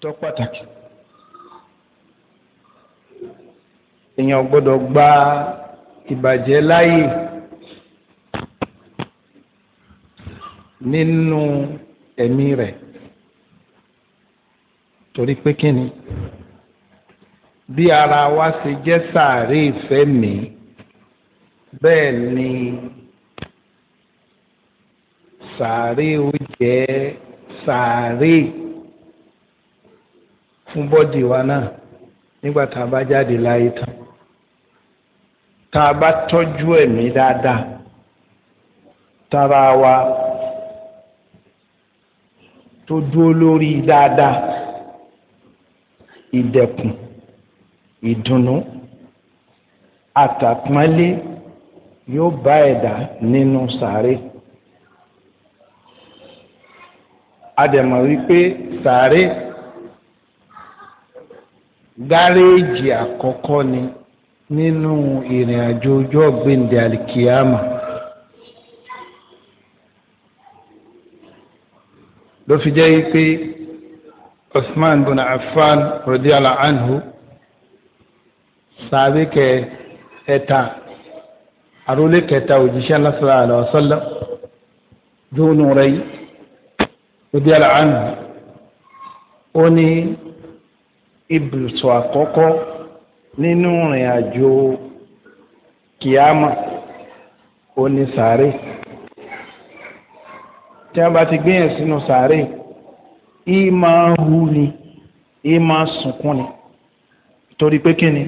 tó pàtàkì èèyàn gbọ́dọ̀ gba ìbàjẹ́ láàyè nínú ẹ̀mí rẹ̀ torí pé kí ni bí ara wa ṣe jẹ́ sàárè ìfẹ́ mi bẹ́ẹ̀ ni sàárè ó jẹ́ sàárè fún bọ́dì wa náà nígbà tá a bá jáde láyé tán tá a bá tọ́jú ẹ̀mí dáadáa tára wa tó dúró lórí dáadáa ìdẹ̀kùn ìdùnnú àtàpọ́nlé yóò bá ẹ̀dá nínú sàárè. a dẹ̀ mọ̀ wípé sàárè gáréèjì àkọ́kọ́ ni nínú ìrìn àjò ojú ọ̀gbìndì alikiyama ló fi jẹ́ pé Usman bin Affan radiyallahu anhu sàbí kẹ ẹ̀ta àrólé kẹta òjíṣẹ́ lásìlá àlọ́sọ́lá jóun rẹ̀ radiyallahu anhu ó ní ibùsọ̀ àkọ́kọ́ nínú ìrìn àjò kìámà òní sàárè tí a bá ti gbéyàn sínú sàárè yìí máa hu ni yìí máa sunkún ni torí pé kí ni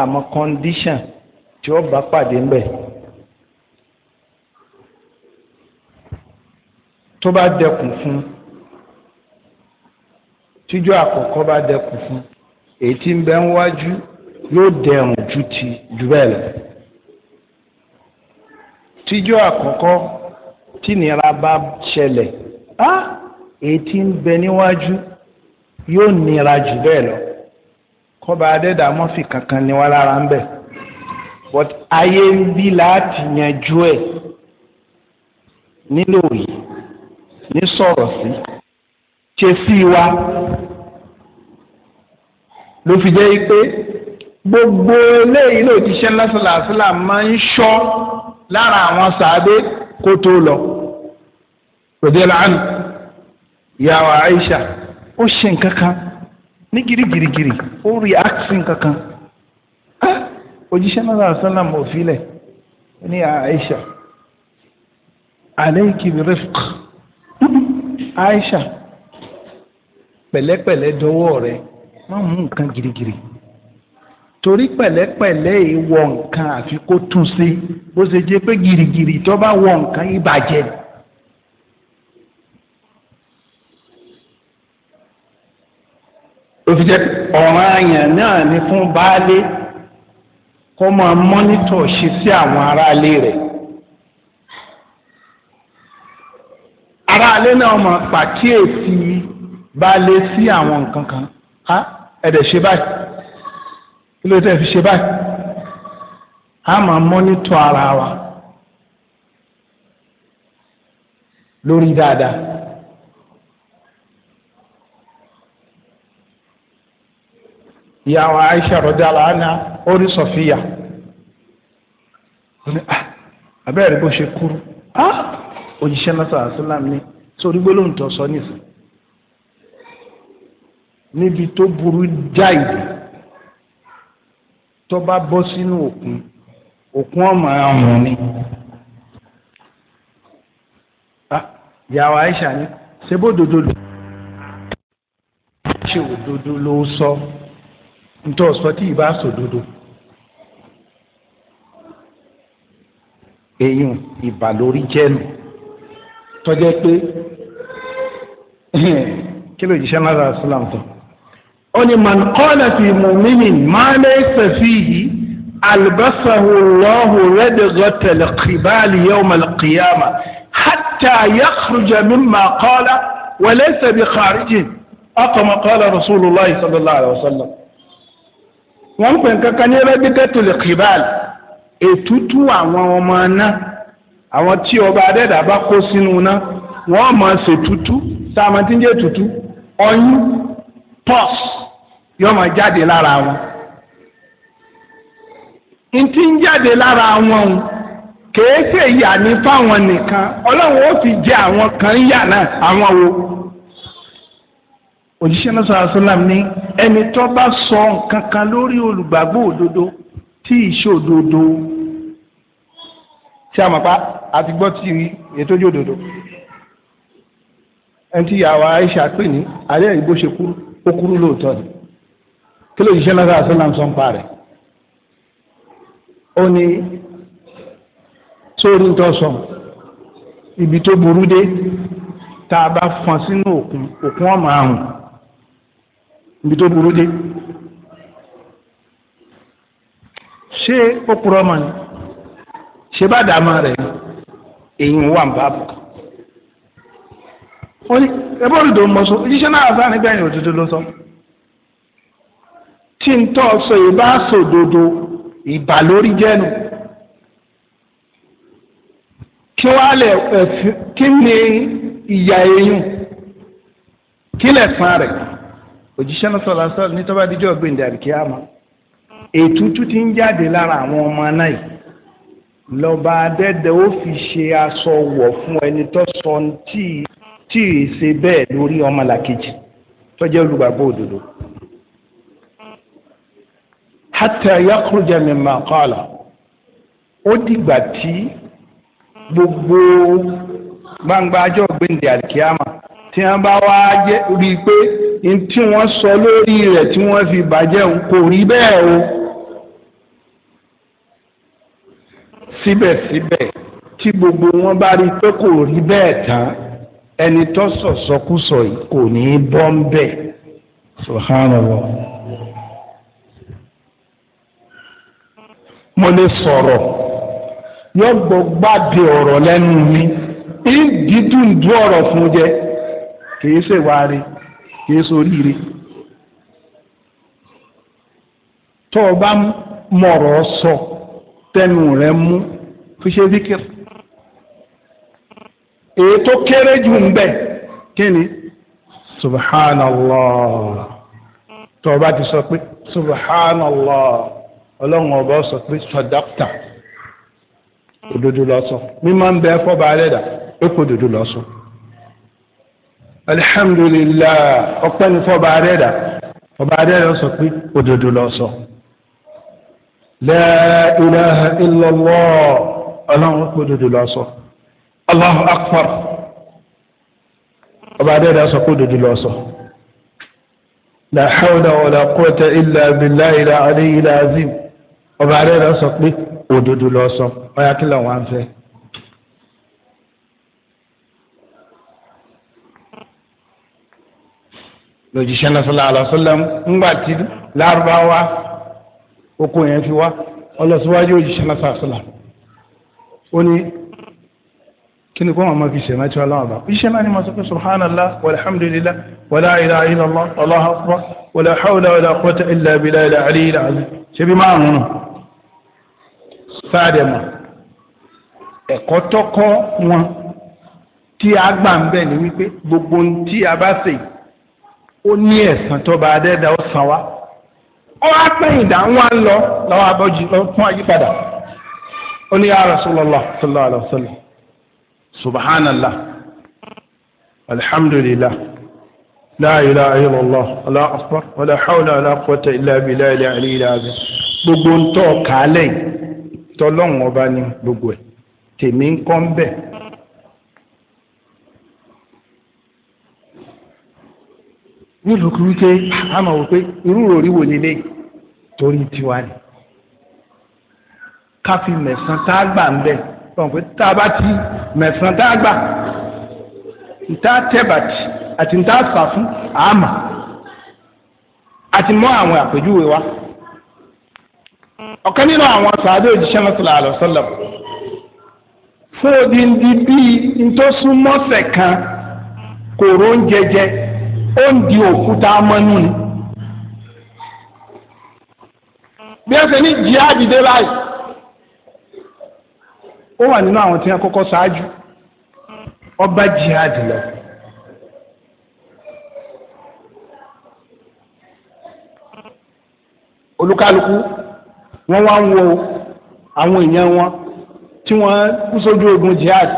àmọ́ kọ́ndíṣàn tí ó bá pàdé ń bẹ̀. tó bá dẹkùn fún un tíjọ́ àkọ́kọ́ bá dẹkùn fún èyí tí ń bẹ ń wájú yóò dẹrùn ju ti jù bẹ́ẹ̀ lọ tíjọ́ àkọ́kọ́ tí nira bá ṣẹlẹ̀ á èyí tí ń bẹ níwájú yóò nira jù bẹ́ẹ̀ lọ kọ́ba adẹ́dàmọ́fì kankan ni wá lára ń bẹ but ayé ń bí láti yanjú ẹ̀ nílò yìí ní sọ̀rọ̀ sí. Si ṣe sí wa ló fi jẹ́ pé gbogbo eléyìí ló ti ṣe lásìlàsílà máa ń ṣọ́ lára àwọn sàádé kó tó lọ rọ̀díẹ́lá àná ìyàwó Aisha ó ṣe nǹkan kan ní girigirigiri ó rí àkìsí nǹkan kan òjíṣẹ́ náà sálàm òfilẹ̀ ní Aisha alayki bi rifq Aisha pẹ̀lẹ́pẹ̀lẹ́ dọwọ́ rẹ má mú nǹkan girigiri torí pẹ̀lẹ́pẹ̀lẹ́ yìí wọ nǹkan àfi kó tún sí bó ṣe jẹ́ pé girigiri tó bá wọ nǹkan ìbàjẹ́. òfin jẹ́ ọ̀ràn àyàn náà ni fún baálé kó máa mọ́nítọ̀ ṣe sí àwọn aráalé rẹ̀. aráalé náà máa pàkíyèsí bá lé sí àwọn nǹkan kan á ẹ̀dẹ̀ ṣe báyìí kí ló dé fi ṣe báyìí á máa mọ́nítọ̀ ara wa lórí dáadáa. ìyàwó Aisha rọdàlá ana orí Sọfíà ó ní ah, abẹ́rẹ́ bó ṣe kúrú ah, òjíṣẹ́ náà sọ̀rọ̀ ni sórí gbólóhùn sọ níbi tó burú jáì tó bá bọ́ sínú òkun òkun ọmọ ọ̀hún ni. ìyàwó Aisha ni ṣé bó dodo lò ṣe òdodo ló sọ nítorí ọ̀sọ́ tí ì bá sòdodo. eyín ìbà lórí jẹ́nu tọ́jẹ́ pé kí ló jíṣẹ́ náírà sílám tán ó ní man qala fi mu'minin ma laysa fihi albasahu Allahu radghata al-qibali yawm al-qiyamah hatta yakhruja mimma qala wa laysa bi kharijin akama qala rasulillah sallallahu alayhi wa sallam. wọ́n pè kankan ní radghata al-qibal ètùtù àwọn ọmọ náà àwọn tí ọba adẹ́dàá bá kó sínú náà wọ́n máa ṣètùtù sáà máa ti ń jẹ́ ètùtù ọyún pọ́s yóò máa jáde lára wọn ntí ń jáde lára wọn o kèé ṣe ìyà ní fáwọn nìkan ọlọ́run ó fi jẹ àwọn kan yà náà àwọn wo òjíṣẹ́ náà sọ àṣọlám ní ẹni tó bá sọ nǹkan kan lórí olùgbàgbọ́ òdodo tí ìṣe òdodo tí a mọ̀ pa àti gbọ́ tí ètò ojú òdodo ẹni tí ìyàwó Aisha pè ní alẹ́ ìbò ṣe kúrú ó kúrú lóòótọ́ ni kí ló ṣiṣẹ́ náà sọ náà sọ ń pa rẹ̀ ó ní sórí ń tọ́ sọ ibi tó burú dé tá a bá fọn sínú òkun òkun ọmọ àrùn ibi tó burú dé ṣé ó purọ́ mọ́ ni ṣé bá dàá máa rẹ̀ èyí wà ń bá bọ̀ ó ní ẹbí olùdó mọ́ sọ òjíṣẹ́ náà sọ nígbà yẹn òdodo ló sọ tí ń tọ́ sọ ìbá sòdodo ìbà lórí jẹ́nu kí wàá lẹ̀ kí ni ìyà eyín kí lẹ̀ san rẹ̀ òjíṣẹ́ náà sọ̀rọ̀ sọ̀rọ̀ ní tó bá dijọ́ gbèǹdé àríkíyàmá ètùtù ti ń jáde lára àwọn ọmọ náà yìí lọ́ba adẹ́dẹ́ ó fi ṣe aṣọ wọ̀ fún ẹni tó sọ tí ì ṣe bẹ́ẹ̀ lórí ọmọlàkejì tó jẹ́ olùgbàgbọ́ òdodo hatta yakhruja mimma qala ó dìgbà tí gbogbo gbangba ajọ́ gbẹ̀ndẹ̀ àdìkíyàmà tí wọ́n bá wá rí i pé tí wọ́n sọ lórí rẹ̀ tí wọ́n fi bàjẹ́ òun kò rí bẹ́ẹ̀ o. síbẹ̀síbẹ̀ tí gbogbo wọn bá rí i pé kò rí bẹ́ẹ̀ tán ẹni tó sọ̀sọ́kùsọ yìí kò ní í bọ́ ń bẹ̀ subhanallah. mo lè sọ̀rọ̀ yọ gbọ́gbàdé ọ̀rọ̀ lẹ́nu mi ìdídùndú ọ̀rọ̀ fún jẹ kìí ṣèwárí kìí ṣoríire tó o bá mọ̀rọ̀ sọ tẹnu rẹ mú fi ṣe díkìr èyí tó kéré jù ń bẹ kí ni ti sọ pé subhanallah. ọlọ́run ọba sọ pé sọdápítà òdodo lọ sọ mímọ́ ń bẹ fọ́ba alẹ́dà pé kò òdodo lọ sọ. alihamudulilayi ọpẹ́ ní fọ́ba alẹ́dà ọba alẹ́dà sọ pé òdodo lọ sọ. la ọlọ́run kò òdodo lọ sọ. allahu ọba alẹ́dà sọ pé òdodo lọ لا حول ولا قوة إلا بالله العلي العظيم ọba rẹ lọ sọ pé òdodo lọ sọ ọyà kí lọ wọn fẹ. lójúṣẹ́ náà sọlá àlọ́sọ́lá ńgbà tí lárúbáwá oko yẹn fi wá ọlọ́síwájú òjúṣẹ́ náà sàṣọlá ó ní kí ni kó wọn máa fi ṣe mẹ́tí ọlọ́wọ́ bá iṣẹ́ náà ni mo sọ pé subhanallah walhamdulillah wala ilaha illallah allahu akbar wala hawla wala quwwata illa billahi al-ali al-azim ṣe bí márùn-ún. sáàdẹ̀ mọ̀ ẹ̀kọ́ tọ́kọ́ wọn tí a gbà ń bẹ̀ gbogbo ohun tí a bá ṣe ó ní ẹ̀san tó bá ó san wá ó wá pẹ́yìn dá wọn lọ lọ́wọ́ abọ́jú fún àyípadà ó ní sallallahu alaihi subhanallah alhamdulillah la ilaha illallah wala hawla wala gbogbo tọlọ́run ọba ni gbogbo ẹ̀ tèmi ń kọ́ ń bẹ̀. nílùú kí a máa wò pé irú òrí wò nílé torí tiwa ni ká fi mẹ̀sán tá a gbà ń bẹ̀ tọ̀ pé tá a bá ti mẹ̀sán tá a gbà ntá tẹ́bàtì àti ntá sàfún àmà àti mọ́ àwọn àpèjúwe wa ọ̀kan nínú àwọn sàádé òjíṣẹ́ mọ́sálà àlọ́sọ́lọ̀ fóòdì ndí bíi ntòsúnmọ́sẹ̀ kan kòró ń jẹjẹ ó ń di òkúta mọ́nú ni. bí ẹsẹ̀ ní jihadi dé báyìí ó wà nínú àwọn tí wọ́n kọ́kọ́ ṣáájú ọba jihadi lọ. olúkálùkù wọ́n wá ń wo àwọn èèyàn wọn tí wọ́n kú sójú ogun jihad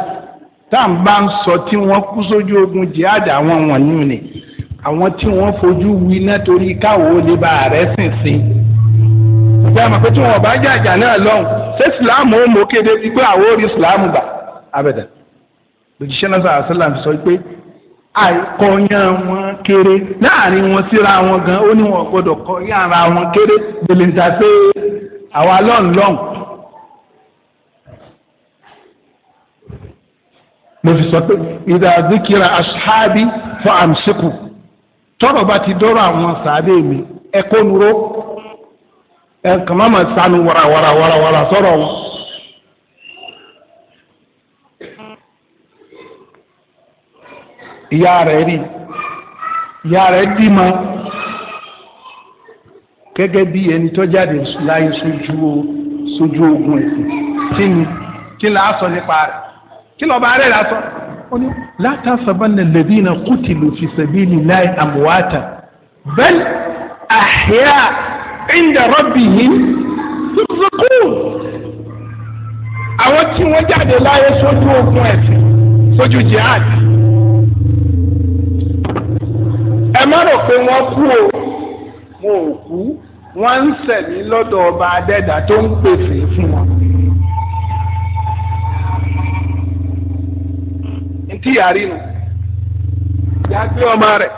tá à ń bá ń sọ tí wọ́n kú sójú ogun jihad àwọn wọ̀nyí ni àwọn tí wọ́n fojú wí náà torí káwọ́ ó lè ba ààrẹ sìn sí i. ìgbà àmọ̀ pé tí wọ́n bá jàjà náà lọ́hùn ṣé ìsìláàmù ó mọ̀ kéde wípé àwọn orí ìsìláàmù gbà abẹ́dẹ̀ lójúṣẹ́ náà sàrà sílám sọ pé àìkọyán wọn kéré láàrin wọn síra wọn gan ó ní wọn gbọdọ̀ kọyán ara wọn kéré gbèlè ń ta pé àwa lọ́nlọ́n mo fi sọ pé ìdàdíkìrà aṣáábí fún àmsíkù tọrọ bá ti dọrọ àwọn sàádé mi ẹ kó nuró ẹ kàn má ma sanu wàràwàràwàrà sọ̀rọ̀ wọn. ìyá rẹ̀ rí ìyá rẹ̀ dì máa gẹ́gẹ́ bí ẹni tó jáde láyé sójú ogun ẹ̀sìn kí ni kí la sọ nípa rẹ̀ kí lọ́ba rẹ̀ la sọ. ó ní látàsàbánà lẹ́dínà kùtìlù fi sẹ́bílì láì àmúwátà bẹ́ẹ̀ àhíyá ìndà rọ́bìhìn tuntun àwọn tí wọ́n jáde láyé sójú ogun ẹ̀sìn sójú jihad ẹ má rò pé wọ́n kú o wọn ò kú wọ́n ń sẹ̀mí lọ́dọ̀ ọba adẹ́dà tó ń pèsè fún wọn. ntí yàrá inú yà gbé ọmọ rẹ̀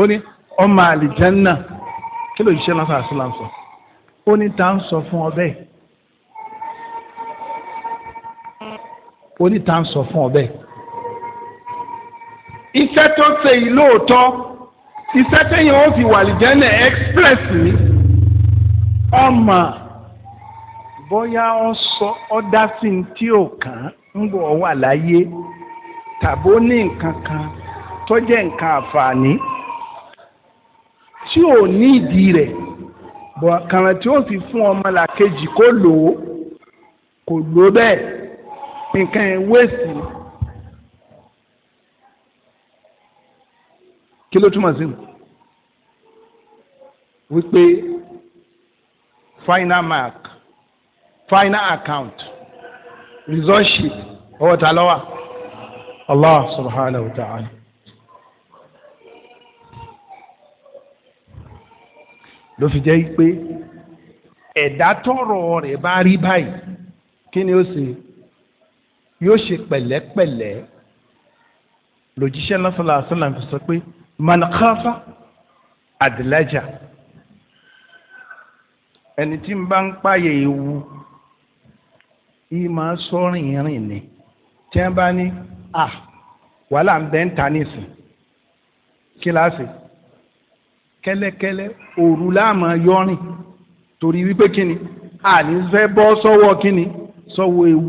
ó ní ọmọ àlìjánná kí ló ṣiṣẹ́ lọ́sàn àṣìlá ń sọ ó ní ta ń sọ fún ọ bẹ́ẹ̀ ó ní ta ń sọ fún ọ bẹ́ẹ̀ iṣẹ́ tó ṣe yìí lóòótọ́ iṣẹ́ tẹ́yìn ó fi wà express mi. ọmọ bóyá ọ sọ ọ dá sí ní ò kàn ń ní nǹkan kan tó jẹ́ nǹkan àǹfààní tí ò ní ìdí rẹ̀ bọ̀ kàrà tí ó fún ọmọ làkejì kó lò ó kò lò bẹ́ẹ̀ nǹkan final mark final account result sheet ọwọ́ ta lọ́wọ́ Allah subhanahu wa ta'ala. ló fi jẹ́ pé ẹ̀dá tọrọ rẹ̀ bá rí báyìí kí ni ó ṣe yóò ṣe pẹ̀lẹ́pẹ̀lẹ́ lòjíṣẹ́ náà sallallahu alaihi wasallam fi sọ pé man khafa adlaja. ẹni tí ń bá ń páyà ewu yìí máa sọ́rìn rìn ni tí wọ́n bá ní à wàhálà ń bẹ́ ń ta nísìn kíláàsì kẹ́lẹ́kẹ́lẹ́ òru láàmú yọrìn torí wípé kíni àní fẹ́ bọ́ sọ́wọ́ kíni sọ́wọ́ ewu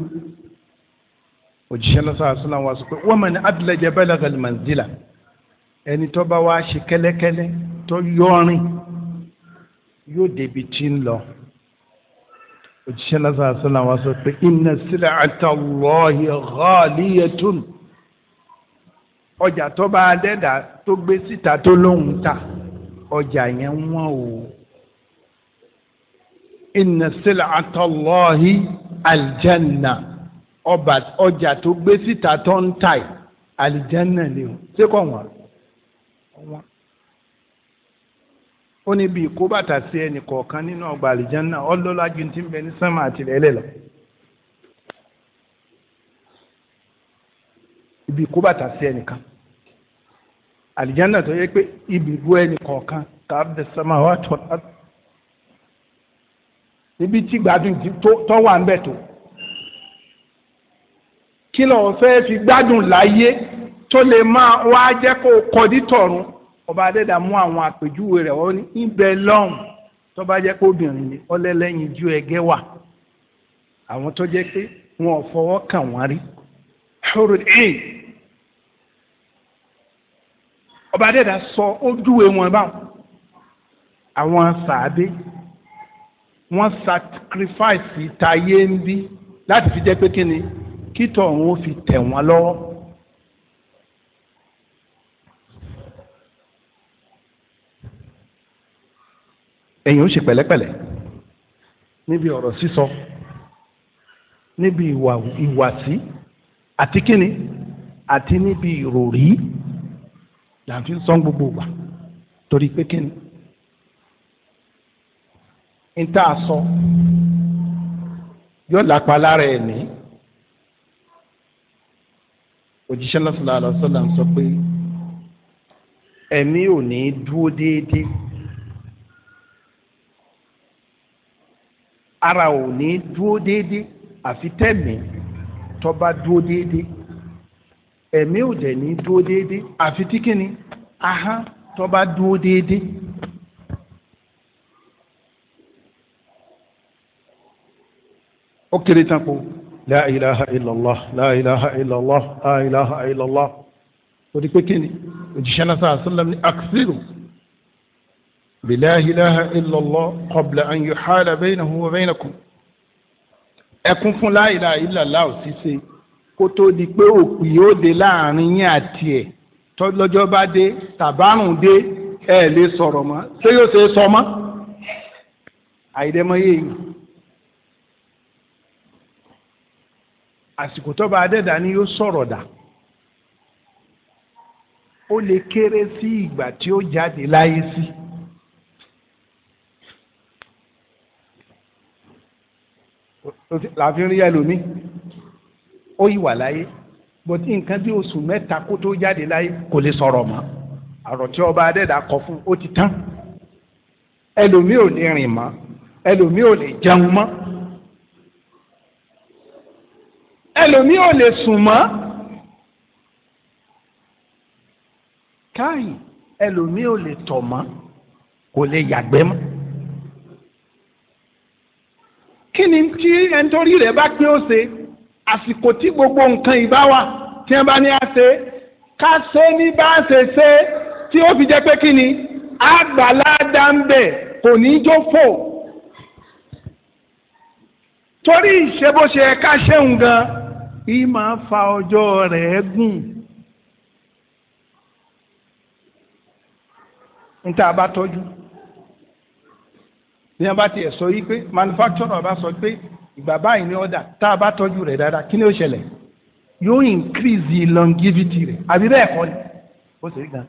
òjíṣẹ́ lọ́sọ̀ àṣìlá wa sọ pé wọ́n mọ̀ ní abdulayi jẹ́ bẹ́ẹ̀ lọ́sọ̀ ní ẹni tó bá yóò débi tí ń lọ òjíṣẹ́ lásán àṣọlá wa sọ pé inna sil'ata Allahi ghaliyatun ọjà tó bá dẹ́dà tó gbé síta tó lóhùn ta ọjà yẹn wọ́n o inna sil'ata Allahi aljanna ọba ọjà tó gbé síta tó ń ta yìí aljanna ni o ṣé kò wọ́n ó ní bí kó bàtà sí ẹnì kọ̀ọ̀kan nínú ọgbà àlìjánná ọlọ́lá ju ti ń bẹ ní sánmà àtìlẹ́ ẹlẹ́ lọ. ibi kó bàtà sí ẹnìkan àlìjánná tó yẹ pé ibi bú ẹnì kọ̀ọ̀kan káàbẹ̀ sánmà wà tọ́ ibi tí gbádùn tó wà ń bẹ̀ tó kí lọ́wọ́ fẹ́ fi gbádùn láyé tó lè máa wá jẹ́ kó kọ́ dítọ̀run ọba adẹ́dà mú àwọn àpèjúwe rẹ̀ wọ́n ní ibẹ̀ lọ́hùn tó bá jẹ́ pé obìnrin ni ọlẹ́lẹ́yin ju ẹgẹ́ wà àwọn tó jẹ́ pé wọn ò fọwọ́ kàn wọ́n rí hurul ain ọba adẹ́dà sọ ó wọn báwọn àwọn sàádé wọ́n sacrifice ìtayé ń bí láti fi jẹ́ pé kí ni kí tọ̀hún ó fi tẹ̀ wọ́n lọ́wọ́. ẹ̀yin ó ṣe pẹ̀lẹ́pẹ̀lẹ́ níbi ọ̀rọ̀ sísọ níbi ìwà ìwàsí àti kíni àti níbi ìròrí là ń fi sọ gbogbo wa torí pé kíni ń tá a sọ yóò lápá lára ẹ̀ ní òjíṣẹ́ náà sallallahu alaihi wasallam sọ pé ẹ̀mí ò ní dúró déédéé. ara ò ní dúró déédéé àfi tẹ̀mí tó bá dúró déédéé ẹ̀mí ò dẹ̀ ní dúró déédéé àfi tí kìíní ahán tó bá dúró déédéé. ó kéré tán kó la ilaha illallah la ilaha illallah la ilaha pé kìíní òjíṣẹ́ náà sọ àṣọ lẹ́mí àkísírò bila ilaha illallah qabla an yuhala baynahu wa baynakum ẹkún fún la ilaha illallah òṣìṣẹ́ kó tó di pé òpin yóò dé láàrin yín àti ẹ̀ tọ́lọ́jọ́ bá dé tàbárùn dé ẹ̀ lè sọ̀rọ̀ mọ́ ṣé yóò ṣe sọ mọ́ àìdẹ́mọ́yé yìí àsìkò tọ́ba adẹ́dà ni yóò sọ̀rọ̀ dà ó lè kéré sí ìgbà tí ó jáde láyé sí. Si làfi ń rí ẹlòmíì ó yìí wà láyé bọ̀tí nǹkan bí oṣù mẹ́ta kó tó jáde láyé kò lè sọ̀rọ̀ mọ́ àrọ̀ tí ọba adẹ́dà kọ fún ó ti tán ẹlòmíì ò ní rìn mọ́ ẹlòmíì ò lè jẹun mọ́ ẹlòmíì ò lè sùn mọ́ káyì ẹlòmíì ò lè tọ̀ mọ́ kò lè yàgbẹ́ mọ́. ni tí ẹni tó rí rẹ̀ bá pé ó ṣe àsìkò tí gbogbo nǹkan ìbá wà tí wọ́n bá ní á ṣe ká ṣe ní bá ṣe ṣe tí ó fi jẹ́ pé kí ni àgbàládá ń bẹ̀ kò ní í jófò torí ìṣe bó ṣe ká ṣéun gan yìí máa fa ọjọ́ rẹ̀ gùn. níta bá tọ́jú ní a bá tiẹ̀ sọ yí pé manufacturer bá sọ pé ìgbà báyìí ní ọ̀dà tá a bá tọ́jú rẹ̀ dáadáa kí ni ó ṣẹlẹ̀ yóò increase the longevity rẹ̀ àbí bẹ́ẹ̀ kọ́ ni ó sì rí gan.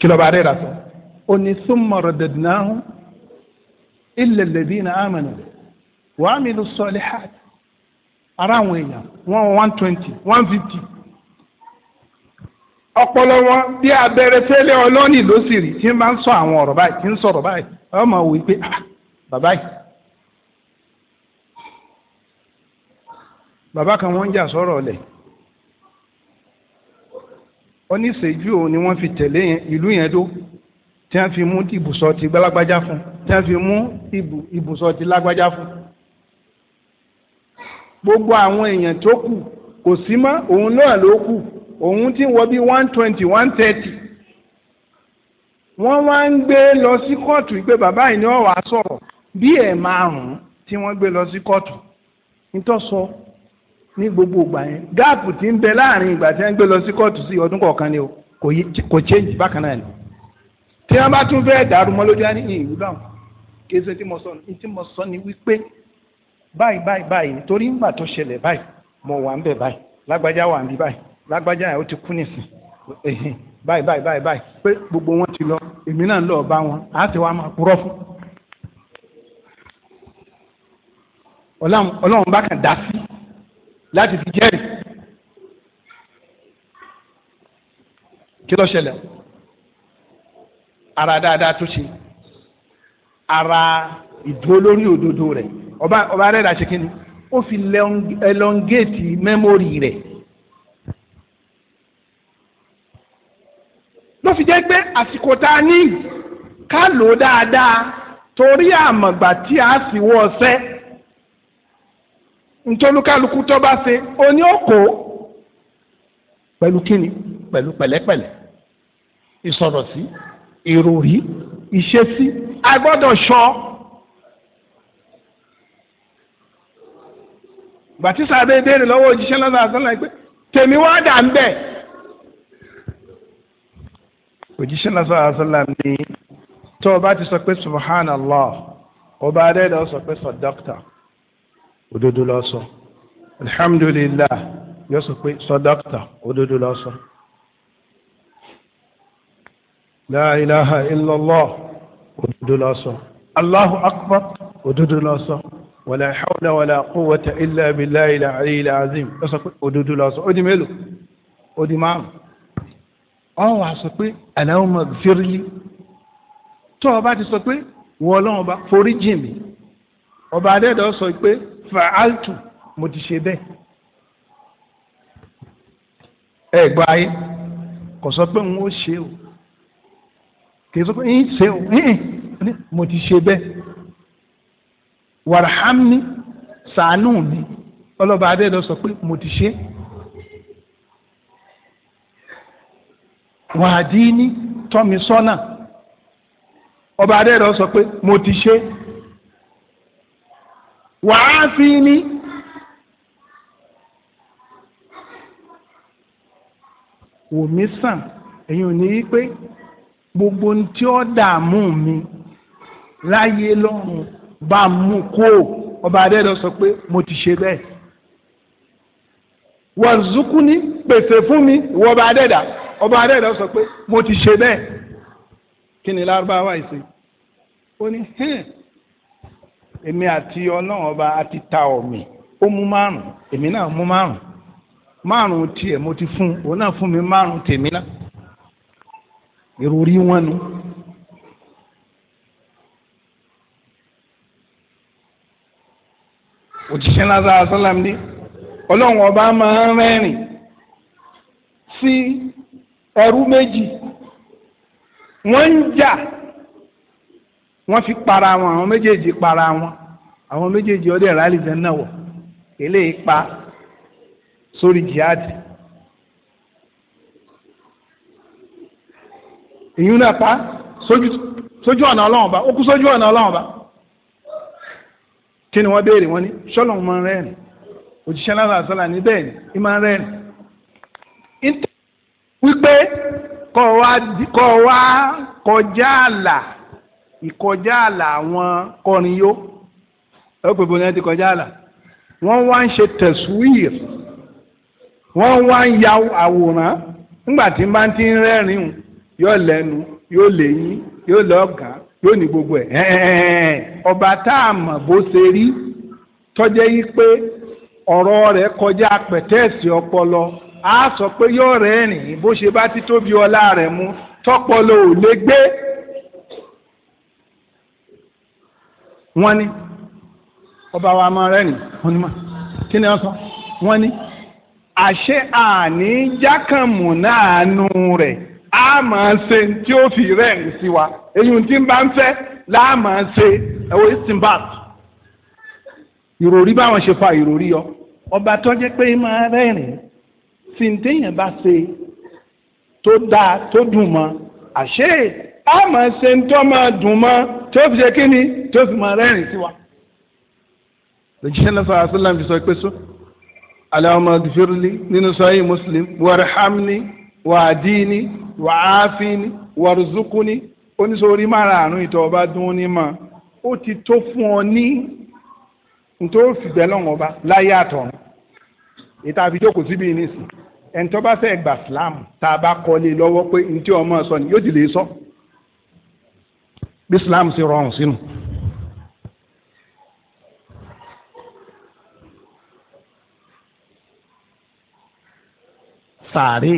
kí ló bá rí ra sọ ó ní summa radadnahu illa alladhina amanu wa amilu salihat ara àwọn èèyàn one one twenty one fifty ọpọlọ wọn bí abẹ́rẹ́ fẹ́lẹ́ ọlọ́ọ̀nì ló sì rí tí ń bá ń sọ àwọn ọ̀rọ̀ báyìí tí ń sọ̀rọ̀ báyìí ọmọ wò pé ah, bàbá yìí bàbá kan wọ́n ń jà sọ̀rọ̀ ọ̀lẹ̀ oníṣèjú òun ni wọ́n fi tẹ̀lé ìlú yẹn dó tí wọ́n fi mú ibùsọ̀ ti gbalagbájá fún tí wọ́n fi mú ibùsọ̀ ti lágbájá fún gbogbo àwọn èèyàn tó kù kò sí mọ́ òun náà ló kù òun ti wọ bí one twenty one thirty wọ́n wá ń gbé lọ sí kóòtù pé bàbá yìí ni wọ́n wàá sọ̀rọ̀ bí ẹ̀ márùn-ún tí wọ́n gbé lọ sí kóòtù nítòsọ ní gbogbo ìgbà yẹn gáàpù ti ń bẹ láàrin ìgbà tí wọ́n gbé lọ sí kóòtù sí ọdún kọ̀ọ̀kan ni o kò change bákan náà ni tí wọ́n bá tún fẹ́ dàrú mọ́ lójú á ìlú báwọn kí tí mo sọ ní tí mo sọ ni wípé báyìí báyìí báyìí torí ńgbà tó ṣẹlẹ̀ báyìí mo wà ń bẹ̀ báyìí lágbájá wà ń bí báyìí lágbájá yẹn ó ti kú nìsín báyìí báyìí báyìí báyìí pé gbogbo wọn ti lọ èmi náà lọ bá wọn á sì wá máa purọ́ fún. ọlọ́run bá kàn dá sí láti fi jẹ́rìí. kí ló ṣẹlẹ̀ ara dáadáa tó ṣe ara ìdúró lórí òdodo rẹ̀ ọba ọba rẹ̀ dà ṣe kí ni ó fi elongate mẹ́mórì rẹ̀ tó fi jẹ́ pé àsìkò tá a ní ká lò ó dáadáa torí àmọ̀gbà tí a sì wọ́ ọsẹ́ ntolúkálukú tó bá ṣe oní òkò pẹ̀lú kíni pẹ̀lú pẹ̀lẹ́pẹ̀lẹ́ ìsọ̀rọ̀ sí ìròrí ìṣesí a gbọ́dọ̀ ṣọ́ gbàtí sàbẹ̀ béèrè lọ́wọ́ òjíṣẹ́ lọ́sàásán láìpẹ́ tèmi wá dà ń bẹ̀ òjíṣẹ́ náà sọ̀rọ̀ àṣàlám ní tó o bá ti sọ pé subhanallah ọba adẹ́dẹ́ ọ sọ pé sọ dọ́kítà òdodo lọ sọ alhamdulillah yọ sọ pé sọ dọ́kítà òdodo lọ sọ. la ilaha illallah òdodo lọ sọ allahu akbar òdodo lọ sọ wàlá hawla wàlá quwwata illa billahi ilà azim yọ sọ pé òdodo lọ sọ ó di mélòó ó di márùn ọ wà sọ pé Allahumma gfirli tó o bá ti sọ pé wọ Ọlọ́run bá forí jìn mí ọba adẹ́dọ̀ sọ pé fa'altu mo ti ṣe bẹ́ẹ̀ ẹ gbọ́ ayé kò sọ pé n ó ṣe o kì í sọ pé ń ṣe o mo ti ṣe bẹ́ẹ̀ warhamni sàánù mi ọlọ́ba adẹ́dọ̀ sọ pé mo ti ṣe wàdíní tọ́mi sọ́nà ọba adéèrè sọ pé mo ti ṣe wàá fi ní. wò mí sàn ẹ̀yin ò ní rí pé gbogbo ohun tí ó dààmú mi láyé lọ́run bá mú kó ọba adéèrè sọ pé mo ti ṣe bẹ́ẹ̀ wọ̀n zukú ní pèsè fún mi wọ́n bá dẹ́dà ọba adẹ́rẹ́ sọ pé mo ti ṣe bẹ́ẹ̀ kí ni lárúbáwá ìṣe ó ní èmi àti ọlọ́run ọba a ti ta ọ̀mì ó mú márùn èmi náà mú márùn márùn tiẹ̀ mo ti fún òun náà fún mi márùn tèmi náà èrò rí wọn nu. òjíṣẹ́ náà sáà ọlọ́run ọba máa ń rẹ́rìn sí. Si, ẹrú méjì wọ́n ń jà wọ́n fi para wọn àwọn méjèèjì para wọn àwọn méjèèjì ọdẹ ìrálìjẹ náà wọ̀ eléyìí pa sórí jihadi èyí náà pa sójú ọ̀nà ọlọ́run ọba ó kú sójú ọ̀nà ọlọ́run ọba kí ni wọ́n béèrè wọ́n ní sọ́lọ́n máa ń rẹ́rìn òjíṣẹ́ lásán àṣálà ní bẹ́ẹ̀ ni í máa ń rẹ́rìn wípé kọwa wa kọ́ kọjá àlà kọrin ti kọjá àlà wọ́n wá ń ṣe tẹ̀síwìr wọ́n wá ń ya àwòrán nígbà tí bá ti ń rẹ́rìn yóò lẹnu yóò lẹ́yìn yóò yóò ní gbogbo ọba tá a mọ̀ bó ṣe rí yí pé ọ̀rọ̀ rẹ̀ kọjá pẹ̀tẹ́ẹ̀sì ọpọlọ a sọ pé yóò rẹ́rìn bó ṣe bá ti tóbi ọlá rẹ̀ mu tọpọlọ ò lè gbé wọ́n ní ọba wa máa rẹ́rìn wọ́n ní mà kí ni wọ́n sọ wọ́n ní àṣẹ àní jákàmù náànú rẹ̀ a máa ṣe tí ó fi rẹ́rìn sí wa èyí tí ń bá ń fẹ́ láà máa ṣe ẹ̀wọ̀ istinbat ìròrí báwọn ṣe fa ìròrí yọ ọba tó jẹ́ pé máa rẹ́rìn tí n téèyàn bá ṣe tó dáa tó dùn mọ́ àṣé a máa ṣe ń tọ́ máa dùn mọ́ tó fi ṣe kí ni tó fi máa rẹ́rìn sí wa. lójúṣẹ́ náà sọ àṣìlá sọ pé sọ aláwọ̀mọ̀ gífúrúlì nínú sọ́yìn muslim wàrhamni wàdíni wàáfíni wàrúzúkúni oníṣòrí márààrún ìtọ̀ ọba dún ní mọ́ ó ti tó fún ọ ní nítorí fìgbẹ́ lọ́wọ́ ọba láyé àtọ̀run ìta àfijọ́ kò síbi ìnísìn ẹni tó bá fẹ́ gbà sílámù tá a bá kọ́lé lọ́wọ́ pé ní tí ọmọ sọ ni yóò ti lè sọ bí sílámù sì rọrùn sínú. sàárè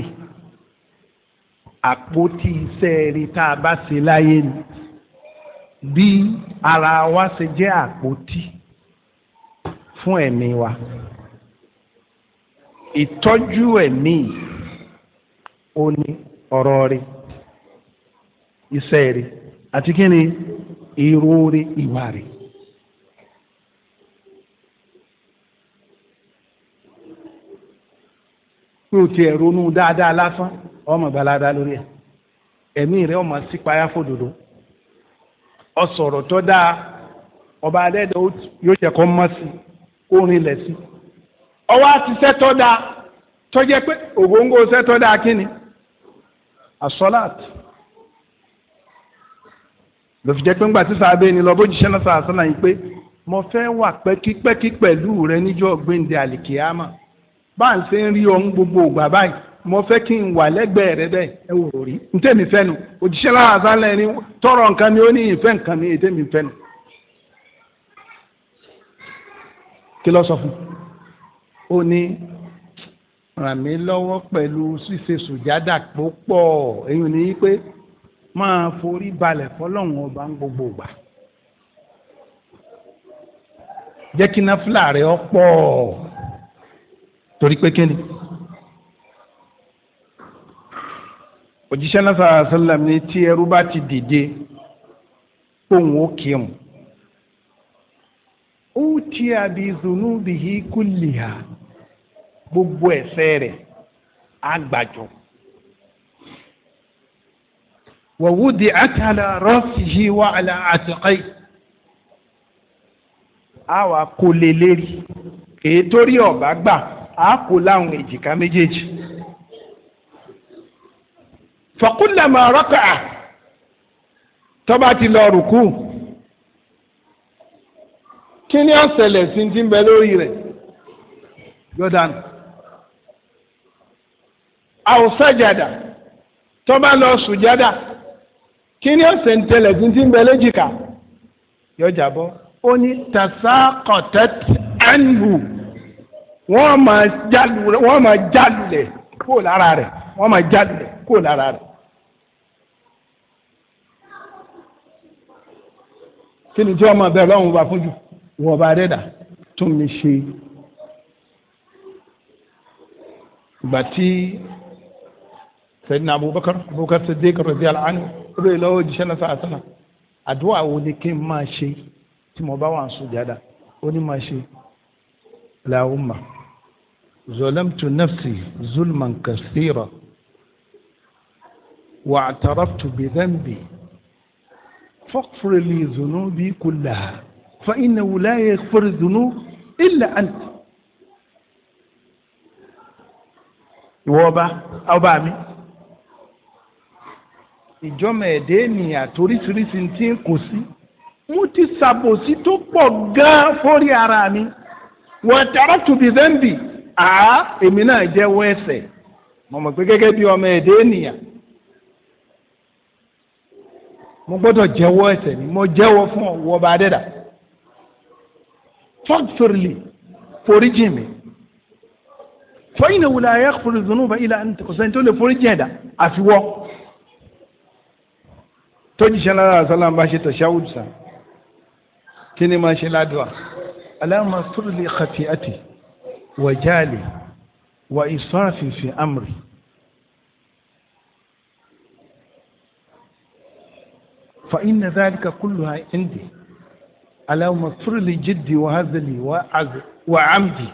àpótí iṣẹ́ tá a bá ṣe láyé ni bí ara wa ṣe jẹ́ àpótí fún ẹ̀mí wa. ìtọ́jú ẹ̀mí ó ní ọ̀rọ̀ rí iṣẹ́ rí àti kí ni irú rí ìwà rí. pé o tiẹ̀ ronú dáadáa lásán ọmọ gbalada lórí ẹ̀ ẹ̀mí rẹ̀ ọmọ sípayá fòdòdó ọ sọ̀rọ̀ tọ́ dáa ọba adẹ́dọ̀ yóò jẹ́ kó mọ́ sí kó rinlẹ̀ sí i. ọwọ́ àtisẹ́ tó dáa tó pé ògóńgó sẹ́ tó kíni kí ni fi jẹ́ pé ńgbà tí ni jíṣẹ́ náà sàásánà yìí mo fẹ́ wà pẹ́kípẹ́kí pẹ̀lú rẹ níjọ́ gbẹ̀ǹdẹ̀ bá ń ń rí gbogbo ògbà báyìí mo fẹ́ kí n wà lẹ́gbẹ̀ẹ́ rẹ bẹ́ẹ̀ ẹ wò rí ntẹ́mi fẹ́ nu òjíṣẹ́ náà tọrọ nǹkan mi ó ní ìfẹ́ nǹkan mi kí ló sọ ó ní ràn mí lọ́wọ́ pẹ̀lú ṣíṣe sùjádà púpọ̀ èyí ni pé máa forí balẹ̀ fọlọ́run ọba ń gbogbo gbà jẹ́ kí náfìlà rẹ̀ ọ pọ̀ torí pé kíni. òjíṣẹ́ náà sàlám ní tí ẹrú bá ti dìde òun ó kí mu ó ti àbí zunubihi kulliha. gbogbo ẹ̀ṣẹ̀ rẹ̀ àgbàjọ. wọ̀wúdi àtàlà rọ́ọ̀sì wa àlà àtìkẹ́ àwa kò lè lérí èyí torí ọ̀bá gbà á kò láwọn èjìká méjèèjì. fọ̀kúnlẹ̀mọ̀ rọ́kà tọ́ba ti lọ rùkú kí ni ọ̀sẹ̀lẹ̀ sí ti ń bẹ lórí rẹ̀ yọ̀dánù àwòsàjàdà tó bá lọ sùjádà kí ni ọ̀sẹ̀ ń tẹ̀lẹ̀ tí ń bẹ léjìká yọjà bọ́ ó ní tasaqatat anhu wọ́n máa jálulẹ̀ wọ́n máa jálulẹ̀ kó lára rẹ̀ wọ́n máa jálulẹ̀ kó lára rẹ̀. kí tí wọ́n máa bẹ̀rẹ̀ lọ́wọ́ bá fún jù wọ́n bá rẹ́dà tún mi ṣe ìgbà tí سيدنا أبو بكر أبو بكر الصديق رضي الله عنه أبي لو جشنا ساعتنا أدواء ونكي ماشي تموبا وان سجادة وني ماشي لا أمة ظلمت نفسي ظلما كثيرا واعترفت بذنبي فاغفر لي ذنوبي كلها فإنه لا يغفر الذنوب إلا أنت وبا إيوه أو بامي ìjọmọ ẹdẹ ènìyàn toríṣiríṣi tí ń kò sí mo ti ṣàbòsí tó pọ̀ gan fórí ara mi wọ́n tẹ́rọ tùbí bẹ́ńbì à èmi náà jẹ́wọ́ ẹ̀ṣẹ̀ mo mọ̀ pé gẹ́gẹ́ bí ọmọ ẹdẹ ènìyàn mo gbọ́dọ̀ jẹ́wọ́ ẹ̀ṣẹ̀ mi mo jẹ́wọ́ fún ọwọ́ bá dẹ́dà tọ́kítọ́rìlì foríjì mi fọyín ìwòlá ayé kúrò ìdùnnú bá ilà ẹni ní tó lè foríjì ẹ̀dá àfiwọ́. tójíṣẹ́ lára àṣálà bá ṣe tashahud sa kí ni máa ṣe ládùá aláàmà sùrùlé khati'ati wà jáàlì wà ìsọ́àfì fi amri. fa indi فإن ذلك jiddi wa hazali wa لي wa وهزلي وعمدي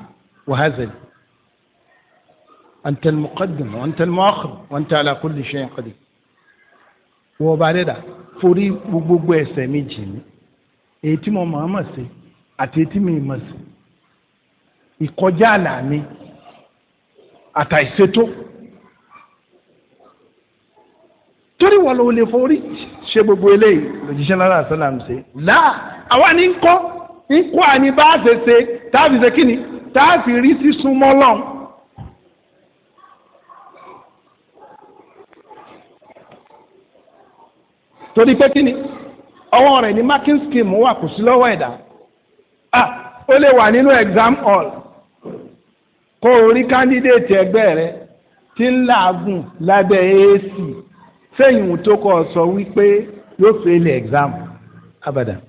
وهزلي أنت المقدم وأنت المؤخر وأنت على كل شيء قدير wọ́n ọba dẹ́dà forí gbogbo ẹ̀ṣẹ̀ mi jì mí èyí tí mo mọ̀ ọ́n mọ̀ sí àti èyí tí mi mọ̀ sí ìkọjá àlà mi àtàìṣètò torí wọn ló lè forí ṣe gbogbo eléyìí lòjíṣẹ́ lára àṣàlám ṣe láà àwa ní ń kọ́ ń kọ́ àní bá a ṣe ṣe tá a fi ṣe kíni tá a fi rí sísun mọ́ lọ́hùn. torí pé kí ni ọwọ́ rẹ̀ ní marking scheme wà kò sí lọ́wọ́ ẹ̀dá ah ó lè wà nínú exam hall kó o rí egbe ẹgbẹ́ rẹ tí ń làágùn lábẹ́ ac sẹ́yìn tó kọ́ ọ sọ wípé yóò fail exam abadan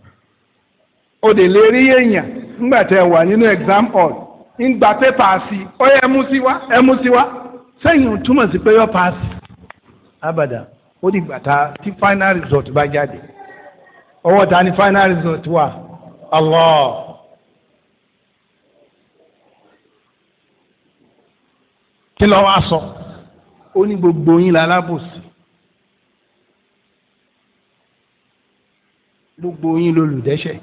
o lè lè rí èèyàn ńgbà tẹ́ wà nínú exam hall ń gba pépà sí emusiwa ó yẹ ẹmú sí wa ẹmú sí wa sẹ́yìn túmọ̀ sí pé ó dìgbà tá tí final result bá jáde ọwọ́ ta ni final result wà Allah. kí ló wá sọ ó ní gbogbo yín la lábòsí gbogbo yín lolùdẹ́ṣẹ̀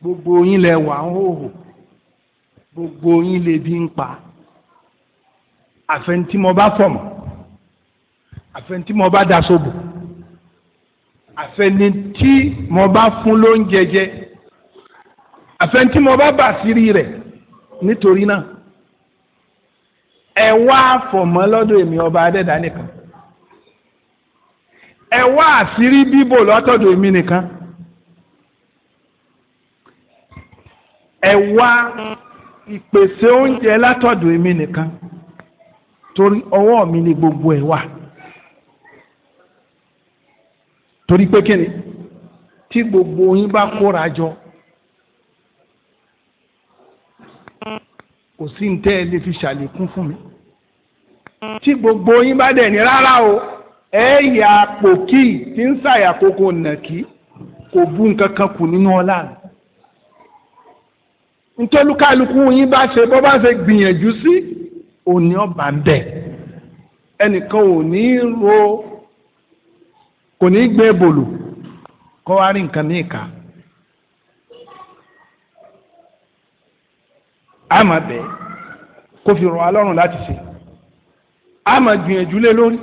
gbogbo yín lẹ wà ń hòhò gbogbo yín lè bí ń pa àfẹnitímọ̀ bá fọ̀ mọ́ àfẹnití mo bá da sóbò àfẹnití mo bá fún lóúnjẹ jẹ àfẹnití mo bá bà sírí rẹ̀ nítorí náà ẹ wá fọmọ lọ́dọ̀ èmi ọba adẹ́dá nìkan ẹ wá àṣírí bíbò lọ́tọ̀dọ̀ èmi nìkan ẹ wá ìpèsè oúnjẹ látọ̀dọ̀ èmi nìkan torí ọwọ́ mi ni gbogbo ẹ̀ wà. torí pé kíni tí gbogbo yín bá kóra jọ kò sí ntẹ́ ẹ lè fi ṣàlékún fún mi tí gbogbo yín bá dẹ̀ ní rárá o ẹ yà pò kí tí ń ṣàyà kókó nà kí kò bú nǹkan kan kù nínú ọlá rẹ ntọ́lúkálukú yín bá ṣe bọ́ bá ṣe gbìyànjú sí òní ọba ń bẹ̀ ẹnìkan ò ní ro kò ní í gbé bòlù kó wá rí nǹkan ní ìka. a máa bẹ̀ kó fi rọ̀ alọ́run láti ṣe a máa gbìyànjú lé lórí.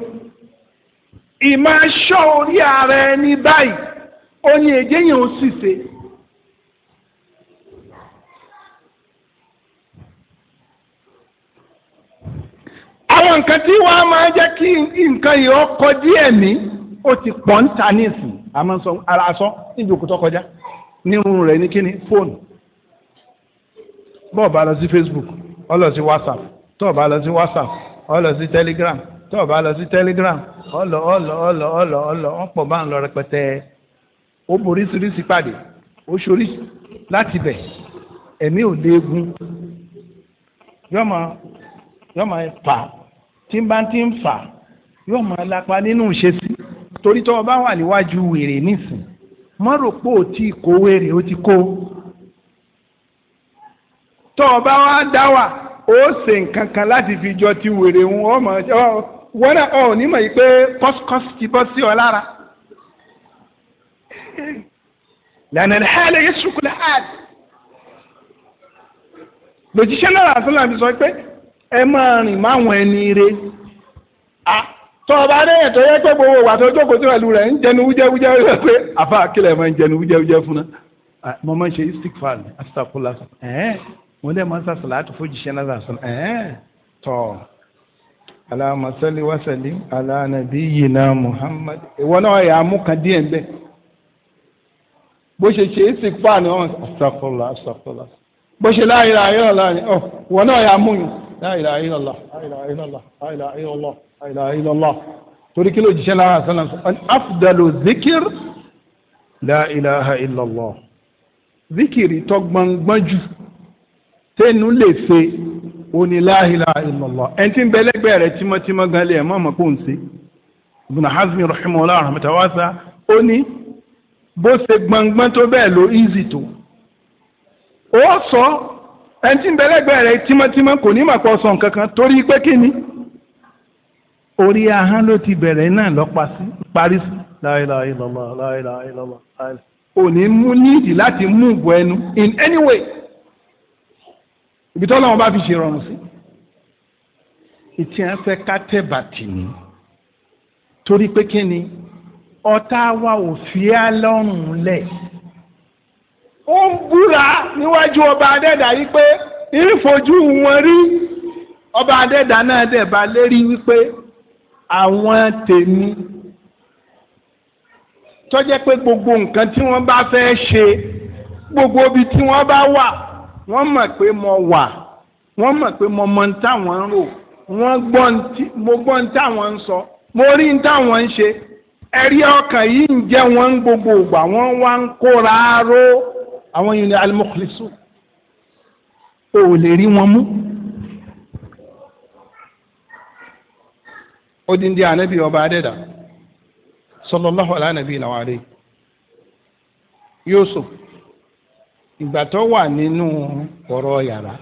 ìmọ̀ aṣọ orí ara ẹni báyìí ó ní èjé yẹn ó sì ṣe. àwọn nǹkan tí wọ́n á máa jẹ́ kí nǹkan yìí ó kọjú ẹ̀mí. ó ti pọ̀ ń ta ní ìsìn àmọ́ sọ ara aṣọ níbi òkútọ́ kọjá nírun rẹ̀ ní kíni fóònù bọ́ọ̀ bá lọ sí Facebook ọ lọ sí WhatsApp tọ́ọ̀ bá lọ sí WhatsApp ọ lọ sí Telegram tọ́ọ̀ bá lọ sí Telegram ọ lọ ọ lọ ọ lọ ọ lọ ọ lọ ọ pọ̀ bá ń lọ rẹpẹtẹ ó boríṣiríṣi pàdé ó ṣorí láti bẹ̀ ẹ̀mí ò léegun yọ́mọ yọ́mọ fà tí n bá ti ń fà yọ́mọ lápá nínú ìṣesí torí tó o bá wà níwájú wèrè nísìn mọ́ rò pé o ti kó wèrè o ti kó tó o bá wá dá wà ó ṣe nǹkan kan láti fi jọ ti wèrè ń ọ mọ̀ ọ wọ́n náà ọ ò yìí pé kọ́síkọ́sí ti bọ́ sí ọ lára. lànà ìhàlẹ̀ yẹn sùkúlẹ̀ hàlẹ̀ lòjíṣẹ́ náà àtúnlá mi sọ pé ẹ máa rìn máwọn ẹni rẹ̀ tọ́ ọba adéyẹ̀ tó yẹ pé gbogbo wà tó jókòó sí pẹ̀lú rẹ̀ ń jẹnu wújẹ́wújẹ́ rẹ̀ pé àfa àkílẹ̀ máa ń jẹnu wújẹ́wújẹ́ fún náà. mo máa ń ṣe istik fan asitakola ẹ̀ẹ́n mo lè máa ń sàṣàlá àti fojìṣẹ́ náà sàn ẹ̀ẹ́n tọ́ aláàmà sẹ́lẹ̀ wá sẹ́lẹ̀ aláàbí yìí náà Muhammad ìwọ náà yà á mú kan díẹ̀ ń bẹ̀ bó ṣe ṣe istik fan ọ̀hún asitakola asitakola bó ṣe láyé ilaha illallah torí kí ló jíṣẹ́ lára sálàm sọ afdalu zikir la ilaha illallah zikiri tó gbọngbọn jù tẹnu lè ṣe òní la ilaha illallah ẹni tí ń bẹ lẹ́gbẹ̀ẹ́ rẹ̀ tímọ́tímọ́ gan lè mọ́ ọmọ kó ń ṣe ibùnà hazmi rahimahullah rahmatawasa ó ní bó ṣe gbọngbọn tó bẹ́ẹ̀ ló easy tó ó sọ ẹni tí ń bẹ lẹ́gbẹ̀ẹ́ rẹ̀ tímọ́tímọ́ kò ní mà pọ̀ sọ nǹkan kan torí pé kí ni. orí ahọ́n ló ti bẹ̀rẹ̀ náà lọ parí sí láìláà ìlọ́lá láìláà ìlọ́lá ò Òní mú níìdì láti mú ìbò ẹnu in any way ibi tọ́lọ́wọ́n bá fi ṣe rọrùn sí ìtì à ń fẹ́ ká tẹ̀bàtì ni torí pé kí ni ọ̀tá wa ò fi á lọ́rùn lẹ̀ ó ń búra níwájú ọba adẹ́dà yìí pé ìfojú wọn rí ọba adẹ́dà náà dẹ̀ bá lérí wípé. àwọn tèmi tọ́jẹ́ pé gbogbo nǹkan tí wọ́n bá fẹ́ ṣe gbogbo ibi tí wọ́n bá wà wọ́n mọ̀ pé mo wà wọ́n mọ̀ pé mo mọ̀ ń táwọn ń rò wọ́n gbọ́ mo gbọ́ ń táwọn ń sọ mo rí ń táwọn ń ṣe ẹ̀rí ọkàn yìí ń jẹ́ wọ́n ń gbogbo ìgbà wọ́n wá ń kóra ró àwọn yìí ní al-mukhlisun o ò lè rí wọn mú. odin di ń di ànábì ọba adẹ́dà sallallahu ala nabiyina wa alayhi Yusuf ìgbà tó wà nínú ọ̀rọ̀ yàrá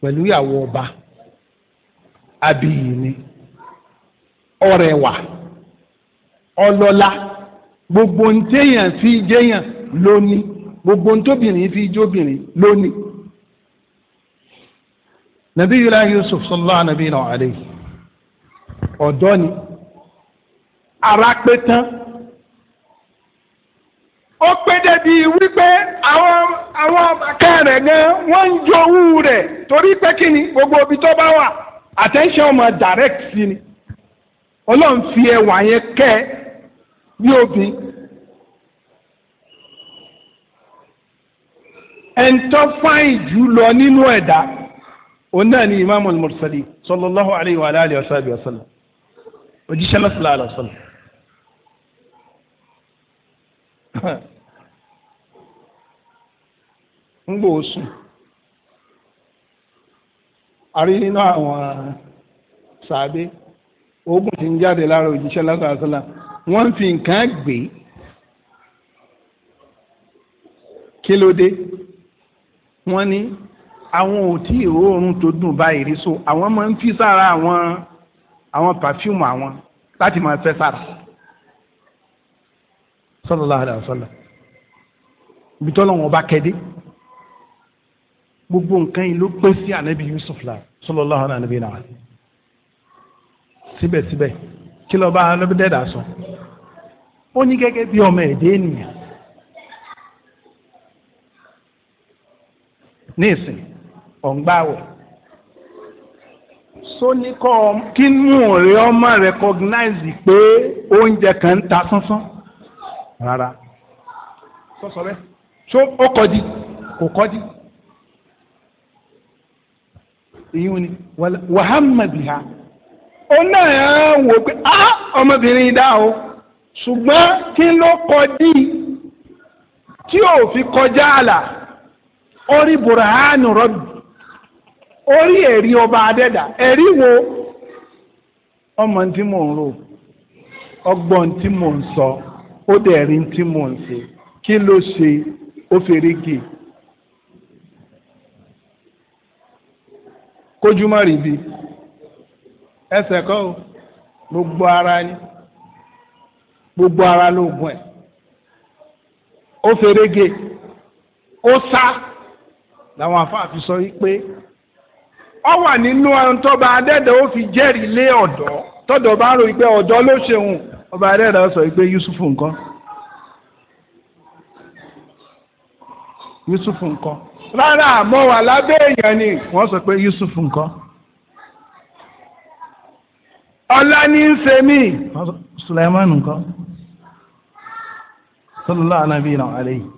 pẹ̀lú ìyàwó ọba abiyi ni ọrẹwà ọlọ́lá gbogbo ń téèyàn fi jẹ́yàn lónìí gbogbo ń tóbìnrin fi jóbìnrin lónìí. Nabiyullah Yusuf sallallahu nabiyina na alayhi. ọ̀dọ́ ni ara pé tán ó pé débi wípé àwọn àwọn bàkà rẹ̀ gan wọ́n ń jowú rẹ̀ torí pé kí ni gbogbo obi tó bá wà attention ọmọ direct sí ni ọlọ́run fi ẹwà yẹn kẹ́ ẹ ní obìnrin. ẹ̀ńtọ́ jù lọ nínú ẹ̀dá òun náà ni imaamu al-mursali sallallahu alayhi wa alihi wa sallam. òjíṣẹ́ lọ́sọ̀lá àlọ́sọ̀lá ń gbòó sùn àrí nínú àwọn sàbẹ oògùn tí ń jáde lára òjíṣẹ́ lọ́sọ̀lá àlọ́sọ̀lá wọ́n ń fi nǹkan gbé kí ló dé wọ́n ní àwọn ò tí ì òórùn tó dùn báyìí rí so àwọn máa ń fi sára àwọn àwọn pàfíùmù àwọn láti máa fẹ́ sára sallallahu alaihi wasallam ibi tọ́lọ́ wọn bá kẹ́dé gbogbo nǹkan yìí ló pé sí ànábì Yusuf la sallallahu alaihi wasallam síbẹ̀síbẹ̀ kí lọ́ba alábẹ́dẹ́dà sọ ó ní gẹ́gẹ́ bí ọmọ ẹ̀dẹ́ ènìyàn ní ìsìn ọ̀ǹgbàwẹ̀ sóníkọ́ kí mú rẹ ọmọ recognize pé oúnjẹ kan ń ta sánsán rárá sọsọ bẹ́ẹ̀ tó ó kọjí kò kọjí èyí ni wàhámàbíhá ó náà wò pé á ọmọbìnrin dá o ṣùgbọ́n kí ló kọjí tí ò fi kọjá àlà ó rí burhanu rọ́bì orí ẹ̀rí ọba adẹ́dà ẹ̀rí wo ọmọ tí mò ń rò ọgbọ́n tí mò ń sọ ó dẹ̀ rí tí mò ń ṣe kí ló ṣe ó fèrè gè kójúmọ́ rí bi ẹsẹ̀ kọ́ o gbogbo ara ni gbogbo ara lóògùn ẹ̀ ó fèrè gè ó sá làwọn àfáà fi yìí pé ọ wà nínú ohun tọ́ba adẹ́dẹ́ ó fi jẹ́rìí lé ọ̀dọ́ tọ́dọ̀ bá ń rò pé ọ̀dọ́ ló ṣeun ọba adẹ́dẹ́ sọ pé Yusuf ńkọ́ Yusufu ńkọ́ rárá àmọ́ wà lábẹ́ èèyàn ni wọ́n sọ pé Yusuf ńkọ́ ọlá ní í ṣe mí Sulaiman ńkọ́ sọlọ́lá anábì náà alẹ́ yìí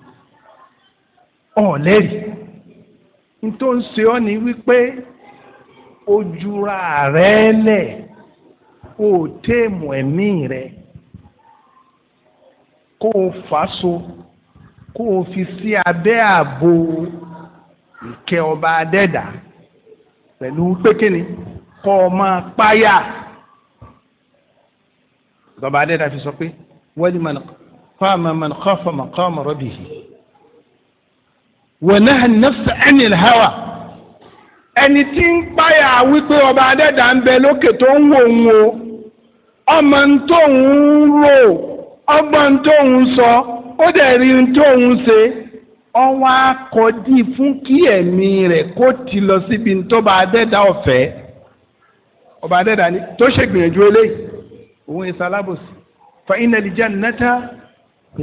ọ̀lẹ́rì ní tó ń ṣe ọ́ ni wípé. ojúra rẹ̀ lẹ̀ kó o téèmù ẹ̀mí rẹ̀ kó o fàṣọ kó o fi sí abẹ́ ààbò ìkẹ́ ọba adẹ́dà pẹ̀lú pékinni kọ́ ọ máa páyà ọba adẹ́dà fi sọ pé wali man qama man khafa maqama rabbihi wa naha an-nafsa 'anil hawa ẹni tí ń páyà wípé ọba adẹ́dà ń bẹ lókè tó ń wò ń o ọmọ ń tóun ń rò ọgbọ́n ń tóun sọ ó dẹ̀ rí ń tóun ṣe ọwọ́ akọ̀dí fún kí ẹ̀mí rẹ̀ kó ti lọ síbi tọ́ba adẹ́dà ọ̀fẹ́ ọba adẹ́dà ni tó ṣe gbìyànjú eléyìí òun ìsalábòsì fa iná lìjẹ́ nẹ́tà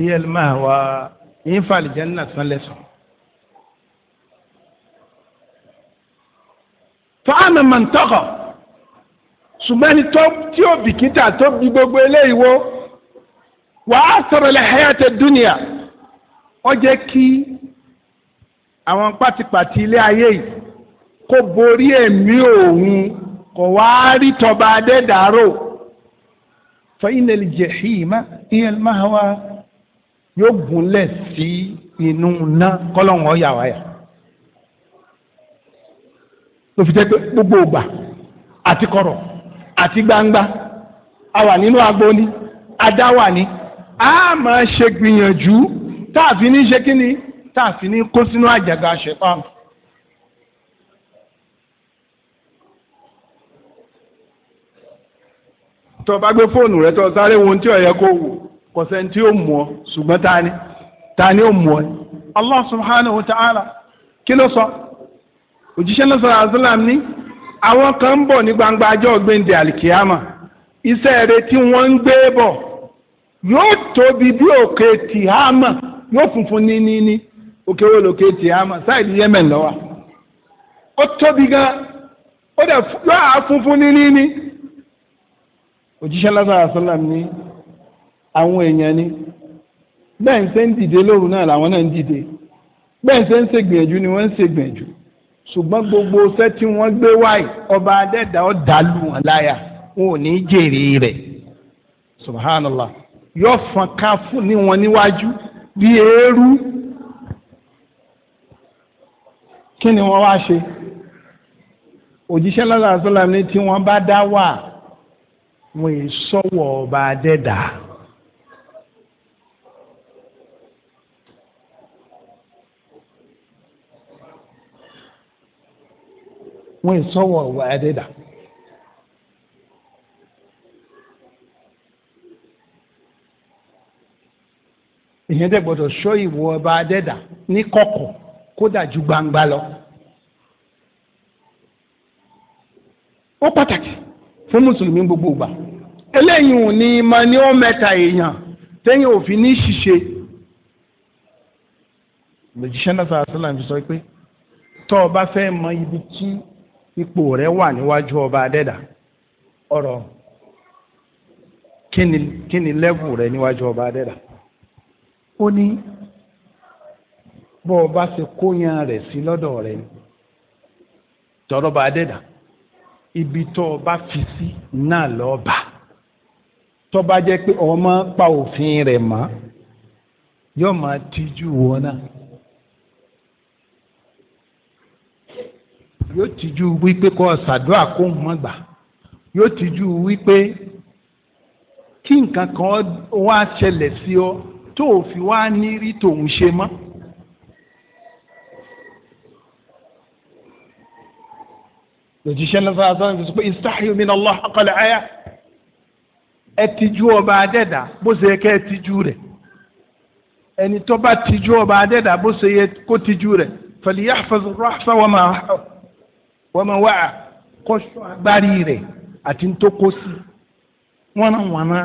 ìyẹ́lì máa wá ìyẹn fa lìjẹ́ nínà sanlẹ̀ sùn. fáàmì mọ̀ntọ́kọ̀ ṣùgbọ́n ẹni tí ó bìkítà tó gbogbo eléyìí wo wàá sọ̀rọ̀ lẹ́ hayàtẹ̀ dúnìyà ọ jẹ́ kí àwọn pátipàti ilé ayé yìí kó borí ẹ̀mí òun kò rí tọba adẹ́dàárò fa inna al ló fi jẹ́ pé gbogbo ògbà àti kọrọ àti gbangba a wà nínú agbo ni ajá wà ní a máa ṣe gbìyànjú tá a fi ní ṣe kí ni tá a fi ní kó sínú àjàgà ṣẹ̀tàn. tó o bá gbé fóònù rẹ tó o sáré wo ohun tí yẹ kó wò tí ó mú ọ ṣùgbọ́n ó mú ọ Allah subhanahu wa ta'ala kí ló sọ. So? òjíṣẹ́ náà sọ̀rọ̀ àṣàlám ní àwọn kan ń bọ̀ ní gbangba ajọ́ gbẹ̀ǹdẹ̀ àlìkíyàmà iṣẹ́ rẹ tí wọ́n ń gbé bọ̀ yóò tóbi bí òkè tìhámà yóò funfun ní ní ní òkè wo lòkè tìhámà sáìdì Yemen ló wà ó tóbi gan ó dẹ̀ yóò á funfun ní ní ní òjíṣẹ́ náà sọ̀rọ̀ àṣàlám ní àwọn èèyàn ní bẹ́ẹ̀ ń ṣe ń dìde lóru náà làwọn náà ń dìde bẹ́ẹ̀ ń ṣe ń ṣègbìyànjú ni wọ́n ń ṣègbìyànjú ṣùgbọ́n gbogbo ṣẹ́ tí wọ́n gbé wáyé ọba adẹ́dà ó dàlú wọn láyà wọn ò ní jèrè rẹ̀ subhanallah yóò fọn ká fún ní wọn níwájú bí eérú kí ni wọ́n wá ṣe òjíṣẹ́ lọ́la àṣọlá ni tí wọ́n bá dá wà wọ́n èé sọ́wọ́ ọba adẹ́dà. wọn sọwọ ọba ẹdẹdà ìyẹn tẹ gbọ́dọ̀ sọ ìwọ ọba ẹdẹdà ní kọ̀kọ̀ kódà ju gbangba lọ ó pàtàkì fún mùsùlùmí gbogbo ìgbà eléyìí ò ní ma ní ó mẹ́ta èèyàn tẹyìn òfin ní ṣiṣe lòjíṣẹ́ náà sọ àṣìlá fi sọ pé tọ́ ọ bá fẹ́ mọ ibi tí ipò rẹ wà níwájú ọba adẹ́dà ọ̀rọ̀ kíni kíni lẹ́bù rẹ níwájú ọba adẹ́dà ó ní bọ́ ọba ṣe kóyan rẹ̀ sí lọ́dọ̀ rẹ tọ́rọba adẹ́dà ibi tó ọba fi sí náà lọ́ọ́bà tó bá jẹ́ pé ọmọ pa òfin rẹ̀ mọ́ yóò máa tijú wọn náà. yóò tijú wípé kọ́ ṣàdúrà kó ń mọ̀gbà yóò tijú wípé kí nǹkan kan wá ṣẹlẹ̀ sí ọ tó o fi wá ní rí tòun ṣe mọ́. lòjíṣẹ́ lọ́sọ̀rọ̀ àtọ́nà fi sọ pé istahyu min Allah haqqa al-haya ẹ tijú ọba adẹ́dà bó ṣe yẹ kẹ́ ẹ tijú rẹ̀ ẹni tó bá tijú ọba adẹ́dà bó ṣe yẹ kó tijú rẹ̀ falyahfaz ar-rahsa wa ma wọ́n máa wá kọ́sọ́ agbárí rẹ̀ àti ntókòsí wọ́nàwọ́nà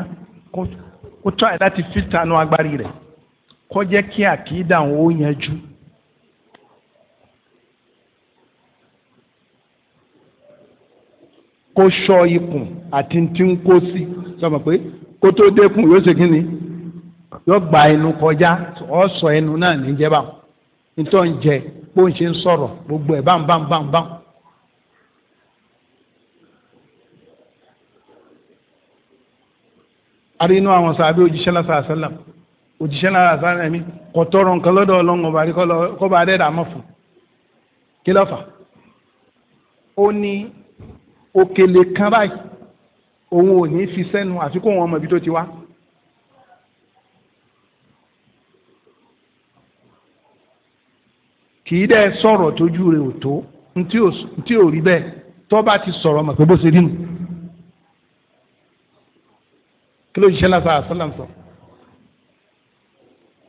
kó tọ́ ẹ̀ láti fi tanu agbárí rẹ̀ kó kí àkídà ó àti sọmọ pé kó tó yóò ṣe kọjá ọ sọ náà àrí inú àwọn sàbẹ òjíṣẹ́ náà sàásálàm òjíṣẹ́ náà sàásálàm mi kò tọrọ nǹkan lọ́dọ̀ Ọlọ́run ọba rí kọ bá dẹ dààmú fún kí ló fà ó ní òkèlè kan báyìí òun ò ní fi sẹ́nu àfi kó wọn mọ ibi tó ti wá. kì í dẹ́ sọ̀rọ̀ tójú rẹ̀ ò tó ntí ò rí bẹ́ẹ̀ tó bá ti sọ̀rọ̀ mọ̀ pé bó ṣe rí nù. kí ló ṣiṣẹ́ lásán àṣàlám sọ.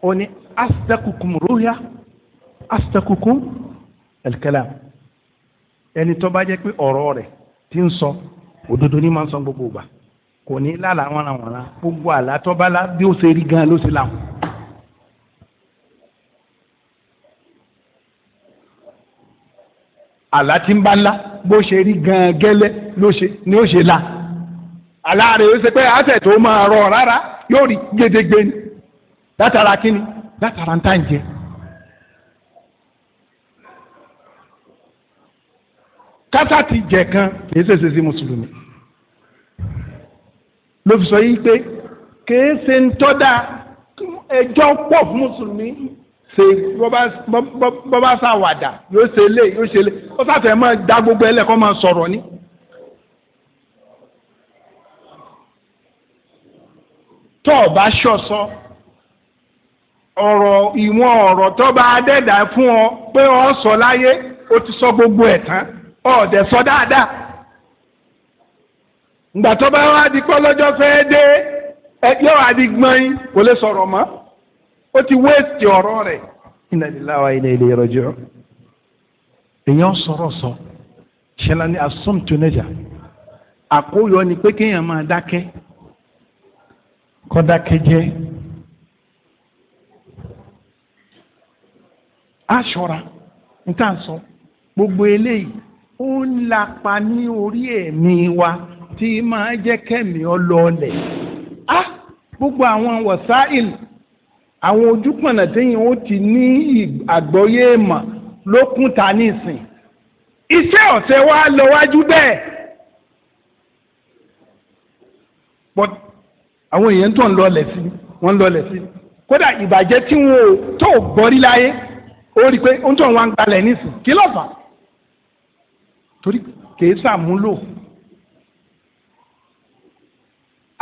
ó ní astakukum ruya astakukum alkalam ẹni tó bá jẹ́ pé ọ̀rọ̀ rẹ̀ ti ń sọ òdodo ní máa ń sọ gbogbo ìgbà kò ní lálàá wọnàwọnà gbogbo àlá tó bá lá bí ó ṣe rí gan ló ṣe láwọn. àlá tí ń bá ńlá bó ṣe rí gan gẹ́lẹ́ ló ṣe ni ó ṣe la. ala rẹ̀ ó ṣe pé àṣẹ tó máa rọ rárá yóò rí gédégbé ni látara kíni látara ń tà ń jẹ. kátà ti jẹ kan kìí ṣe ṣèṣì mùsùlùmí ló fi sọ yìí pé kìí ṣe ń tọ́da ẹjọ́ pọ̀ fún mùsùlùmí ṣe bọ́ bá yóò ṣe lé yóò ṣe lé ni. t'ọba o ọrọ ṣọ̀ṣọ́ ọrọ tọba ọ̀rọ̀ fún ọ pé ọ sọ láyé o ti sọ gbogbo ẹ̀ tán ọ̀dẹ̀ sọ dáadáa ǹgbà tó bá wá di pọ́lọ́jọ́ fẹ́ dé ẹjọ́ àdìgbọ́n kò lè sọrọ mọ́ o ti wéètì ọrọ rẹ̀ iná lillahi wa inna ilayhi raji'un èèyàn sọ̀rọ̀ sọ ṣẹlẹ̀ ni asọ́mtò nẹ́jà àkóyọ ni pé kéèyàn máa dákẹ́ kọ́dákẹ́jẹ́ aṣọra n tà ń sọ gbogbo eléyìí ó ń lapa ní orí ẹ̀mí wa tí máa jẹ́ kẹ́mi ọlọ́ọ̀lẹ̀ á gbogbo àwọn wọ̀sáìl àwọn ojúpọ̀nà téèyàn ó ti ní àgbọ́yé mà lókùn ta nísìn iṣẹ́ ọ̀sẹ̀ wa lọ wájú àwọn èèyàn tó ń lọlẹ̀ sí wọ́n ń lọlẹ̀ sí kódà ìbàjẹ́ tí wọn ò tó gbọ́rí láyé ó rí i pé ó ń tó wọn gbalẹ̀ nísìn kí ló fà á torí kèé sàmúlò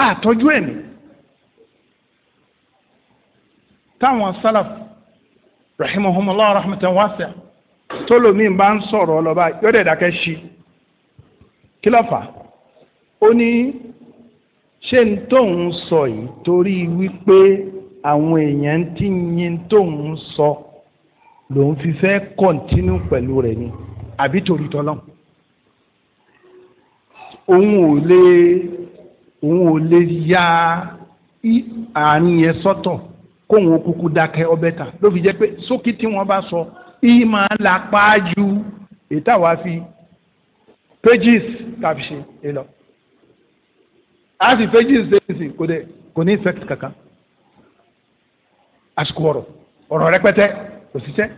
àtọ́jú ẹ̀mí táwọn sálàf rahimahumullah rahmatan wasi'a tólómìn bá ń sọ̀rọ̀ ọlọ́ba yọ̀dẹ̀ dákẹ́ sí kí ló fà á ó ní ṣé n tóun sọ yìí torí wípé àwọn èèyàn ti yin tóun sọ lòun fi fẹ́ kọ́ntínú pẹ̀lú rẹ̀ ni àbí torí tọ́lọ́ òun ò lè òun ò lè ya àárín yẹn sọ́tọ̀ kóun ó kúkú dákẹ́ ọbẹ̀ ta ló fi jẹ́ pé sókí tí wọ́n bá sọ ìyí máa lápá ju ètàwá fi pages tàbí ṣe é lọ a sì fẹ́ jíìsì ṣèṣì kò dé kò ní effect kankan àsìkò ọ̀rọ̀ ọ̀rọ̀ rẹpẹtẹ kò ṣiṣẹ́.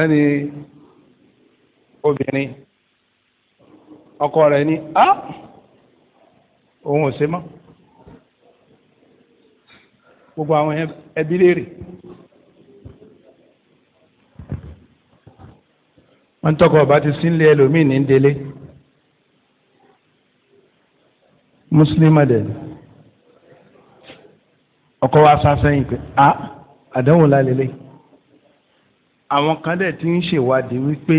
ẹni obìnrin ọkọ rẹ̀ ni a ah, òun ò ṣe mọ́ gbogbo àwọn ẹbí léèrè. wọ́n tọkọ ọba ti sínlé ẹlòmíì ní délé mùsùlùmí dẹ̀ ọkọ wa sá sẹ́yìn pé a àdánwò lálẹ́lẹ́ àwọn kan dẹ̀ ti ń ṣèwádìí wípé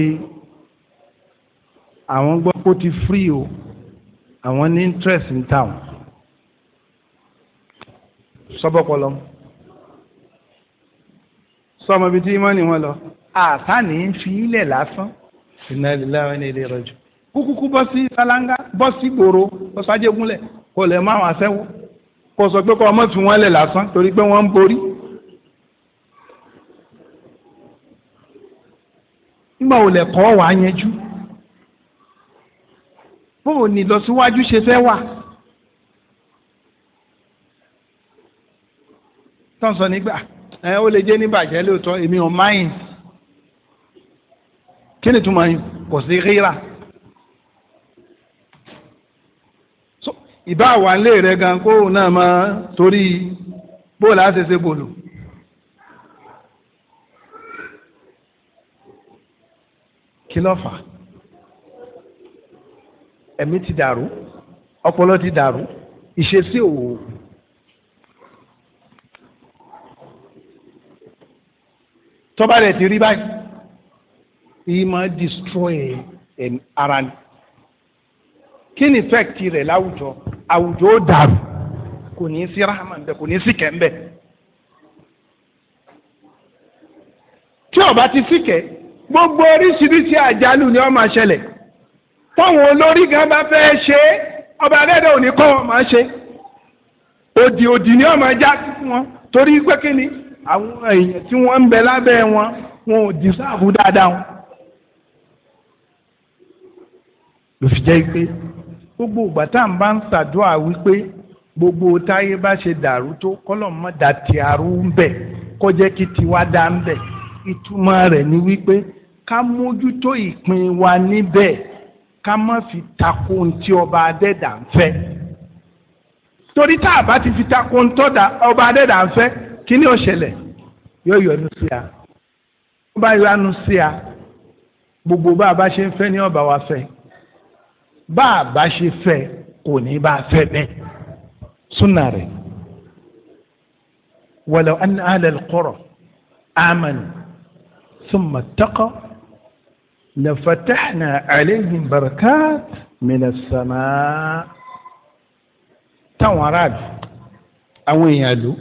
àwọn gbọ́ kó ti free o àwọn ní interest in town sọ́bọ̀pọ̀lọ́ sọmọ ibi tí ìmọ̀ọ́nì wọn lọ àtàní ń fi ilẹ̀ lásán iná lílá wọn ní ilé rọjò kúkúkú bọ́ sí sálángá bọ́ sí gbòòrò bọ́ sájégúnlẹ̀ kò lè má wọn àṣẹ́wó kò sọ pé kò ọmọ fi wọn lẹ̀ lásán torí pé wọ́n ń borí. nígbà wo lẹ̀kọ́ wàá yẹjú bóò ní lọ síwájú ṣe fẹ́ wà. sọ̀nsọ̀ nígbà ẹ ó lè jẹ́ níbàjẹ́ lóòótọ́ èmi ò máyìn kí ni túmọ̀ yín kò sí rírà ìbá wà ń lé rẹ gan kó o náà máa torí bóòlù àṣẹṣe bòlù. kí ló fà ẹ̀mí ti dàrú ọpọlọ ti dàrú ìṣesí òwò tọ́ba rẹ̀ ti rí báyìí yìí máa destroy ara ni kí ni effect rẹ̀ láwùjọ àwùjọ ó dàrú kò ní í sí rahama ńbẹ kò ní í sí kẹ́ ńbẹ tí ọba ti sí kẹ́ gbogbo oríṣiríṣi àjálù ni ó máa ṣẹlẹ̀ táwọn olórí gan bá fẹ́ ṣe é ọba adẹ́dẹ́ ò ní kọ́ wọn máa ṣe òdì òdì ni ó máa já sí fún wọn torí pé kí ni àwọn èèyàn tí wọ́n ń bẹ lábẹ́ wọn wọn ò dìsáàbù dáadáa wọn. ló fi jẹ́ pé gbogbo ìgbà tá à ń bá ń ṣàdúrà wípé gbogbo táyé bá ṣe dàrú tó kọ́lọ́mọ́ dà tí arú ń bẹ̀ kó jẹ́ kí tiwa dá ń bẹ̀ ìtumọ̀ rẹ̀ ni wípé ká mójútó ìpín wa níbẹ̀ ká má fi takò ohun tí ọba adẹ́dà ń fẹ́ torí tá a bá ti fi takò ohun tọ́da ọba adẹ́dà ń fẹ́ kí ni ó ṣẹlẹ̀ yóò yọnu sí a wọ́n bá yọnu sí a gbogbo bá a bá ṣe ń fẹ́ ní ọba wa fẹ́ bá a bá ṣe fẹ́ kò ní bá a fẹ́ bẹ́ẹ̀ súnà rẹ̀ walaw anna ahlal qura amanu thumma ttaqaw lafatahna alayhim barakat minas táwọn aráàlú àwọn èèyàn lò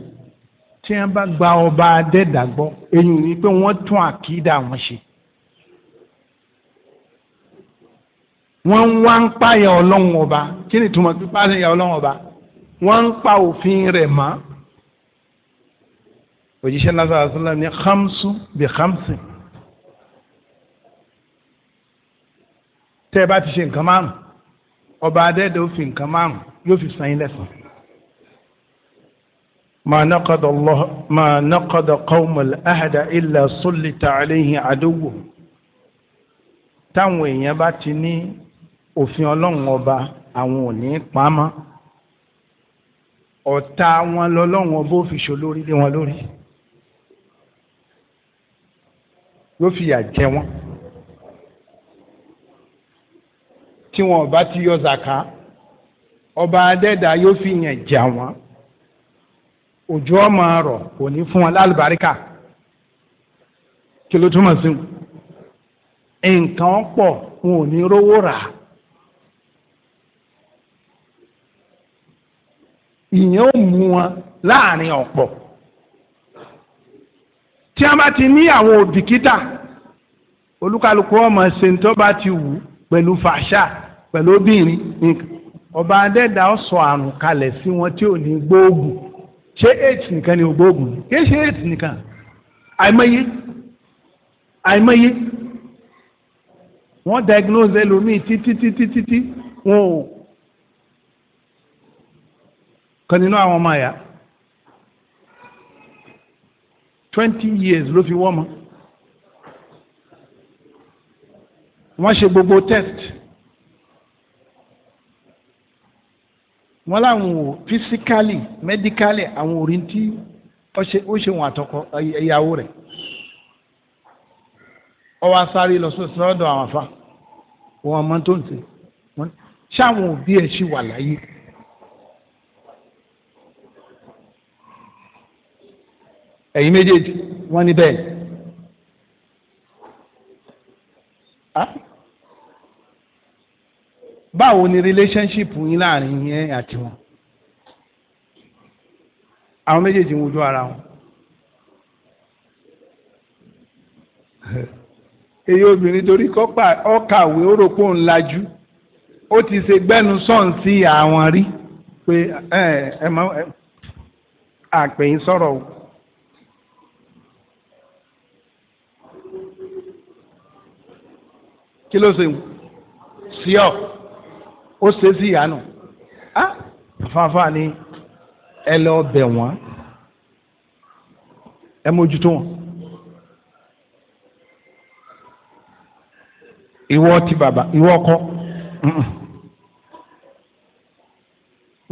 tí wọ́n bá gba ọba adẹ́dà gbọ́ èyí ni pé wọ́n tún àkídà wọn ṣe. wọ́n ń wá ń páyà ọlọ́run ọba kí ni túmọ̀ pé páyà ọlọ́run ọba wọ́n ń pa òfin rẹ̀ mọ́. òjíṣẹ́ lásán àṣọlá ní hamsu bí hamsi. tẹ́ ẹ bá ti ṣe nǹkan márùn-ún ọba adẹ́dà ó fi nǹkan márùn-ún yóò fi san yín lẹ́sàn-án. ما نقض الله ما نقض قوم الأهد إلا سلط عليه عدوه táwọn èèyàn bá ti ní òfin ọlọ́run ọba àwọn ò ní pamọ́ ọ̀tá wọn lọ́lọ́run ọba ó fi ṣolórí lé wọn lórí ló fìyà jẹ wọn tí wọn ò ti yọ zàká ọba adẹ́dàá yóò fìyàn jẹ wọn òjò ọmọ rọ̀ kò ní fún wọn lálùbáríkà kí ló túmọ̀ sí nǹkan pọ̀ wọn ò ní rówó rà á. ìyẹn ò mú wọn láàrin ọ̀pọ̀ tí a bá ti ní àwọn òbíkítà olúkálùkù ọmọ ṣèǹtọ́ bá ti wù pẹ̀lú fàṣà pẹ̀lú obìnrin ọba adẹ́dàá sọ àrùn kalẹ̀ sí wọn tí ò ní gbóògùn ṣé aids nìkan ni ògbóògùn kì í ṣe aids nìkan àìmọye àìmọye wọ́n diagnose ẹlòmíì títí títí títí wọn ò kan nínú àwọn ọmọ àyà twenty years ló fi wọ́n mọ́ wọ́n ṣe gbogbo test. wọ́n láwọn ò fisikali mẹ́díkálì àwọn ò rí ti ó ṣe wọn àtọkọ ìyàwó rẹ̀ ọwọ́ asáré lọ sọ́dọ̀ àwọn afa wọn ọmọ tó ń ṣáwọn òbí ẹ̀ ṣì wà láyé. ẹ̀yin méjèèjì wọ́n ní bẹ́ẹ̀. Ah! báwo ni relationship yín láàrin yín àti wọn àwọn méjèèjì ń wojú ara wọn èyí obìnrin torí ọkàwé ó rò pé òun lajú ó ti ṣe gbẹ́nu sọ̀n sí àwọn rí pé ẹ ẹ mọ àpèyìn sọ̀rọ̀ o. kí ló ṣe sí ọ ó ṣe sí ìyanu á ah, àfáàfáà ni ẹ lọ bẹ̀ wọ́n ẹ mójútó wọn. ìwọ ti bàbá ìwọ ọkọ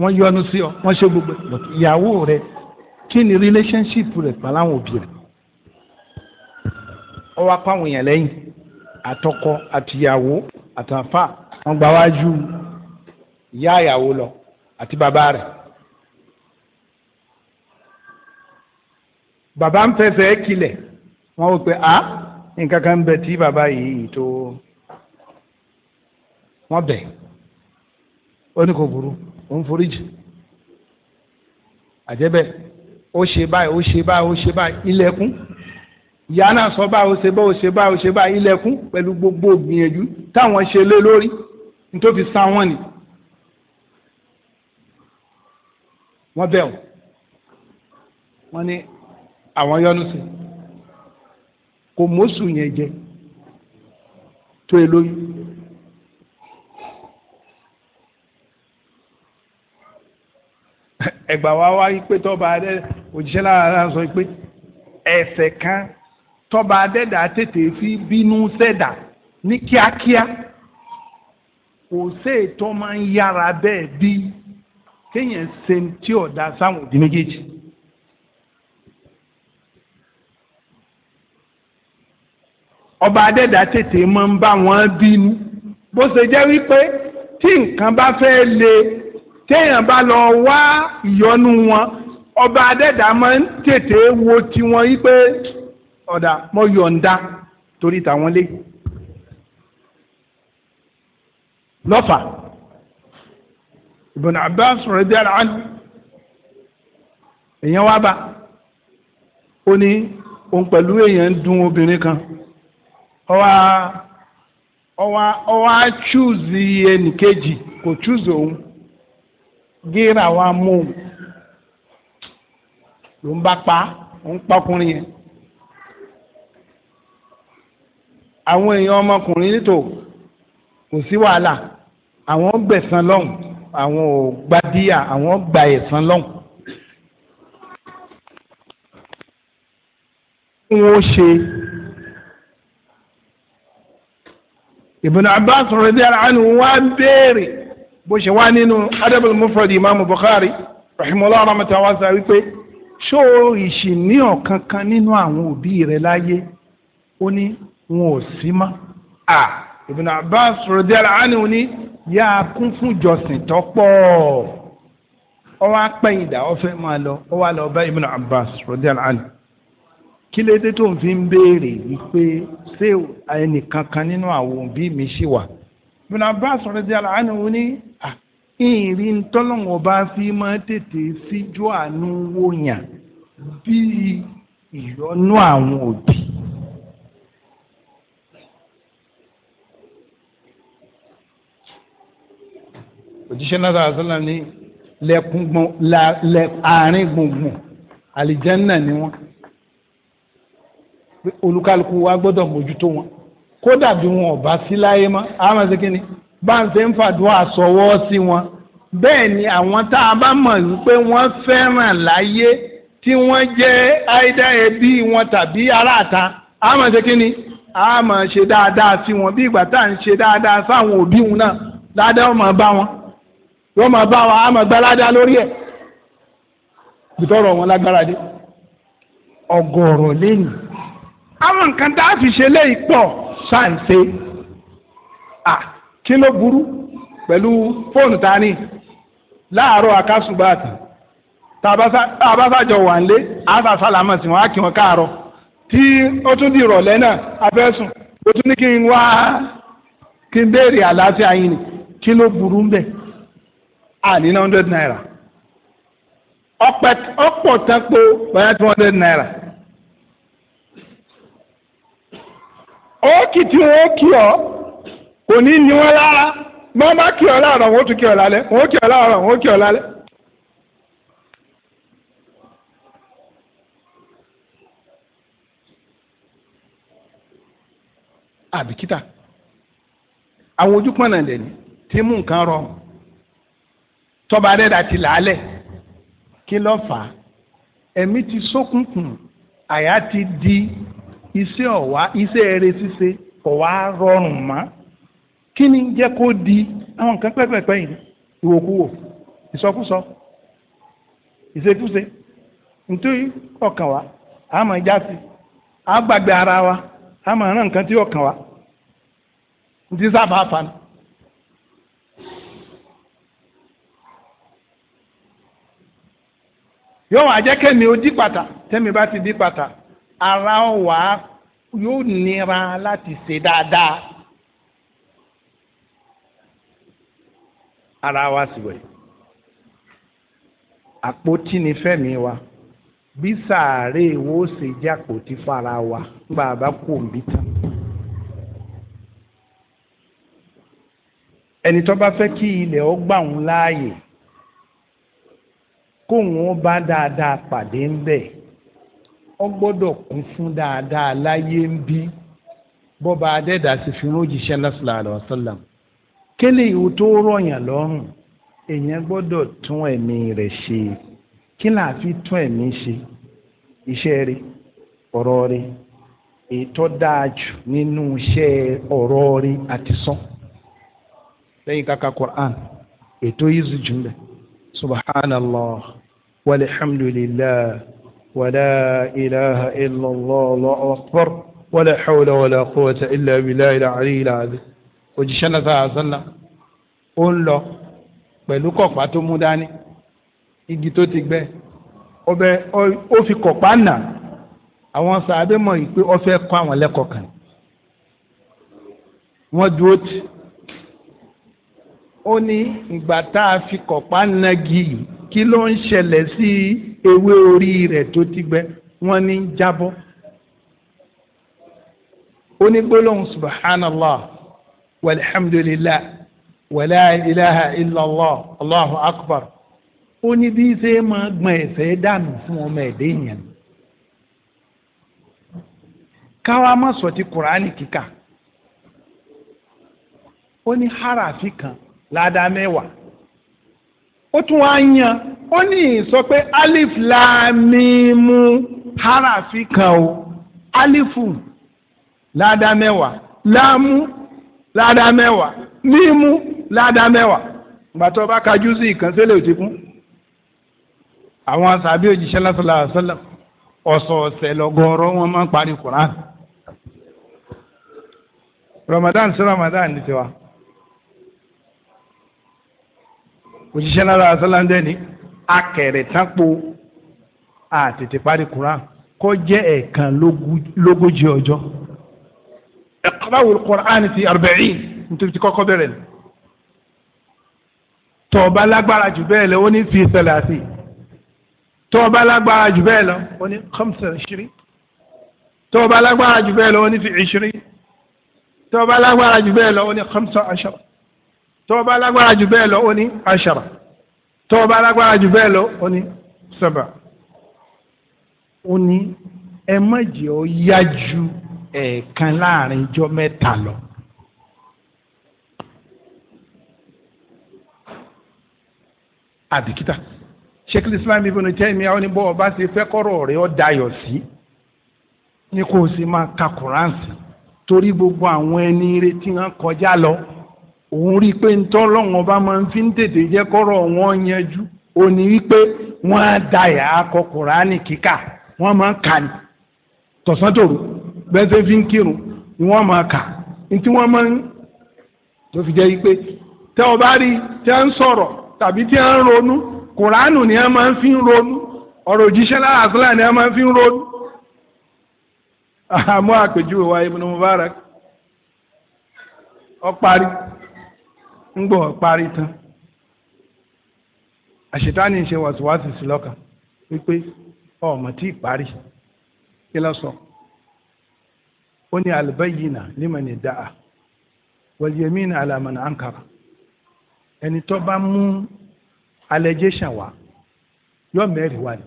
wọ́n yọ́nú sí ọ wọ́n ṣe gbogbo ìyàwó rẹ kí ni relationship rẹ pẹ̀lú àwọn òbí rẹ ọ wá pa àwọn èèyàn lẹ́yìn àtọkọ àtìyàwó àtàfà wọ́n gbà wájú ìyá ìyàwó lọ àti bàbá rẹ̀. bàbá ń fẹsẹ̀ kilẹ̀ wọ́n wò pé a ah, nǹkan kan bẹ tí bàbá yìí tó wọ́n bẹ̀ ó ní kò burú ó ń foríjì àjẹbẹ ó ṣe báyìí ó ṣe báyìí ó ṣe báyìí ilẹ̀kùn ìyá náà sọ báyìí ó ṣe báyìí ó ṣe báyìí ó ṣe báyìí ilẹ̀kùn pẹ̀lú gbogbo gbìyànjú táwọn ṣe lé lórí nítorí fi ni wọ́n bẹ̀ wọ́n wọ́n ní àwọn yọnu sí kò mọ́sù yẹn jẹ tó e lóyún. ẹgbà wa wá pé tọ́ba adé òjíṣẹ́ lára sọ pé ẹ̀ṣẹ̀ kan tọ́ba adẹ́dà tètè fi bínú sẹ́dà ní kíákíá kò sí ètò máa ń yára bẹ́ẹ̀ bíi kéèyàn ṣe tí ò da sáwọn òbí méjèèjì. ọba adẹ́dà tètè máa ń bá wọn bínú bó ṣe jẹ́ wípé tí nǹkan bá fẹ́ le téèyàn bá lọ wá ìyọnu wọn ọba adẹ́dà máa ń tètè wo tiwọn wípé ọ̀dà mo yọ̀ǹda torí tàwọn lé lọ́fà Ibn Abbas radiyallahu anhu èèyàn wá bá ó ní òun pẹ̀lú èèyàn ń dun obìnrin kan ó wá ó wá ó wá chúùzì ẹnìkejì kò chúùzì òun gíra wa mú òun ló ń bá pa òun pọkùnrin yẹn àwọn èèyàn ọmọkùnrin nítò kò sí wàhálà àwọn gbẹ̀sán lọ́hùn. àwọn ò gbadíyà àwọn gba ẹ̀san lọ́hùn. wọ́n ó ṣe Ibn Abbas radiyallahu anhu wá béèrè bó ṣe wá nínú adabul mufrad imaamu Bukhari rahimahullah rahmatan wasa wípé ṣó ìṣì ní ọ̀kan kan nínú àwọn òbí rẹ̀ láyé ó ní wọn ò sí mọ́ à Ibn Abbas radiyallahu anhu ní. yá a kún fún jọsìn tó pọ̀ ọ wá pẹ́yìndà ọ fẹ́ máa lọ ọ wá lọ bá Ibn Abbas radiyallahu anhu kí ló dé tó ń fi ń béèrè wípé ṣé ẹnìkan kan nínú àwọn òbí mi ṣì wà Ibn Abbas radiyallahu anhu ní ìrìn tọ́lọ́wọ́n bá fi máa tètè síjú àánú wòyàn bíi ìyọnú àwọn òbí. òjíṣẹ́ náà sọ̀rọ̀ sọ́lá ní lẹ́kùn gbọ̀n lẹ́ àárín gbùngbùn àlìjẹ́nà ni wọ́n olúkálùkù wa gbọ́dọ̀ mójútó wọn kódà bí wọn ò bá sí láyé mọ́ àwọn ṣe kíni bá ń ṣe ń fàdúrà sọ̀wọ́ sí wọn bẹ́ẹ̀ ni àwọn tá a bá mọ̀ wípé wọ́n fẹ́ràn láyé tí wọ́n jẹ́ àìdá ẹbí wọn tàbí aráàta àwọn ṣe kíni a máa ṣe dáadáa sí wọn bí ìgbà tá à ń ṣe dáadáa sáwọn òbí wọn náà dáadáa ó bá wọn yóò máa bá wa àmọ́ gbalada lórí ẹ̀ bitọ́rọ̀ wọn lágbára dé ọgọ́rọ̀ lẹ́yìn àwọn nǹkan tá a fi ṣe léyìí pọ̀ ṣàǹṣe à kí ló burú pẹ̀lú fóònù tá a ní láàárọ̀ akásùbàtì tàbásájọ wà ń lé àṣà sálámà sí wọn á kí wọn káàárọ̀ tí ó tún di ìrọ̀lẹ́ náà abẹ́sùn ó tún ní kí n wá kí n béèrè àlàáfíà yín ni kí ló burú ń bẹ̀ àní ah, náà hundred naira ọ̀pọ̀ tán pé bóyá two hundred naira. ókì tí wọ́n kì ọ́ kò ní ní wọ́n lára wọ́n bá kì ọ́ láàárọ̀ wọ́n tún kì ọ́ lálẹ́ wọ́n kì ọ́ láàárọ̀ wọ́n kì ọ́ lálẹ́. àbìkítà àwọn ojú pọ̀nà dẹ̀ ni tí mú nǹkan rọrùn tọba rẹ̀ dàtí làálẹ̀ kí ló fà á ẹ̀mí ti sókùnkùn àyà ti di iṣẹ́ ọ̀wá iṣẹ́ eré ṣíṣe ọ̀wá rọrùn mọ́ kí ni jẹ́ kó di àwọn nǹkan pẹ́pẹ́pẹ́ yìí ìwòkuwò ìsọkúsọ ìṣekúṣe nítorí ọkàn wa a máa já sí a gbàgbé ara wa a máa rán nǹkan tí ọkàn wa ní sábà fa yóò wá jẹ́ kẹ́mi ó dí pàtà tẹ́mi bá ti dí pàtà ara wà yóò nira láti ṣe dáadáa ara wa sì wẹ̀ àpótí ni fẹ́mi wa bí sàárè wo ṣe jẹ́ àpótí fara wa nígbà bá kú òbí tán. ẹni tó bá fẹ́ kí ilẹ̀ ó gbà òun láàyè. kóun bá dáadáa pàdé ń bẹ̀ ọ gbọ́dọ̀ kún fún dáadáa láyé ń bí bọ́ba adẹ́dà sì fi rójìṣẹ́ lọ́sọ̀lá àlọ́sọ̀lá kélé ìwò tó rọ̀yàn lọ́rùn èèyàn gbọ́dọ̀ tún ẹ̀mí rẹ̀ ṣe kí tún ẹ̀mí ṣe iṣẹ́ rẹ̀ ọ̀rọ̀ rẹ̀ ètò dáa jù nínú iṣẹ́ ọ̀rọ̀ rẹ̀ àti lẹ́yìn Qur'an ètò yìí zùjú والحمد لله ولا إله إلا الله الله أكبر ولا حول ولا قوة إلا بالله العلي العظيم òjíṣẹ́ náà sáà sọ́nà ó ń lọ pẹ̀lú kọ̀pá tó mú dání igi tó ti gbẹ ọbẹ̀ ó fi kọ̀pá nà àwọn sàábẹ́ mọ̀ yìí pé ó kọ́ àwọn lẹ́kọ̀ọ́ kan wọ́n dúró tì ó ní ìgbà tá a fi kọ̀pá nagi yìí kí ló ń ṣẹlẹ̀ sí ewé orí rẹ̀ tó ti gbẹ wọ́n ní jábọ́ onígbólóhùn subhanallah walhamdulillah wala ilaha illallah allahu akbar ó ní bí ṣe máa gbọ̀n ẹ̀ṣẹ̀ dànù fún ọmọ ẹ̀dẹ́ yẹn káwa má sọ ti kùránì kíkà ó ní harafi kan ládàá mẹ́wàá ó tún wá yan ó ní sọ pé alif laamimu harafi kan o alifu láàdá mẹ́wàá láàmú láàdá mẹ́wàá mímú láàdá mẹ́wàá gbàtọ́ bá ka júùsì ìkànsẹ́lẹ̀ ò ti kún àwọn sàbí òjíṣẹ́ lásìlá àṣẹlẹ̀ ọ̀sọ̀ọ̀sẹ̀ lọ́gọ́rọ́ wọn máa ń parí Quran Ramadan sí Ramadan ní tiwa. òṣìṣẹ́ náà rà sálàndẹ́ ni akẹ̀rẹ̀ tánpo àtètè parí Quran kọ́ jẹ́ ẹ̀ẹ̀kan lógójì ọjọ́ ẹ̀kọ́láwò Quran ti arba'in nítorí ti kọ́kọ́ bẹ̀rẹ̀ ni tọ́ọ̀bá lágbára jù bẹ́ẹ̀ lọ ó ní fi sàlàsì tọ́ọ̀bá lágbára jù bẹ́ẹ̀ lọ ó ní khamsa ishirin tọ́ọ̀bá lágbára jù bẹ́ẹ̀ lọ ó ní fi ishirin tọ́ọ̀bá lágbára jù bẹ́ẹ̀ lọ ó ní khamsa ashara tó bá lágbára jù bẹ́ẹ̀ lọ ó ní ashara tó bá jù bẹ́ẹ̀ lọ ó ní sab'a ó ní ẹ má jẹ́ ó yá ju ẹ̀ẹ̀kan láàrin ijọ́ mẹ́ta lọ. àbìkítà sheikh islam ibn Taymiyyah àwọn oníbọ̀ ọba ṣe fẹ́ kọ́rọ̀ rẹ̀ ọ́ dayọ̀ sí ní kó o máa ka Quran torí gbogbo àwọn ẹni retí wọn kọjá lọ. òun rí i pé ntọ́lọ́wọ́n bá máa ń fi ń tètè jẹ́ kọ́rọ̀ wọn yanjú ó ní wípé wọ́n á da yà kùránì kíkà wọ́n máa ń kà ní tọ̀sán bẹ́ẹ̀ ṣe fi ń kírun ni wọ́n máa kà ntí wọ́n máa ń tó fi jẹ́ wípé tẹ́ ọ bá rí tẹ́ ń sọ̀rọ̀ tàbí tí wọ́n ń ronú kùránù ni wọ́n máa ń fi ń ronú ọ̀rọ̀ òjíṣẹ́ ni wọ́n máa ń ń kparịta parí tán àṣetánì ṣe wàsíwàsí wípé ọmọ tí ì kí lọ sọ ó ní albayyina liman da'a wal yamina ala man ankara ẹni tó bá mú allegation wá yóò mẹ́rin wá ni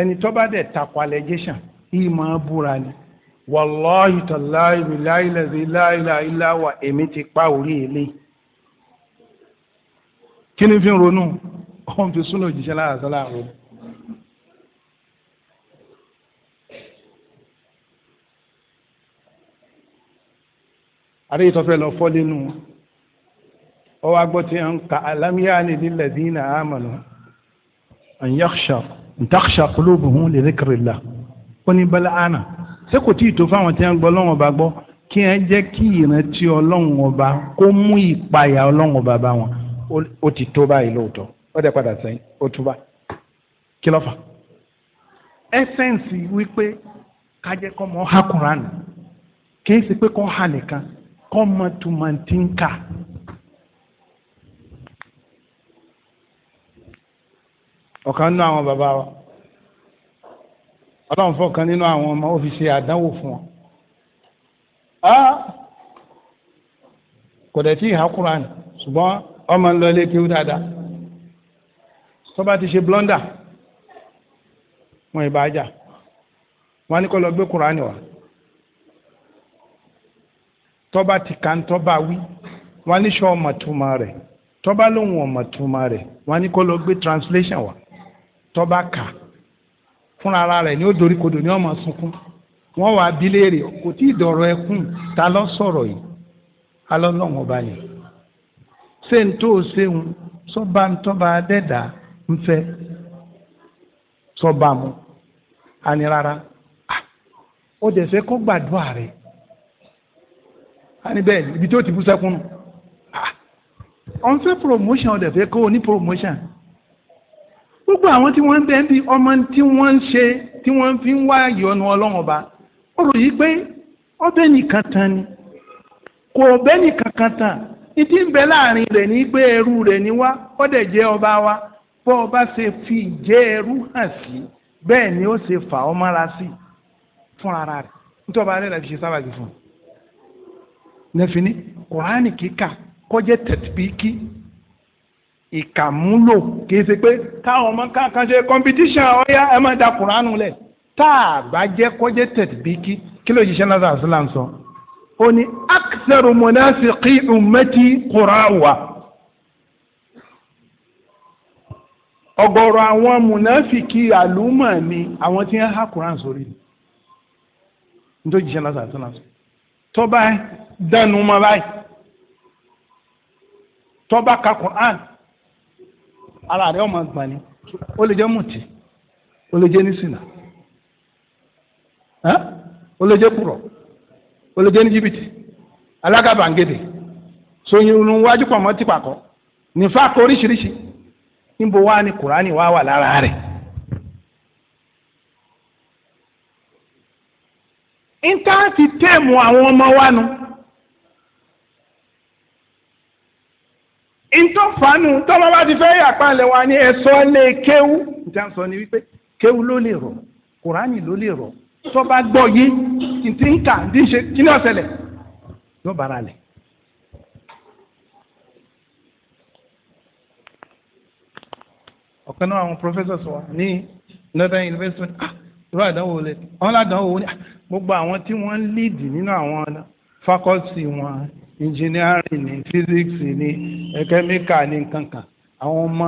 ẹni tó bá dẹ̀ takò allegation ìmọ̀ ni wàláhì tàláì bìláì lẹ́sìn láìlà ìláwà èmi ti pa orí ilé kí ni fi ń ronú ọ̀hún fi súnà òjíṣẹ́ láàásálà rò. àríyí tó fẹ́ lọ fọ́ lẹ́nu ọ wá gbọ́ tí ń ka alámíyá ni lílẹ̀dínà àmàlà an yakhsha ntakhsha qulubuhum li dhikrillah ó ní bala ana ṣé kò tí ì tó fáwọn tí wọ́n gbọ́ ọlọ́run ọba gbọ́ kí wọ́n jẹ́ kí ìrántí ọlọ́run ọba kó mú ìpayà ọlọ́run ọba bá wọn ó ti tó báyìí lóòótọ́ ó dẹ̀ padà sẹ́yìn ó túbà kí ló fà. ẹsẹ̀nsì wípé kájẹ́ kọ́ mọ́ hákùnránì kì ṣe pé kọ́ hà nìkan kọ́ mọ́ tùmọ̀tìǹkà. ọ̀kan nínú àwọn bàbá wa ọlọ́run fọkàn nínú àwọn ọmọ ó fi ṣe àdánwò fún wọn. kò dẹ̀ tí ì há Kùránì ṣùgbọ́n ọmọ ń lọ ilé kéwú dáadáa tó bá ti ṣe blọ́ndà wọn ìbá jà wọn ní kó lọ gbé Kùránì wá tó bá ti kà ń tó bá wí wọn ní sọ ọmọ túmọ̀ rẹ̀ tó bá ọmọ túmọ̀ rẹ̀ wọn ní kó lọ gbé translation wa. tó bá kà fúnra ara rẹ̀ ni ó dorí kodò ni ó máa sunkún wọ́n wàá bí léèrè kò tí ì dọ̀rọ̀ ẹkún ta ló sọ̀rọ̀ yìí alọ́lọ́wọ́n ọba ni ṣé n tó ṣeun sọba ntọ́ba adẹ́dà ń fẹ́ sọba mu ani rárá ó ah, dẹ̀ fẹ́ kó gbàdúrà rẹ̀ ani bẹ́ẹ̀ ibi tó ti bú sẹ́kún ọ̀n ah, fẹ́ promotion ó dẹ̀ fẹ́ kó o ní promotion. gbogbo àwọn tí wọ́n ń bẹ́ẹ̀ bí ọmọ tí wọ́n ń fi ń wá ìyọnu ọlọ́run ọba rò yìí pé ọbẹ̀ nìkan tán ni kò ọbẹ̀ nìkan kan tán ń bẹ láàrin rẹ̀ ní pé ẹrú rẹ̀ ni wá jẹ́ ọba wa bọ́ ọba ṣe fi ẹrú hàn sí bẹ́ẹ̀ ni ó ṣe fà ọ́ sí fún ara rẹ̀ nítorí ọba rẹ̀ ṣe fún un. kọjá ìkàmúlò kìí ṣe pé káwọn ọmọ kankan ṣe competition ọ̀yá ẹ máa da kuranu lẹ̀ tá a bá jẹ́ kọjá tẹ̀tìbíkí kí ló ṣiṣẹ́ náà sàṣìlá ń sọ. ó ní akitẹ́rù mọ̀nàṣìkì ummati kùràwà. ọ̀gọ̀rọ̀ àwọn mùnàfìkì àlùmọ̀ mi àwọn tí ń há kuran sórí ni. nítorí ṣiṣẹ́ náà sàṣìlá ń sọ. tọ́ba dánú mọ́ báyìí tọ́ba ka kuran ara rẹ̀ ọmọ gbà ni ó lè jẹ́ mùtì ó lè jẹ́ nísìnà ó lè jẹ́ pùrọ̀ ó lè jẹ́ ní jìbìtì alágàbàǹgẹ̀dẹ̀ sọyún wájú pọ̀ mọ́ tìpàkọ́ nífà kọ́ oríṣiríṣi níbo wá ní kùránì wá wà lára rẹ̀. nǹkan ti tẹ́ẹ̀mù àwọn ọmọ wa nu. ntọ́ fanu tọ́mọ bá ti fẹ́ yà pàlẹ́ wa ni ẹ̀sọ́ lé kéwú ìjà ń sọ ni wípé kéwú ló lè rọ̀ kùránì ló lè rọ̀ tó gbọ́ yé ntí ń kà ntí ṣe kí ni ọ̀sẹ̀lẹ̀ yóò bára lẹ̀. ọ̀kan náà àwọn professors wa ní northern university ah irú àdánwò lẹ àwọn àdánwò wọn ni ah, gbogbo àwọn tí wọ́n ń lead nínú àwọn faculty wọn engineering ní physics ní kẹ́míkà ní nǹkan kan àwọn ọmọ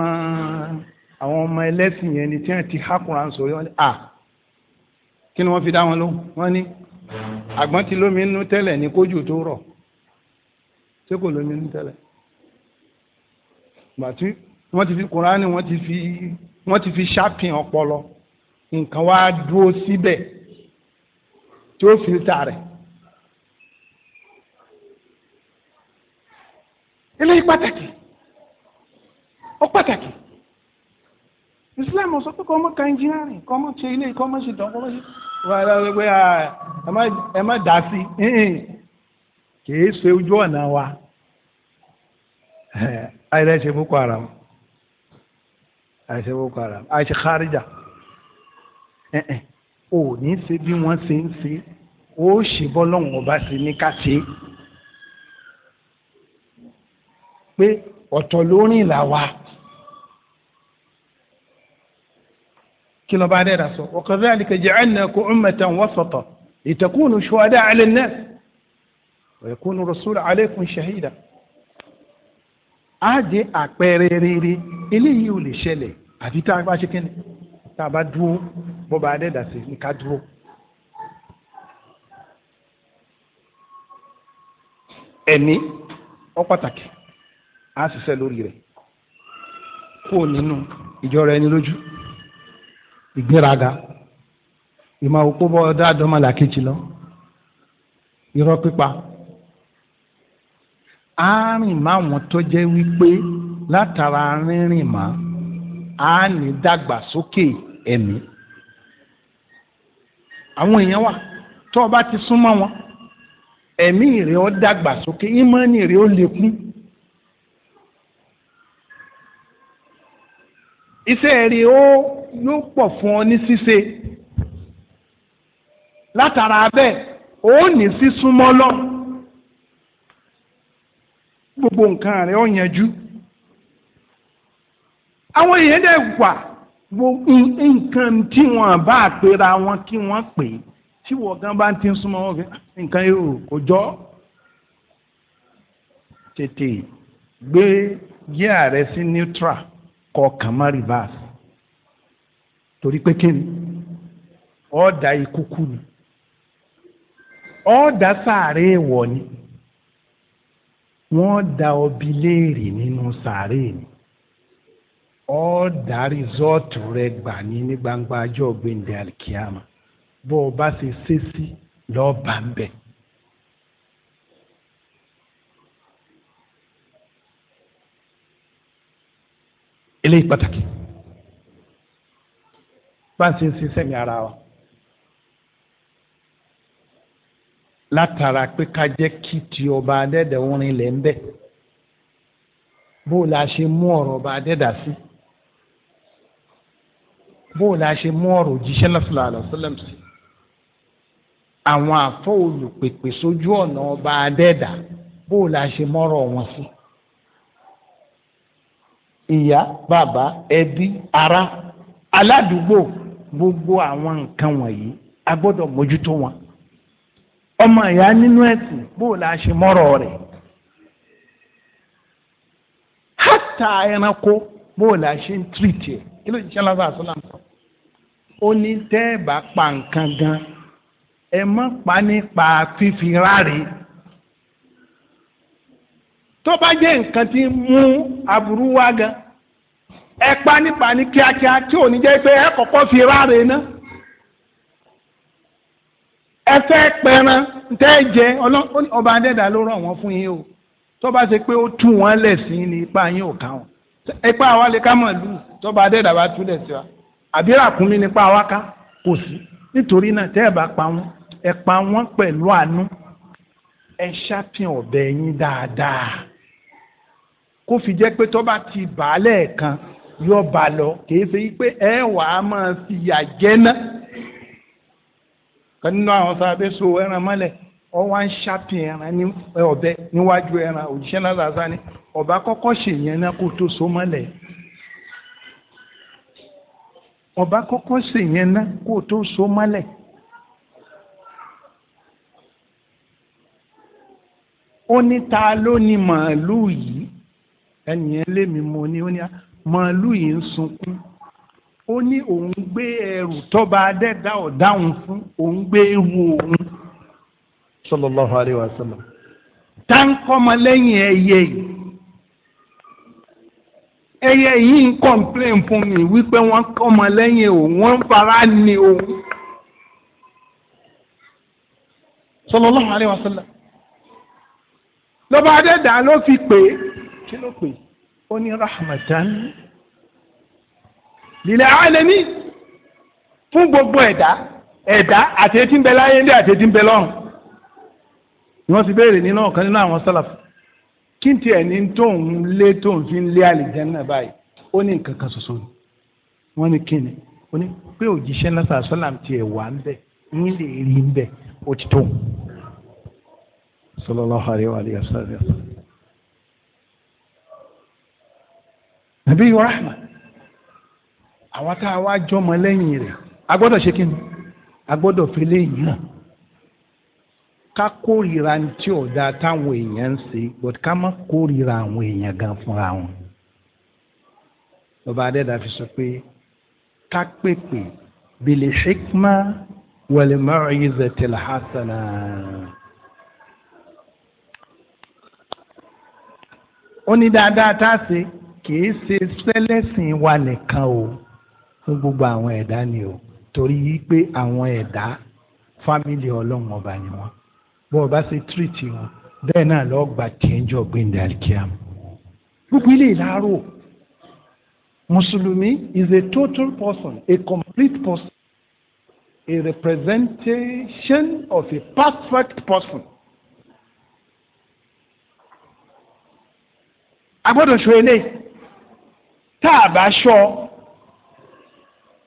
àwọn ọmọ ẹlẹ́sìn yẹn ni tí wọ́n ti há Kùránì sórí wọn ni à kí ni wọ́n fi dá wọn lóhùn wọ́n ní àgbọn ti lómi nínú tẹ́lẹ̀ ní kójú tó rọ̀ ṣé kò lómi nínú tẹ́lẹ̀ gbàtí wọ́n ti fi Kùránì wọ́n ti fi wọ́n ti fi ṣàpìn ọpọlọ nǹkan wá dúró síbẹ̀ tí ó fi ta rẹ̀. eléyìí pàtàkì ó pàtàkì islam sọ pé kọ́ ọmọ ka ẹnjìnírìn kọ́ ọmọ ṣe ilé kọ́ ọmọ ṣe dán kọ́ ọmọ ṣe wà á lọ pé ẹ má dà sí kìí ṣe ojú ọ̀nà wa ayẹyẹ ṣe boko haram àìṣe boko haram àìṣe kárìjà ò ní ṣe bí wọ́n ṣe ń ṣe ó ṣe bọ́ lọ́wọ́ ọba ṣe ní ká ṣe pé ọ̀tọ̀ lórin là wà. kí ló bá dé dà sọ wa kadhalika ja'alnakum ummatan wasata litakunu shuhada'a 'ala an-nas wa yakunu rasulu 'alaykum shahida. á jẹ́ àpẹẹrẹ rere eléyìí ò lè ṣẹlẹ̀ àfi tá a bá ṣe kíni tá a bá dúró bó bá dé dà sí ní ká dúró. pàtàkì. á ṣiṣẹ́ lórí rẹ̀ kúrò nínú ìjọra ẹni lójú ìgbéraga ìmọ̀ òkú bọ́ dáadọ́mọlà kejì lọ irọ́ pípa àárín máwọn tó jẹ́ wípé látara rírìn mọ́ á ní dàgbàsókè ẹ̀mí àwọn èèyàn wà tó o bá ti súnmọ́ wọn ẹ̀mí rẹ̀ ó dàgbàsókè ìmọ̀ ni rẹ̀ ó lékún. iṣẹ́ rí ó yóò pọ̀ fún ọ ní ṣíṣe látara bẹ́ẹ̀ ó ní sísúnmọ́ lọ gbogbo nǹkan rẹ̀ ó yanjú àwọn èèyàn dẹ̀ wà nǹkan tí wọ́n bá pera wọn kí wọ́n pè é tí wọ́n gan bá ti ń súnmọ́ wọn fẹ́ ah, nǹkan yóò kò jọ́ tètè gbé yíyà rẹ sí neutral kọkàn má reverse torí pé kí ni ọ̀ọ́dà ikú kú ni ọ̀ọ́dà sàárè wọ̀ ni wọ́n da ọbi léèrè nínú sàárè ni ọ̀ọ́dà rìsọ́ọ̀tù rẹ gbà ní ní gbangba ajọ́ gbẹ̀ndẹ̀ alikiyama bó o bá ṣe ṣe sí lọ́ọ́ bá ń bẹ̀. eléyìí pàtàkì bá a ṣe ń ṣiṣẹ́ mi ara wa látara pé ká jẹ́ kí ti ọba adẹ́dẹ̀ orin lẹ̀ ń bẹ̀ bó la ṣe mú ọ̀rọ̀ ọba adẹ́dà sí bó la ṣe mú ọ̀rọ̀ òjíṣẹ́ lọ́sọ̀lá àlọ́sọ́lẹ̀m sí àwọn àfọ olùpèpè sójú ọ̀nà ọba adẹ́dà bó la ṣe mọ́rọ̀ wọn sí. Si. ìyá bàbá ẹbí ara aládùúgbò gbogbo àwọn nǹkan wọ̀nyí a gbọ́dọ̀ mójútó wọn ọmọ ìyá nínú ẹ̀sìn bóò la ṣe mọ́rọ̀ rẹ̀ hátà ẹranko bóò la ṣe ń tìrìtì ẹ̀ kí ló ń ṣe ó ní tẹ́ ẹ bá pa nǹkan gan ẹ mọ́ pa nípa fífi ẹ pa nípa ní kíákíá tí ò ní jẹ́ pé ẹ kọ́kọ́ fi ráre ná ẹ fẹ́ pẹran tẹ́ ẹ jẹ ọba adẹ́dà ló rọ̀ wọ́n fún yín o tó bá ṣe pé ó tú wọn lẹ̀ sí ní ipa yín ò káwọn ipa àwa lè ká mọ̀ lù tó bá adẹ́dà bá tú lẹ̀ sí wa àbí ràkúnmí nípa àwa ká kò sí nítorí náà tẹ́ ẹ bá pa wọ́n ẹ pa wọ́n pẹ̀lú àánú ẹ ṣàfihàn ọ̀bẹ yín dáadáa kó fi jẹ́ pé tó bá ti bàálẹ̀ kan yóò bá lọ kìí ṣe pé ẹ wà á máa fi yà jẹ ná kan nínú àwọn sábẹ́ so ẹran mọ́lẹ̀ ọ wá ń ṣàpìn ẹran ní ọ̀bẹ níwájú ẹran òjíṣẹ́ náà ni ọba kọ́kọ́ ṣèyẹn náà kó tó so mọ́lẹ̀ ọba kọ́kọ́ ṣèyẹn náà kó tó so mọ́lẹ̀. ó ní ta ló ni màálù yìí ẹnìyẹn lémi mo ní ó ní màálùú yìí ń sunkún ó ní òun gbé ẹrù tọ́ba adẹ́dá ọ̀dáhùn fún òun gbé ewu òun. sallallahu alayhi wa sallam. táǹkọ́mọlẹ́yìn ẹyẹ yìí ẹyẹ yìí ń kọ̀ǹplẹ̀n fún mi wípé wọ́n kọ́mọlẹ́yìn òun wọ́n fara ni òun. sallallahu alayhi wa lọ́ba adẹ́dá ló fi pè é kí ló pè é ó ní rahmatan lílẹ̀ alẹ́mí fún gbogbo ẹ̀dá ẹ̀dá àti etí ń bẹ láyé ndé àti etí ń bẹ lọ́run ni wọ́n ti béèrè nínú ọ̀kan nínú àwọn sálàf kí n tiẹ̀ ní tóun lé tóun fi ń lé àlìjẹ́n báyìí ó ní nǹkan kan ṣoṣo ni wọ́n ní kí ni ó ní pé òjíṣẹ́ lásà sálàm tiẹ̀ wà ń bẹ̀ ń lè rí ń bẹ̀ ó ti tóun sallallahu alaihi wa sallam. nàbí rahma àwa tá a wá jọmọ lẹ́yìn rẹ̀ a gbọ́dọ̀ ṣe kí ni a gbọ́dọ̀ fi lẹ́yìn náà ká kórìíra tí ọ̀dà táwọn èèyàn ń ṣe but ká má kórìíra àwọn èèyàn gan fúnra wọn lọ́ba adẹ́dà fi sọ pé ká pèpè bil hikma wal mau'izatil hasana. ó ní dáadáa tá a ṣe kìí ṣe sẹ́lẹ̀sìn wa nìkan o fún gbogbo àwọn ẹ̀dá ni o torí pé àwọn ẹ̀dá fámìlì ọlọ́run ọba ni wọn bó o bá ṣe tírìtì wọn bẹ́ẹ̀ náà lọ́ọ́ gba tìǹjọ́ gbẹ̀ndẹ̀ alikiam gbogbo ilé ìlàrọ̀ mùsùlùmí is a total person a complete person a representation of a perfect person. a gbọ́dọ̀ ṣe eléyìí tá a bá ṣọ́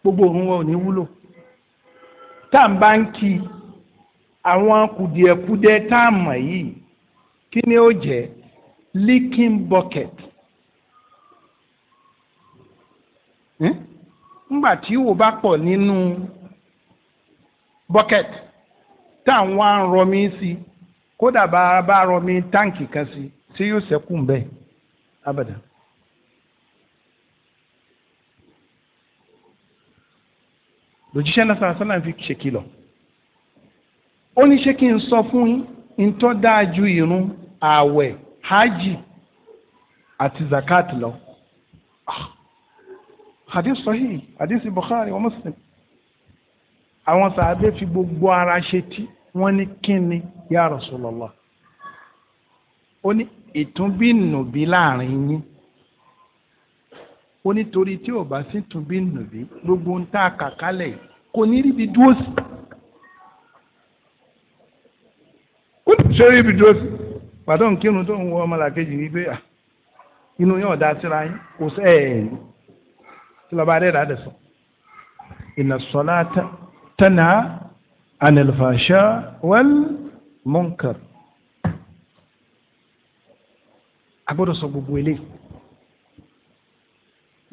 gbogbo òun wọn ò ní wúlò tá ń kí àwọn kùdìẹ̀kudẹ tá yìí kí ni ó jẹ́ leaking bucket hm? ńgbà tí ìwò bá pọ̀ nínú bucket tá à ń wá ń rọmi sí kódà bá rọmi táǹkì kan sí tí yóò ṣẹ́kù ń bẹ́ẹ̀ abàdàn. lòjíṣẹ́ náà sọ̀rọ̀ sọ́nà fi ṣèkìlọ̀ ó ní ṣé kí n sọ fún yín ntọ́ dáa ju ìrun ààwẹ̀ hajj àti zakat lọ ah, hadith sahih hadith bukhari wa muslim àwọn sàábé fi gbogbo ara ṣe tí wọ́n ní kíni ya Rasulullah ó ní ìtúnbí nùbí láàrin yín ó nítorí tí ò bá sí tùbí nùbí gbogbo ń tá a kà kálẹ̀ kò ní ríbi dúró sí. kó ní sórí ibi dúró sí pàtó nkírun tó ń wọ ọmọlàkejì wípé ah, inú yóò dá síra yín kò sẹ́ ẹ̀ kí lọ́ba adé dáadé sọ. inna salata tana anil fasha wal munkar. a gbọ́dọ̀ sọ gbogbo eléyìí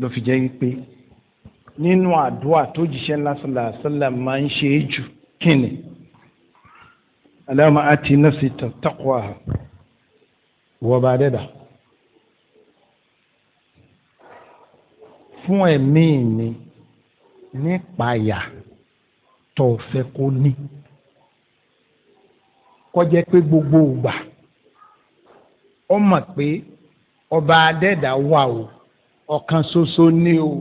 ló fi jẹ́ pé nínú àdúrà tó jíṣẹ́ lásìlá àṣìlá máa ń ṣe é jù kíni aláma àti nafsi taqwa wọ́n bá dẹ́dà fún ẹ̀mí ni nípayà tó fẹ́ kó ní kọjá pé gbogbo ìgbà ọ mọ̀ pé ọba adẹ́dà wà o. Wa ọ̀kan ṣoṣo ni o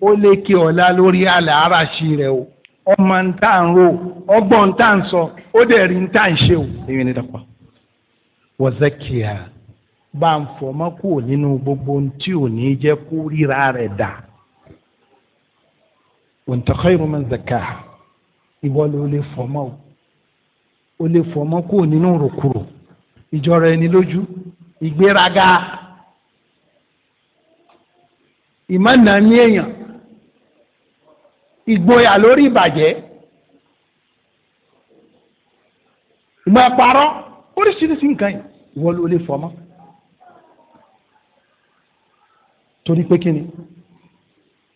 ó lékè ọ̀la lórí àlà aráṣí rẹ o ọmọ ń tà ń ro ọgbọ́n ń tà ń sọ ó dẹ̀ rí ń tà ń ṣe o. èyí ni dàpọ̀ wọ́sẹ̀kìá bá ń fọmọ́ kúrò nínú gbogbo tí ò ní jẹ́ kó ríra rẹ̀ dà. òǹtọ́kọ́ ìrúnmọ́ zaka ìwọ ló lè fọmọ́ o ó lè fọmọ́ kúrò nínú rùkùrù ìjọra ẹni lójú ìgbéraga ìmọ̀nà ní èèyàn ìgboyà lórí ìbàjẹ́ ìmọ̀ ẹ̀pàrọ̀ oríṣiríṣi nǹkan yìí ìwọ ló lè fọmọ́ torí pé kí ni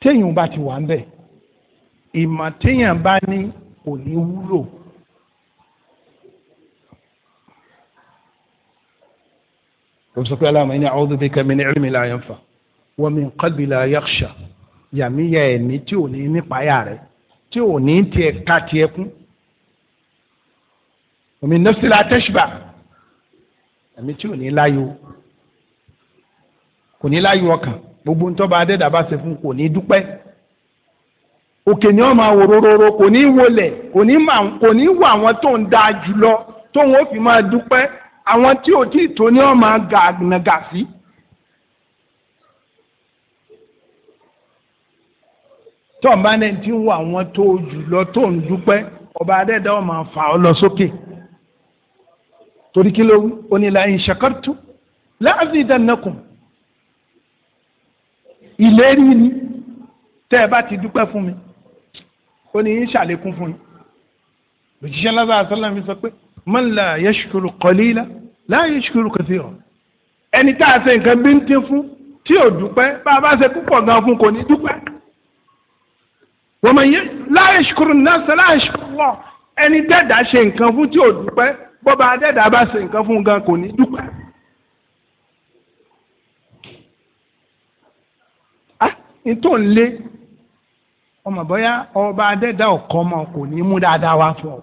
téèyàn bá ti wà ń bẹ̀ ìmọ̀ téèyàn bá ní kò ní wúlò. Lọ́sọ̀kọ́ aláàmọ́ ẹni a'udhu bika min ilmin la yanfa wa min qalbi la yakhsha yàmíyà ẹ̀mí tí ò ní nípayà rẹ̀ tí ò ní tiẹ̀ ká tiẹ̀ kún wa min nafsi la tashba ẹ̀mí tí ò ní láyò kò ní láyò ọkàn gbogbo ntọ́ba adẹ́dàbà ṣe fún kò ní dúpẹ́ òkè ni wọn máa wò rororo kò ní wọlé kò ní mà kò ní wọ àwọn tó ń da jùlọ tóun ó fi máa dúpẹ́ àwọn tí ò tí ì tó ni wọn máa gà nàgà sí. tó ń bá ní ti ń wo àwọn tó jù lọ tó ń dúpẹ́ ọba adẹ́dá ọ̀ máa fà ọ́ lọ sókè torí kí ló wí onílà ìṣàkọ́tù láàbì ìdánilẹ́kùn ìlérí ni tẹ́ ẹ bá ti dúpẹ́ fún mi ó ní ń ṣàlékún fún yín òjíṣẹ́ lásán àṣálà mi sọ pé man la yashkuru qalila la yashkuru kathira ẹni tá a ṣe nǹkan bí ń tín fún tí ò dúpẹ́ bá a bá ṣe púpọ̀ gan fún kò ní dúpẹ́ wọ́n máa yẹ láyé ṣukuru náà sẹ́ láyé ṣukuru lọ ẹni dẹ́dà ṣe nǹkan fún tí ò dúpẹ́ bọ́ba dẹ́dà bá ṣe nǹkan fún gan kò ní dúpẹ́. Ah, nítò ń lé ọmọ bọ́yá ọba adẹ́dá ọ̀kọ́ ọmọ kò ní mú dáadáa wá fún ọ.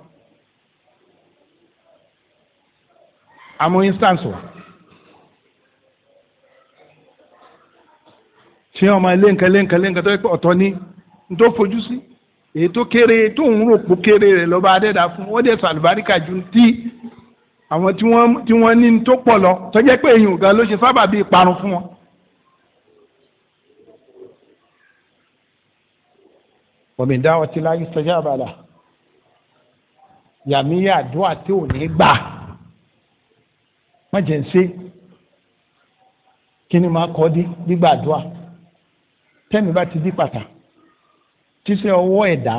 àmọ́ instance wa ṣé ọmọ ilé nǹkan lé nǹkan lé nǹkan tó yẹ pé ọ̀tọ̀ ni tó fojú sí èyí tó kéré tó ń rò pó kéré rẹ̀ lọ́ba adẹ́dà fún ó dẹ̀ sàlùbáríkà ju ti àwọn tí wọ́n ní tó pọ̀ lọ tó jẹ́ pé èyàn gan ló ṣe sábà bíi parun fún wọn. wọ́n dáwọ́ ti láyé sọ́jà àbàlà yàmíyà àdúrà tí ò ní gbà wọ́n jẹ́ ń ṣe kí ni máa kọ́ dé gbígbà àdúrà tẹ́mi bá ti di pàtà tíṣẹ́ ọwọ́ ẹ̀dá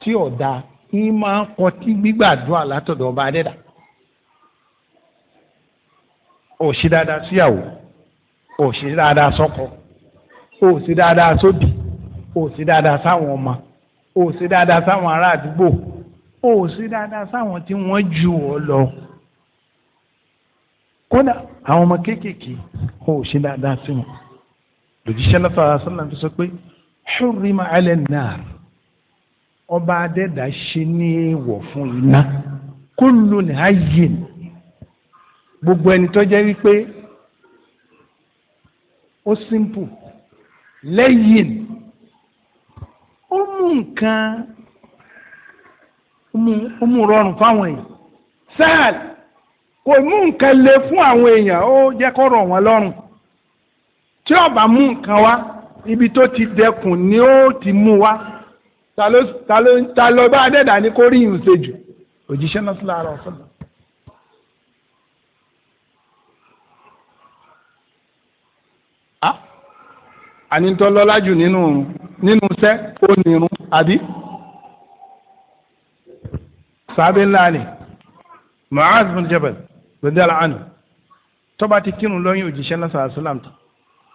tí ọ̀dà yín máa ń kọtí gbígbàdúrà látọ̀dọ̀ ọba adẹ́dà ò ṣe dáadáa síyàwó ò ṣe dáadáa sọ́kọ ò ṣe dáadáa sódì ò ṣe dáadáa sáwọn ọmọ ò ṣe dáadáa sáwọn ará àdúgbò ò ṣe dáadáa sáwọn tí wọ́n jù ọ́ lọ kódà àwọn ọmọ kéékèèké ò dáadáa sí wọn lòdì sẹlẹ fàá sọlá fi sọ pé ṣùrìmà alẹ́ náà ọba adẹ́dà ṣe ní èèwọ̀ fún iná kúlù ní ayé gbogbo ẹni tó jẹ́ wípé ó simple lẹ́yìn ó mú nǹkan ó mú rọrùn fáwọn èèyàn sáàlì kò mú nǹkan le fún àwọn èèyàn ó jẹ́ kó rọ̀ wọ́n lọ́rùn tí ọba mú nǹkan wá ibi tó ti dẹkùn ni ó ti mú wa ta ló ta ló ta ló bá dẹ́dà ní kó rí ìrùsè jù òjíṣẹ́ náà sílá ara ọ̀sán. ànítọ́lọ́lá jù nínú nínú sẹ́ onírun àbí sábẹ́ ńlá ni Mu'az bin Jabal lọ́dẹ́ àlàánú tọ́ba ti kírun lọ́yìn òjíṣẹ́ náà sàlásílámù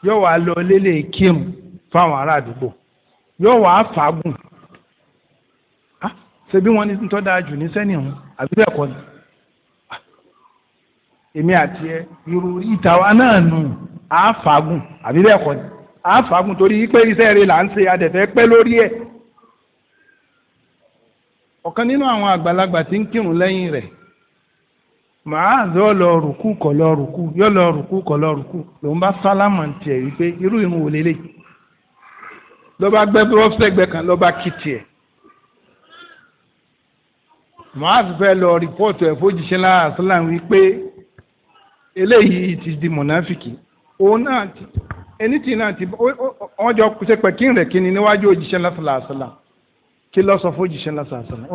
yóò wá lọ lélẹ̀ kírun fáwọn ará àdúgbò yóò wá fàágùn ṣe bí wọn ní tọ́ da jù ní sẹ́ni ọ̀hún àbí bẹ́ẹ̀ kọ́ ni èmi àti ẹ irú ìtawà náà nù á fàágùn àbí bẹ́ẹ̀ kọ́ ni á fàágùn torí pé iṣẹ́ là ń ṣe adẹ̀fẹ́ pẹ́ lórí ẹ̀ ọ̀kan nínú àwọn àgbàlagbà tí ń kírun lẹ́yìn rẹ̀ màá zọ lọ rùkú kọ lọ rùkú yọ lọ rùkú kọ lọ rùkú lòun bá sálámà lọ́ba gbẹ́gbẹ́ ọ́fíṣẹ́gbẹ́ kan lọ́ba kìtì ẹ̀ Muaz fẹ́ lọ rìpọ́ọ̀tù ẹ̀ fójíṣẹ́ láàásílám wípé eléyìí ti di mọ̀náfìkì òun náà ti ẹni tí náà ti wọ́n jọ ṣe pẹ̀kín rẹ̀ kíni níwájú òjíṣẹ́ láàásílám kí ló sọ fójíṣẹ́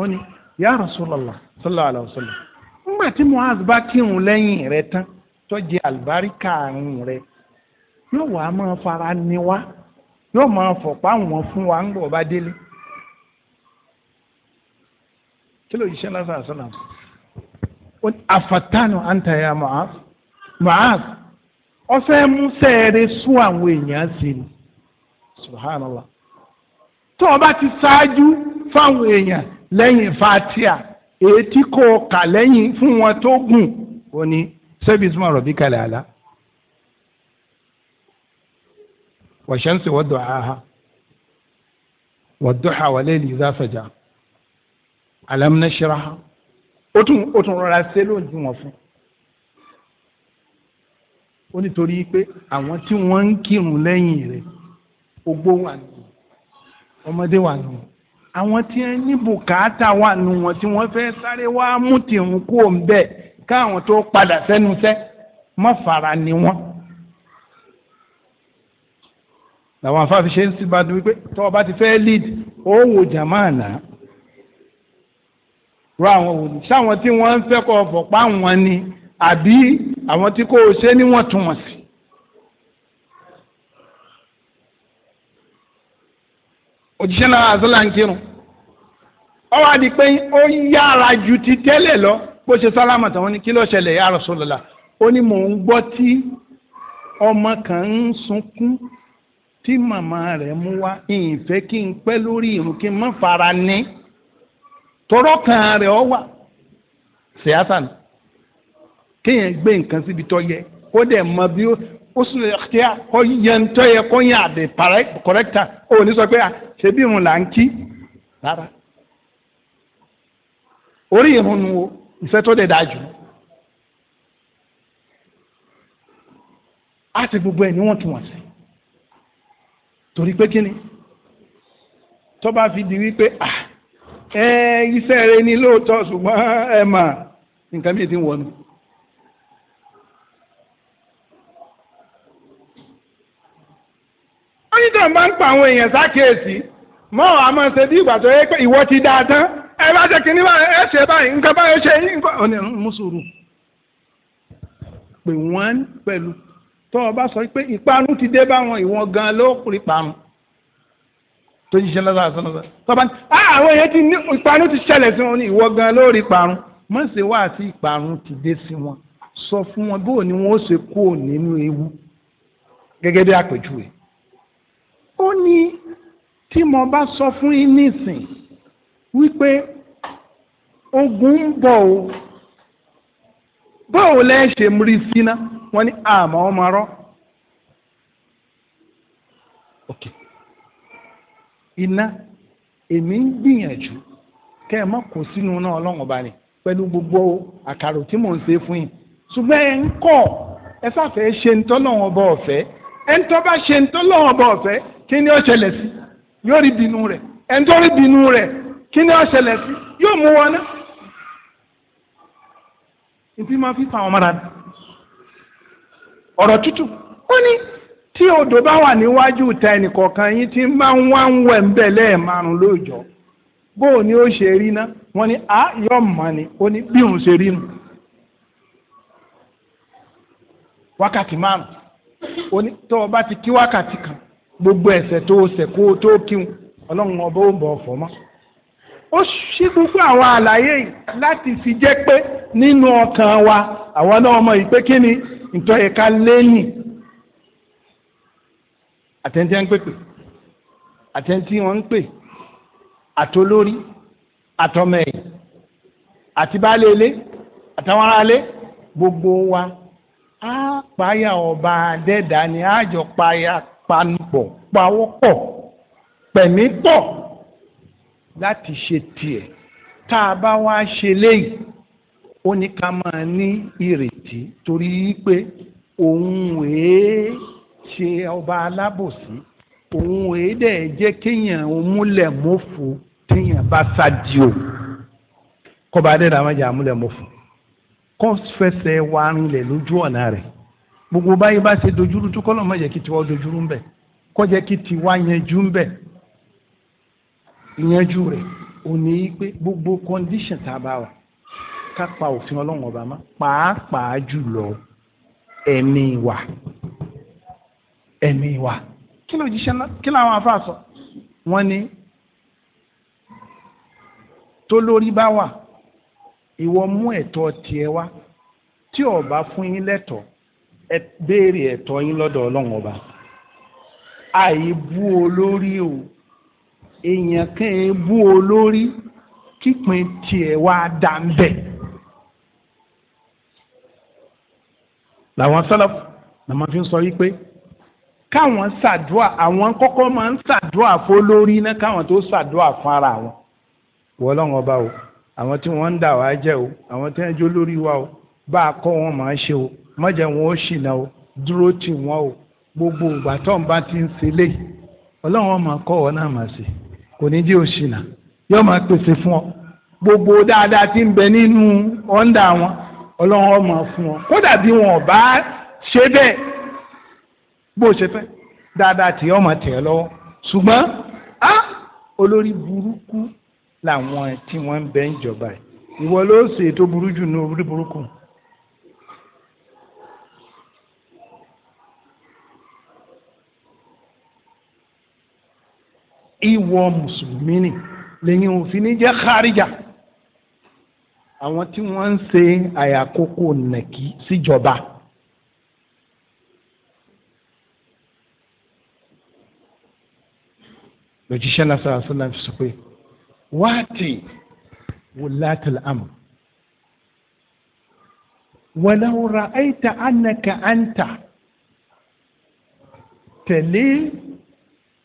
ó ní ya Rasulullah sallallahu alaihi wasallam ńgbà tí Muaz bá kírun lẹ́yìn rẹ̀ tán tó àlùbáríkà àrùn rẹ̀ yóò wá máa fara ni yóò máa fọ̀pá wọn fún wa ń gbọ̀ bá délé kí ló yíṣẹ́ lásán àṣọ náà àfàtánù àǹtà ya Mu'az Mu'az ọsẹ musa rẹ sún àwọn èèyàn sí subhanallah tó o bá ti ṣáájú fáwọn èèyàn lẹ́yìn fatia èyí tí kò kà lẹ́yìn fún wọn tó gùn والشمس وضحاها والضحى والليل إذا سجى ألم نشرح ó tún ó tún rọra ṣe lóhùn tí wọ́n fún ó nítorí pé àwọn tí wọ́n ń kírun lẹ́yìn rẹ̀ ogbó wà nù ọmọdé wà nù àwọn tí wọ́n ní bùkátà wà nù wọn tí wọ́n fẹ́ sáré wá mú tìrún kú òun bẹ́ẹ̀ káwọn tó padà sẹ́nu sẹ́ mọ́ fara ni wọ́n. làwọn afáfi ṣe ń síba dùn pé tọ́wọ́ bá ti fẹ́ lead òwò jàmáàná rọ àwọn wò ní sáwọn tí wọ́n ń fẹ́ kọ́ ọ̀fọ̀ pa wọn ni àbí àwọn tí kò ṣe níwọ̀ntúnwọ̀nsì. òjíṣẹ́ náà àzọ́là ń kírun ó wá di pé ó yára ju ti tẹ́lẹ̀ lọ bó ṣe sálámà tán wọ́n ní kí ló ṣẹlẹ̀ ya Rasulullah ó ní mò ń gbọ́ tí ọmọ kan ń sunkún tí màmá rẹ̀ mú wá ìfẹ́ kí n pẹ́ lórí irun kí n má fara ní tọrọ kan rẹ̀ ọ wà ṣèyásán kéèyàn gbé nǹkan síbi tó yẹ ó dẹ̀ mọ bí ó sùn kí á kọ́ yẹn tó yẹ kó yẹn àdè kọ̀rẹ́kítà ó ní sọ pé ṣe bí irun là ń kí rárá orí irun nu ìfẹ́ tó dẹ̀ dáa jù á ti gbogbo ẹ̀ ní wọ́n tún wọ̀n sí. torí pé kíni tó fi di wípé ẹ iṣẹ́ rẹ ni ṣùgbọ́n ẹ mà nǹkan ti ní tẹ̀wọ́n ń pa àwọn èèyàn sákèésì mọ́ àmọ́ ṣe bí ìgbà tó yẹ pé ìwọ ti dáa tán ẹ bá ṣe kínní báyìí ẹ ṣe báyìí nǹkan báyìí ṣe yín nǹkan ọ̀nà tó o bá sọ pé ìparun ti dé báwọn ìwọ̀n gan ló rí parun tó jíṣẹ́ lọ́sàn àti lọ́sàn tó bá ní àwọn èèyàn ti ní ìparun ti ṣẹlẹ̀ sí wọn ní ìwọ̀n gan ló rí parun má ṣe wá ìparun ti dé sí wọn sọ fún wọn bó ni wọn ó ṣe kú nínú ewu gẹ́gẹ́ bí àpèjúwe ó ní tí mo bá sọ fún yín nísìn wípé ogun ń bọ̀ o báwo lẹ́ ṣe rí sí wọ́n ní ah, àmọ́ ọmọ rọ́ ok iná èmi ń gbìyànjú kẹ́ ẹ má kó sínú náà ọlọ́run ọba ni pẹ̀lú gbogbo àkàrò tí mò ń ṣe fún yín ṣùgbọ́n ẹ ń kọ́ ẹ sáfẹ́ ṣe ń tọ́lọ́run ọba ọ̀fẹ́ ẹ ń tọ́ bá ṣe ń tọ́lọ́run ọba ọ̀fẹ́ kí ni ó ṣẹlẹ̀ sí yóò rí bínú rẹ̀ ẹ ń tọ́ rí bínú rẹ̀ kí ni ó ṣẹlẹ̀ sí yóò mú wọn náà ìdí máa àwọn ọmọ dáadáa. ọ̀rọ̀ tútù ó ní tí odò bá wà níwájú ìta ẹnìkọ̀ọ̀kan yín tí máa ń wá ń wẹ̀ ń bẹ̀ lẹ́ẹ̀márùn lóòjọ́ bó o ní ó ṣe rí ná wọ́n ní a yọ̀ mọ́ ni ó ní bí òun ṣe rí nù. wákàtí márùn ó ní tó kí wákàtí kan gbogbo tó o ṣẹ̀ kó o tó kí wọn ọlọ́run ó ṣí gbogbo àwọn àlàyé láti fi jẹ́ pé nínú ọkàn wa àwọn náà mọ̀ yìí pé kí ni ìtọ́yẹ̀ká lẹ́yìn àtẹ̀ntì à ń pèpè àtẹ̀ntì wọn ń pè àtolórí àtọmẹ̀yìn àti baálé ilé àtàwọn aráalé gbogbo wa á páyà ọba adẹ́dá ni àjọ páyà panupọ̀ pawọ́pọ̀ pẹ̀mí pọ̀ láti ṣe tiẹ̀ tá a bá wá ṣe léyìí ó ní ká máa ní ìrètí torí pé òun èé ṣe ọba alábòsí òun èé dẹ̀ jẹ́ kéèyàn múlẹ̀ mọ́fò téèyàn bá ṣáàdì o kọba adéda má jẹ́ àmúlẹ̀ mọ́fò kọ́ fẹsẹ̀ wá rinlẹ̀ lójú ọ̀nà rẹ̀ gbogbo báyìí bá ṣe dojúrú tó kọ́ lọ́ọ́ jẹ́ kí tiwọ́ dojúrú ń bẹ̀ kọ́ jẹ́ kí tiwá yẹn jú ń bẹ̀ ìyanjú rẹ̀ òní pé gbogbo condition tá a bá wà ká pa òfin ọlọ́run ọba mọ́ pàápàá jùlọ ẹ̀mí wa ẹ̀mí wa kí ló jíṣẹ́ náà kí làwọn afáà sọ wọ́n ní tó lórí bá wà ìwọ mú ẹ̀tọ́ tiẹ̀ wá tí ọba fún yín lẹ́tọ̀ọ́ ẹ béèrè ẹ̀tọ́ yín lọ́dọ̀ ọlọ́run ọba àìbú olórí o èèyàn kan ẹ̀ bú olórí kípin tiẹ̀ wá dà ń bẹ̀. làwọn sálàfù làwọn fi ń sọ yí pé káwọn ṣàdúà àwọn kọ́kọ́ máa ń ṣàdúà fólórí náà káwọn tó ṣàdúà fún ara wọn. wọ́n lọ́wọ́ bá o àwọn tí wọ́n ń dà wá jẹ́ o àwọn tí wọ́n jó lórí wa o bá a kọ́ wọn máa ṣe o má wọn ó ṣìnà o dúró tì wọ́n o gbogbo ìgbà tó ń bá ti ń ṣe lé ọlọ́run máa kọ́ ọ náà máa ṣe kò ní jẹ́ òṣìnà yóò máa pèsè fún ọ gbogbo dáadáa tí ń bẹ nínú ọ̀ǹda wọn ọlọ́run ó máa fún ọ kódà bí wọn ò bá ṣe bẹ́ẹ̀ bó ṣe fẹ́ dáadáa tí ó máa tẹ̀ ẹ́ lọ́wọ́ ṣùgbọ́n á olórí burúkú làwọn tí wọ́n ń bẹ ń jọba ìwọ ló ṣe ètò ní orí burúkú ìwọ mùsùlùmí ni lẹ́yìn òfin ní jẹ́ kárìjà àwọn tí wọ́n ń ṣe àyàkókò nàkí síjọba. lójíṣẹ́ náà sọ̀rọ̀ sọ́nà fi sọ pé wáàtì wùlátìl amr walau ra'aita annaka anta tẹ̀lé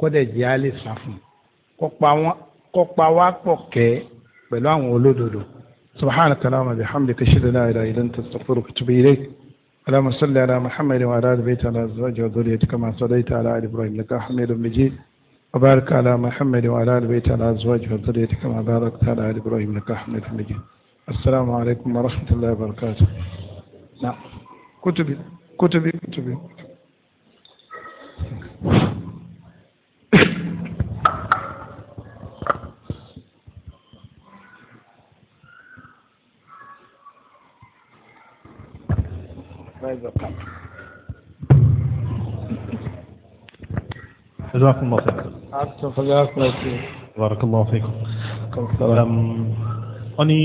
kọ́dẹ̀ jẹ́ á lè sá fún kó pa wá pọ̀ kẹ́ pẹ̀lú àwọn olódodo subhanaka allahumma bihamdika ashhadu an la ilaha illa anta astaghfiruka wa atubu ilayk اللهم صل على محمد وعلى ال بيت على ازواجه وذريته كما صليت على ال ابراهيم انك حميد مجيد وبارك على محمد وعلى ال بيت على ازواجه وذريته كما باركت على ال ابراهيم انك حميد مجيد السلام عليكم ورحمة الله وبركاته نعم كتبي كتبي كتبي جزاكم الله خير. بارك الله فيكم. wọ́n ní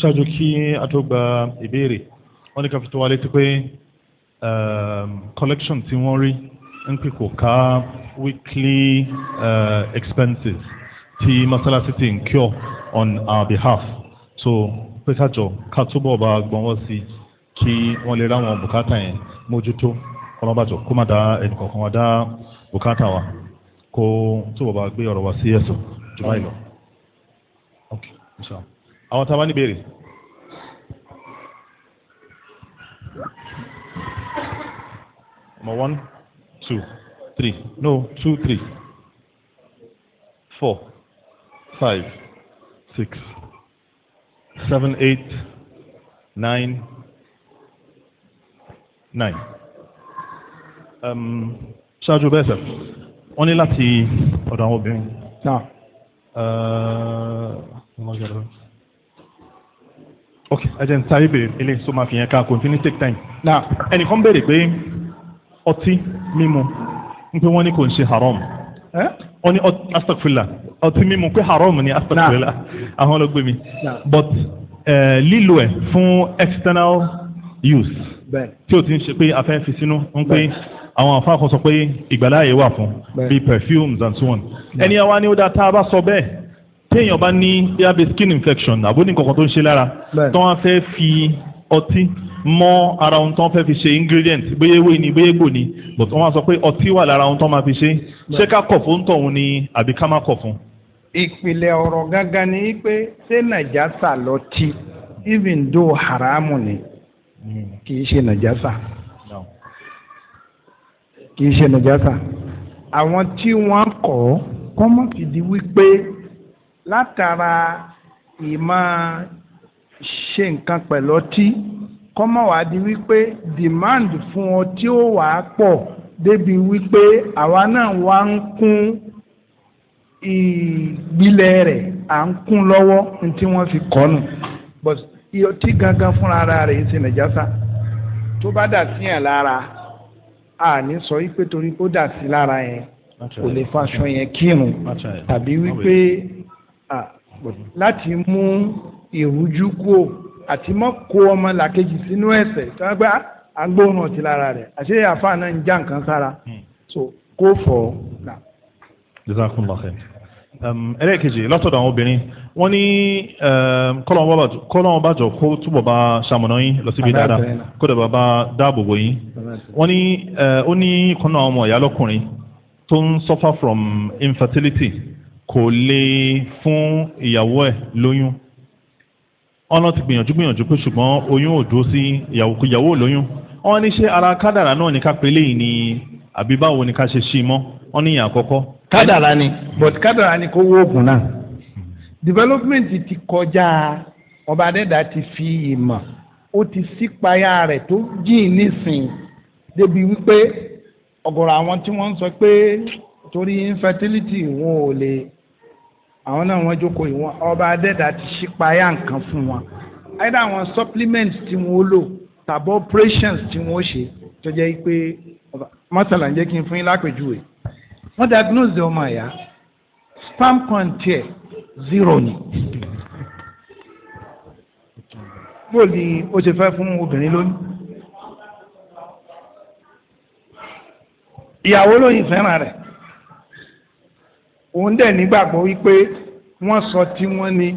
ṣáájú kí a tó gba ìbéèrè wọ́n ní ká fi tó wa létí pé collection tí wọ́n rí weekly expenses tí masalasi ti ń on our behalf so pé ká jọ ká tí wọ́n lè ráwọn bùkátà yẹn mójútó kọlọ́bàjọ́ kó má da ẹnìkọ̀ọ̀kan wa dá bùkátà wa kó tó bọ̀ gbé ọ̀rọ̀ wa sí ẹ̀sùn jù báyìí lọ. àwọn tá a bá ní béèrè. Number one, two, three. No, two, three. Four, five, six, seven, eight, nine, nine um, ṣáájú bẹ́ẹ̀ sẹ́ wọ́n ní láti ọ̀dọ̀ àwọn obìnrin. Uh, ok ẹjẹ n sáré bèrè ilé so máa fi yẹn ká kò ní take time. ẹnìkan béèrè pé ọtí mímu ń pé wọ́n ní kò ń ṣe haram eh? wọ́n ní astagfirullah ọtí mímu pé haram ni astagfirullah àwọn ọlọ́gbẹ́mi but eh, lílo ẹ̀ fún external use. tí o ti ń ṣe pé afẹ́ fi sínú ń pé àwọn àfa kan sọ pé ìgbàláyè wà fún bí perfumes and so on ẹni àwa ni ó dáa tá a bá sọ bẹ́ẹ̀ téèyàn bá ní yàbẹ skin infection àbó ní kankan tó ń ṣe lára tó wọn fẹ́ fi ọtí mọ ara ohun tó ń fẹ́ fi ṣe ingredient bóyá ewé ni bóyá egbò ni but wọ́n sọ pé ọtí wà lára ohun tó máa fi ṣe ṣé ká kọ̀ fún tọ̀hún ni àbí ká má kọ̀ fún. ìpìlẹ̀ ọ̀rọ̀ gangan ni pé ṣé nàìjà sà lọ tí even though haramu ni Hmm, kì í ṣe nàjásà kì í ṣe nàjásà àwọn tí wọ́n kọ́ kọ́mọ́ ti di wípé látara ìmọ̀ ṣe nǹkan pẹ̀lú ọtí kọ́mọ́ wàá di wípé demand fún ọtí ó wàá pọ̀ débi wípé àwa náà wá ń kún ìgbilẹ̀ rẹ̀ à ń kún lọ́wọ́ ní tí wọ́n fi kọ́ nù ìyọtí gangan fúnra ara rẹ̀ ń ṣe nàjásá tó bá dà sí yàn lára a ní sọ wípé torí kó dà sí lára yẹn kò lè faṣọ yẹn kírun tàbí wípé láti mú ìrújú kúò àti mọ́ kó ọmọ làkejì sínú ẹ̀ṣẹ̀ tó wá gbé agbóhùn ah, ọtí lára rẹ̀ àṣé àfáà náà ń já nǹkan sára hmm. so kó fọ̀ um, ẹlẹ́ẹ̀kejì lọ́sọ̀dọ̀ àwọn obìnrin wọ́n ní ehm, kọ́lọ́wọ́n bàjọ́ kó túbọ̀ bá ṣamọ̀nà yín lọ síbi dáadáa kó dẹ̀ bá dáàbòbò yín wọ́n ní ó ní kọ́nà ọmọ ìyá lọ́kùnrin tó ń suffer from infertility kò lè fún ìyàwó ẹ̀ lóyún ọ̀nà ti gbìyànjú gbìyànjú pé ṣùgbọ́n oyún ò dúró sí ìyàwó lóyún wọ́n ní ṣé ara kádàrà náà ní ká pe léyìn ni àbí báwo ni ká ṣe ṣí i mọ́ wọ́n ní ìyàn àkọ́kọ́. kádàrà ni but kádàrà ni kó wó development ti kọjá ọba adẹ́dà ti fi ìmọ̀ ó ti sípayá rẹ̀ tó jìn nísìn débi wípé ọ̀gọ̀rọ̀ àwọn tí wọ́n ń sọ pé torí infertility wọn ò lè àwọn náà wọ́n jókòó ìwọ̀n ọba adẹ́dà ti sípayá nǹkan fún wọn either àwọn supplements tí wọ́n lò tàbí operations tí wọ́n ṣe tó jẹ́ pé mọ́tàlá ń jẹ́ kí n fún yín lápèjúwe wọ́n diagnose ọmọ ẹ̀yà sperm count zero ni. bó ni ó ṣe fẹ́ fún obìnrin lóyún. ìyàwó lóyún fẹ́ràn rẹ̀ òun dẹ̀ nígbàgbọ́ wípé wọ́n sọ tí wọ́n ní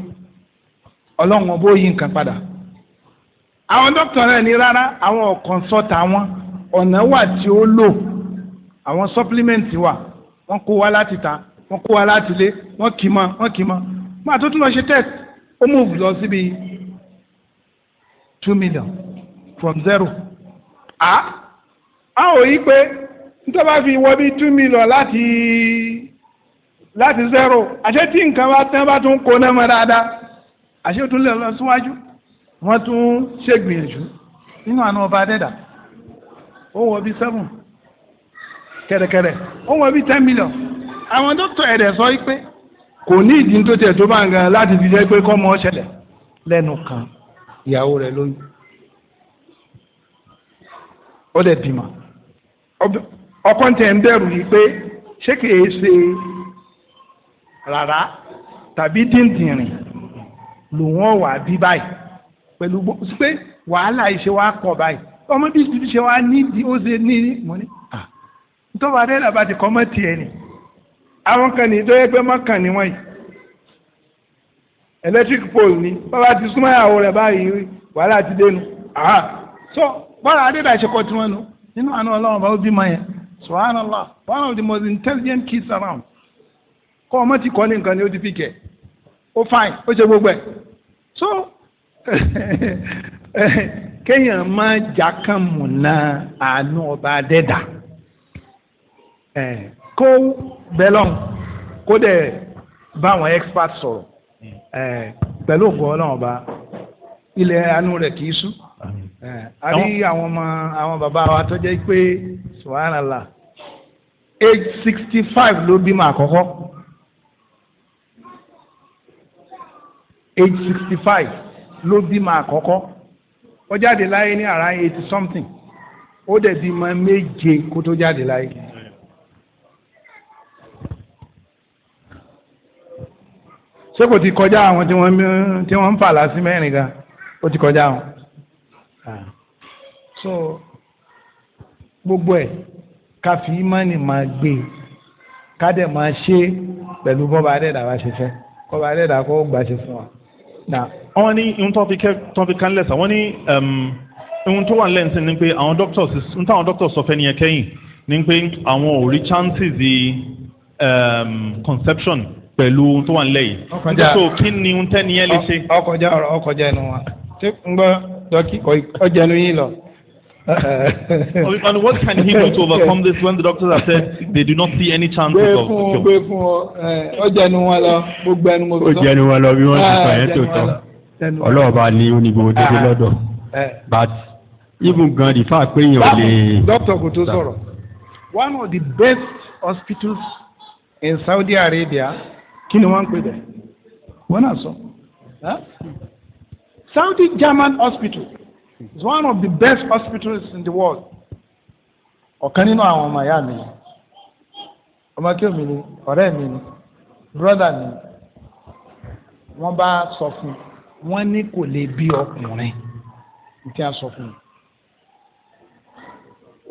ọlọ́run ọbọ̀ yí nǹkan padà. àwọn dókítà náà ní rárá àwọn ọ̀kan sọ́ta wọn ọ̀nà wà tí ó lò àwọn supplement wà wọ́n kó wá láti ta wọ́n kó wa láti lé wọ́n kì í mọ wọ́n kì í mọ máa tó tún lọ ṣe test ó move lọ síbi two million from zero a a ò yí pé nítorí bá fi wọ bí two million láti láti zero àṣẹ tí nǹkan bá tán bá tún kó náà mọ dáadáa àṣẹ tún lè lọ síwájú wọ́n tún ṣègbìyànjú nínú àná ọba adẹ́dà ó wọ bí seven kẹ̀rẹ̀kẹ̀rẹ̀ ó wọ bí ten million àwọn dókítà ẹ̀dẹ̀ sọ pé kò ní ìdí tó tiẹ̀ tó bá ń gan láti fi jẹ́ pé kọ́mọ ṣẹlẹ̀ lẹ́nu kan ìyàwó rẹ̀ lóyún ó dẹ̀ bímọ ọkọ tẹ̀ ń bẹ̀rù yìí pé ṣé kìí ṣe rárá tàbí díndìnrín lòun wà bí báyìí pẹ̀lú pé wàhálà ìṣe wa pọ̀ báyìí ọmọ bíi ṣe wa ní ó ṣe ní mọ́ni nítorí wàá dẹ́rẹ́ àbá ti kọ́ mọ́ tiẹ̀ ni. àwọn kan ní ìtọ́jú pé mọ́kàn ni wọ́n yìí electric pole ni bàbá ti súnmọ́ ìyàwó rẹ̀ báyìí wàhálà ti dénú àhà so bọ́lá adébáyé nínú àná ọlọ́run bá ó bímọ one of the most intelligent kids around kọ́ ọmọ ti kọ́ ní nǹkan ni ó ti fi kẹ̀ ó fine ó ṣe gbogbo ẹ̀ so kéèyàn máa jákàmùnà àánú ọba adẹ́dà kó. bẹ́lọ̀n kó dẹ̀ bá àwọn expert sọ̀rọ̀ hmm. pẹ̀lú ògbó ọlọ́run ọba ilẹ̀ anú rẹ̀ kì í sú a rí àwọn ọmọ àwọn bàbá wa tó jẹ́ pé subhanallah age sixty five ló bímọ àkọ́kọ́ age sixty five ló bímọ àkọ́kọ́ ó jáde láyé ní around eighty something ó dẹ̀ bímọ méje kó tó jáde láyé. ṣé kò ti kọjá àwọn tí wọ́n tí wọ́n ń fà lásì mẹ́rin gan ó ti kọjá àwọn. Ah. so gbogbo ẹ̀ ká fi ìmánì máa gbé e ká dẹ̀ máa ṣe pẹ̀lú bọ́ba adẹ́dà wá ṣe fẹ́ bọ́ba adẹ́dà kó gbà ṣe fún wa. wọ́n ní ohun tó fi kánlẹ̀ sà wọ́n ní ohun tó wà lẹ́ǹsìn ni pé àwọn doctors ń táwọn doctors sọ fẹ́ nìyẹn kẹ́yìn ni pé àwọn ò rí chances um, conception pẹ̀lú ohun tó wà ń lẹ́yìn. ọkọjá so kí ni ohun tẹ́ni yẹn lè ọkọjá ọ̀rọ̀ ọkọjá ẹnu wa ṣé n gbọ́ dọ́kí ọjà ẹnu yín lọ. and what can he do to overcome this when the doctors have said they do not see any chance of cure. gbé fún ọ ọjà ẹnu wa lọ gbogbo ẹnu mo sọ. ọjà ẹnu wa lọ bí wọ́n ti sọ ah, tó tọ́ ọlọ́ọ̀bá ni onígbò dédé ah, lọ́dọ̀ but even gan the fact pé èèyàn lè. doctor kò tó sọ̀rọ̀ one of the best hospitals in Saudi Arabia kí ni wọ́n ń pè bẹ̀ wọ́n náà sọ. Saudi German Hospital is one of the best hospitals in the world. ọ̀kan nínú àwọn ọmọ ìyá mi ọmọ kí omi ni ọ̀rẹ́ mi ni brọ́dà mi wọ́n bá sọ fún wọ́n ní kò lè bí ọkùnrin tí a sọ fún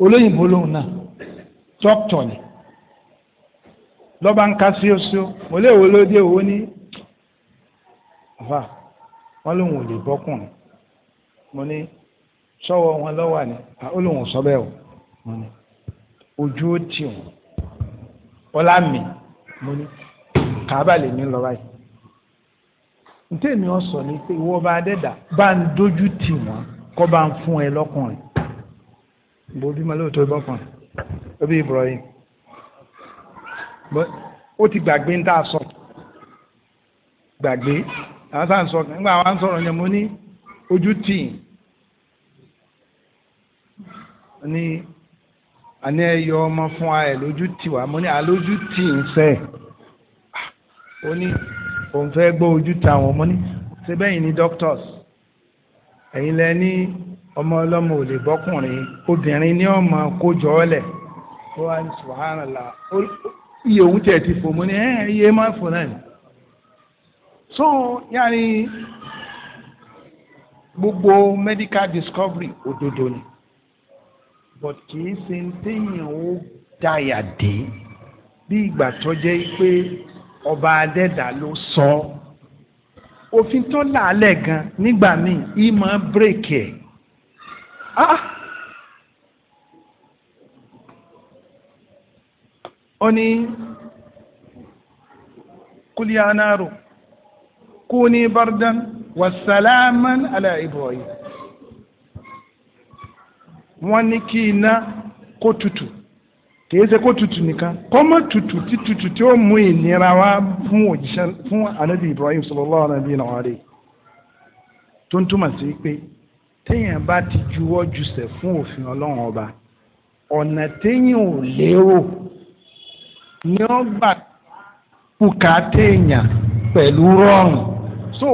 olóyìnbó lòun náà dókítà ni lọ́ba ń ka síosíó mo lè wo lóde òwò ní àfà wọn lòun ò lè bọ́kùnrin mo ní sọ́wọ́ wọn lọ́wọ́ ni ó lòun ò sọ bẹ́ẹ̀ o mo ní ojú ó tì wọ́n ọlá mi mo ní kàábà lè ní lọ́wọ́ yìí ntẹ́mi ọ̀sọ̀ ni pé ìwọ bá dẹ́dà bá ń dojú tì wọ́n kọ́ bá ń fún ẹ lọ́kùnrin gbòbí mọ́lẹ́ òtó bọ́kùnrin ó bí Ibrahim ó ti gbàgbé ń tá a sọ gbàgbé àwọn sáà ń sọ nígbà àwọn ń sọ̀rọ̀ yẹn mo ní ojú tì ní àní ẹyọ ọmọ fún ẹ lójú tì wá mo ní àlójú tì ń sẹ ó ní òun fẹ́ gbọ́ ojú tì àwọn ọmọ ní ṣe bẹ́yìn ní doctors ẹ̀yin lẹ ní ọmọ ọlọ́mọ ò lè bọ́kùnrin obìnrin ní ọmọ kó jọ ọ́ lẹ̀ ó wá ní subhanallah iye òun tẹ̀ ti fò mo ní ẹ iye máa fò náà ni so yàní gbogbo medical discovery òdodo ni but kì í ṣe téèyàn ó dáyà dé bí ìgbà tó jẹ́ pé ọba adẹ́dà ló sọ òfin tó làálẹ̀ gan nígbà míì ìmọ̀ bírèkì ẹ̀ ah ó ní kúlí anáàrò kúní bardan wasalaman ala ibrahim wọ́n ní kí iná kó tutù kìí ṣe kó tutù nìkan kọ́mọ tutù tí tutù tí ó mú ìnira wá fún òjíṣẹ́ fún anabi ibrahim sallallahu alaihi wa sallam tó ń túmọ̀ sí pé téèyàn bá ti juwọ́ jùsẹ̀ fún òfin ọlọ́run ọba ọ̀nà téèyàn ò lérò ni ó gbà bùkátà èèyàn pẹ̀lú rọrùn so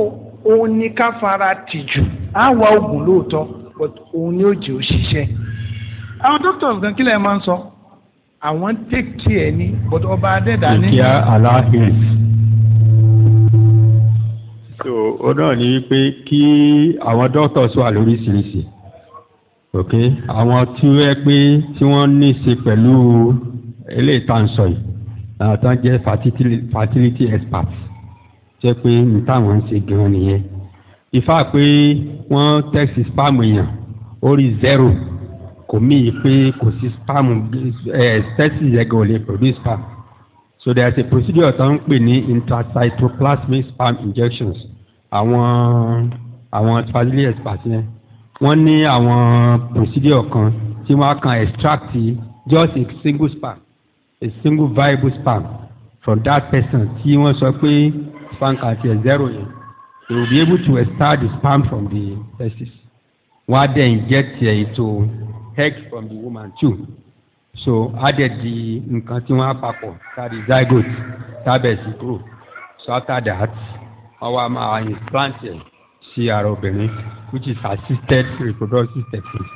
òun ni ká fara tìjú á wá oògùn lóòótọ́ but òun ni ó jẹ́ òṣìṣẹ́ àwọn doctors gan kílẹ̀ máa ń sọ àwọn take care ni but ọba adẹ́dá ní. take care so ó náà ní wípé kí àwọn doctors wà lóríṣiríṣi ok àwọn tí wọ́n pé tí wọ́n ní í ṣe pẹ̀lú eléyìí tá à ń sọ yìí àwọn ah, tó jẹ́ fertility experts jẹ́ pé ní táwọn ń ṣe gan nìyẹn ìfá pé wọ́n tẹ́sí spam èèyàn ó rí zero kò míì pé kò sí spam tẹ́sí eh, yẹn gan ò lè produce spam so there is a procedure tó ń pè ní intracytoplasmic spam injections àwọn àwọn fertility experts yẹn wọ́n ní àwọn procedure kan tí wọ́n kan extract just a single spam a single viable sperm from that person tí wọ́n sọ pé sperm count yẹ zero yẹn they will be able to extract the sperm from the testis wọ́n á dẹ̀ inject it ètò egg from the woman too so á dẹ̀ di nǹkan tí wọ́n á papọ̀ tàbí zygote tàbẹ̀ sí kúrò so after that wọ́n wá máa implant ẹ̀ sí ara obìnrin which is assisted reproductive technique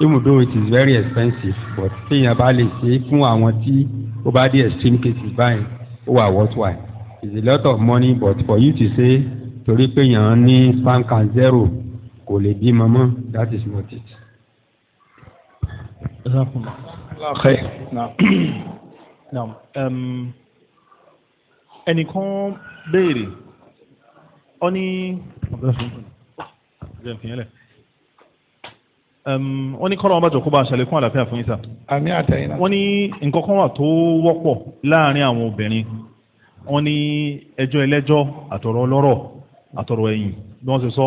even though it is very expensive but téèyàn bá lè ṣe fún àwọn tí ó bá dé extreme cases báyìí ó wà worthwhile it's a lot of money but for you to say torí pé èèyàn ní sperm count zero kò lè bímọ mọ́ that is not it. ẹnìkan béèrè ọ ní wọ́n ní kọ́lọ́wọ́n bá jọ kó bá aṣàlékún àlàáfíà fún yín sà. àmì àtẹ̀yìn náà. wọ́n ní nǹkan kan wà tó wọ́pọ̀ láàárín àwọn obìnrin wọ́n ní ẹjọ́ ẹlẹ́jọ́ àtọ̀rọ̀ ọlọ́rọ̀ àtọ̀rọ̀ ẹ̀yìn bí wọ́n ṣe sọ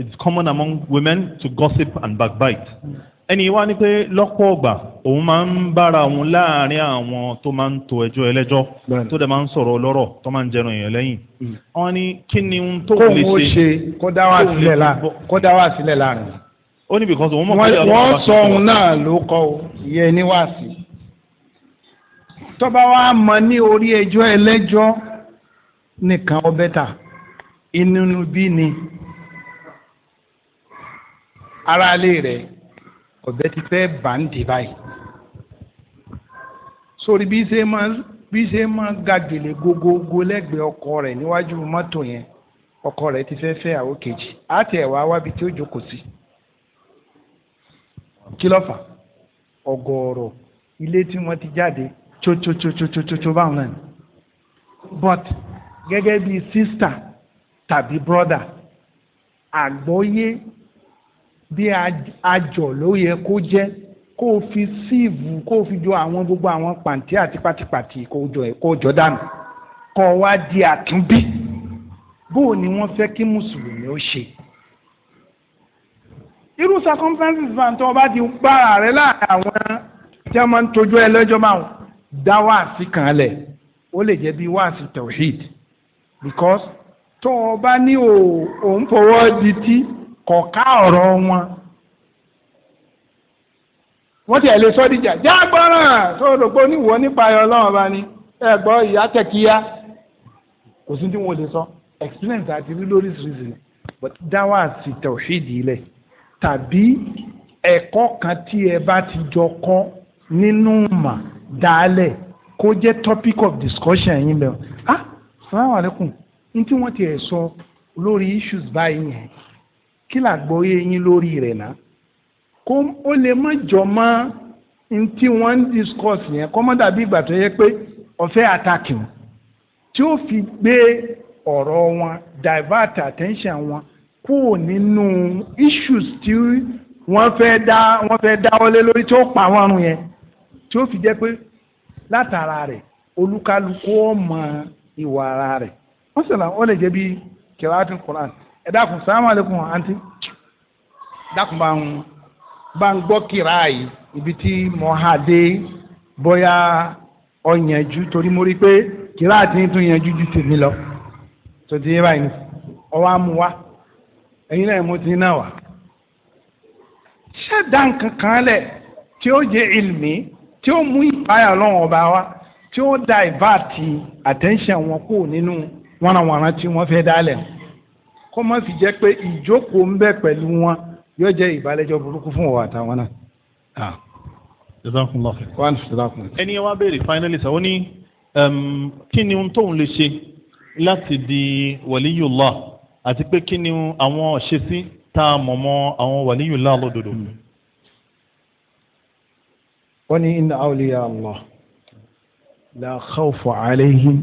it's common among women to gossip and backbite. Hmm. ẹni wá ní pé lọ́pọ̀ ọgbà òun máa ń bára òun láàárín àwọn tó máa ń to ẹjọ́ ẹlẹ́jọ́ tó dẹ̀ máa ń sọ̀rọ̀ ọlọ́rọ̀ tó máa ń jẹun èèyàn lẹ́yìn. Hmm. wọ́n ní kí ni ohun tó lè ṣe kó dá wà sílẹ̀ láàárín ó níbi kan sọ wọn mọ pé ọlọ́run wọn sọ òun náà ló kọ o ìyẹn ní wáàsí wa mọ ní orí ẹjọ́ ẹlẹ́jọ́ nìkan ọbẹ̀ ta inú bí ni aráalé rẹ̀ ọbẹ̀ ti fẹ́ bá ń dè báyìí sórí bí ṣe máa bí ṣe máa ga gèlè gogogo lẹ́gbẹ̀ẹ́ ọkọ rẹ̀ níwájú mọ́tò yẹn ọkọ rẹ̀ ti fẹ́ fẹ́ àwọn kejì àti ẹ̀wà wábi tí ó jókòó sí kí ló fà ọ̀gọ̀ọ̀rọ̀ ilé tí wọ́n ti jáde tsotsotsotsotso báwọn náà but gẹ́gẹ́ bí sister tàbí brother àgbọ́yé bí àjọ ló yẹ kó jẹ́ kó o fi síìvù kó o fi jọ àwọn gbogbo àwọn pàǹtí àti pàtìpàtì kó o jọ dànù kó wá di àtúnbí bó o wọ́n fẹ́ kí mùsùlùmí ó ṣe irú circumstances máa ń tọ́ ọba ti gbára rẹ láàrin àwọn tí wọ́n máa ń tọ́jú ẹ lọ́jọ́ máa ń dá wáàsí kan lẹ̀ ó lè jẹ́ bí wáàsí tawhid because tó o bá ní òun fọwọ́ di tí kò ká ọ̀rọ̀ wọn wọ́n ti ẹ̀ lè sọ díjà já gbọ́ràn tó rò pé oníwọ̀ nípa ẹ̀ ọlọ́run bá ní ẹ gbọ́ ìyá tẹ̀kíyá kò sí tí wọ́n lè sọ experience àti rí lóríṣiríṣi but dáwà sí tawhid ilẹ̀ tàbí ẹ̀kọ́ kan tí ẹ bá ti jọ kọ́ nínú mà dálẹ̀ kó jẹ́ topic of discussion yín bẹ́ẹ̀ ah salamu alaykum n tí wọ́n ti ẹ̀ sọ lórí issues báyìí yẹn kí làgbọ́yé yín lórí rẹ̀ náà kó o lè má jọ mọ́ n tí wọ́n ń discuss yẹn kó má dàbí ìgbà tó yẹ pé ọ̀fẹ́ attack wọn tí ó fi gbé ọ̀rọ̀ wọn divert attention wọn kúrò nínú issues tí wọ́n fẹ́ dá wọ́n fẹ́ dáwọ́lé lórí tí ó pa wọ́n run yẹn tí ó fi jẹ́ pé látara rẹ̀ olúkálukú ó mọ ìwà ara rẹ̀ wọ́n sì là wọ́n lè jẹ́ bí kìláàtì Quran ẹ dákun sàmà lẹ́kùn àǹtí dákun bá ń bá ń gbọ́ kìrá yìí ibi tí mo bóyá ọ torí mo rí pé kìrá tún yànjú ju tèmi lọ tó báyìí ọ wá ẹ̀yin náà mo ti náà wà. ṣé dáǹkan kan lẹ̀ tí ó jẹ́ ìlmí tí ó mú ìpáyà lọ́wọ́ ọba wa tí ó da ìbáàtì attention wọn kó nínú wọnàwọnà tí wọ́n fẹ́ dálẹ̀ kó má fi jẹ́ pé ìjókòó ń bẹ pẹ̀lú wọn yóò jẹ́ ìbálẹ́jọ́ burúkú fún wa àtàwọn náà. Ah. ẹni wá béèrè finally sọ ó ní um, kí ni ohun tóun lè ṣe láti di wàlíyùlá àti pé kí ni àwọn ṣesí tá a mọ̀ mọ́ àwọn wàlíyù lálọ́dọ̀dọ̀. Hmm. wọ́n ní inna awliya Allah la khawfu alayhim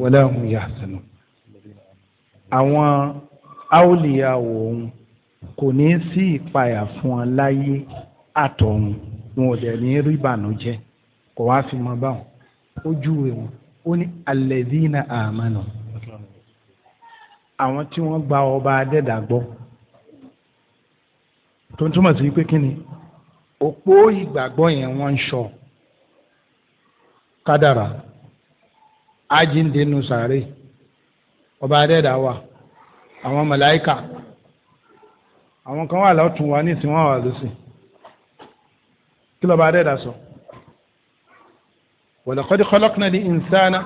wala hum yahzanun. àwọn awliya òun kò ní sí ìpayà fún wọn láyé àtọ̀run wọn ò dẹ̀ ní rí ìbànújẹ́ kò wá fi mọ báwọn ojú wọn ó ní alladhina amanu àwọn tí wọ́n gba ọba adẹ́dà gbọ́ tó ń túmọ̀ sí pé kí ni òpó ìgbàgbọ́ yẹn wọ́n ń sọ kádàrà ajíǹdenu sàárè ọba adẹ́dà wà àwọn màláíkà àwọn kan wà lọ́tún wa ní ìsìn wà lọ́sìn kí lọ́ba adẹ́dà sọ wa laqad khalaqna al-insana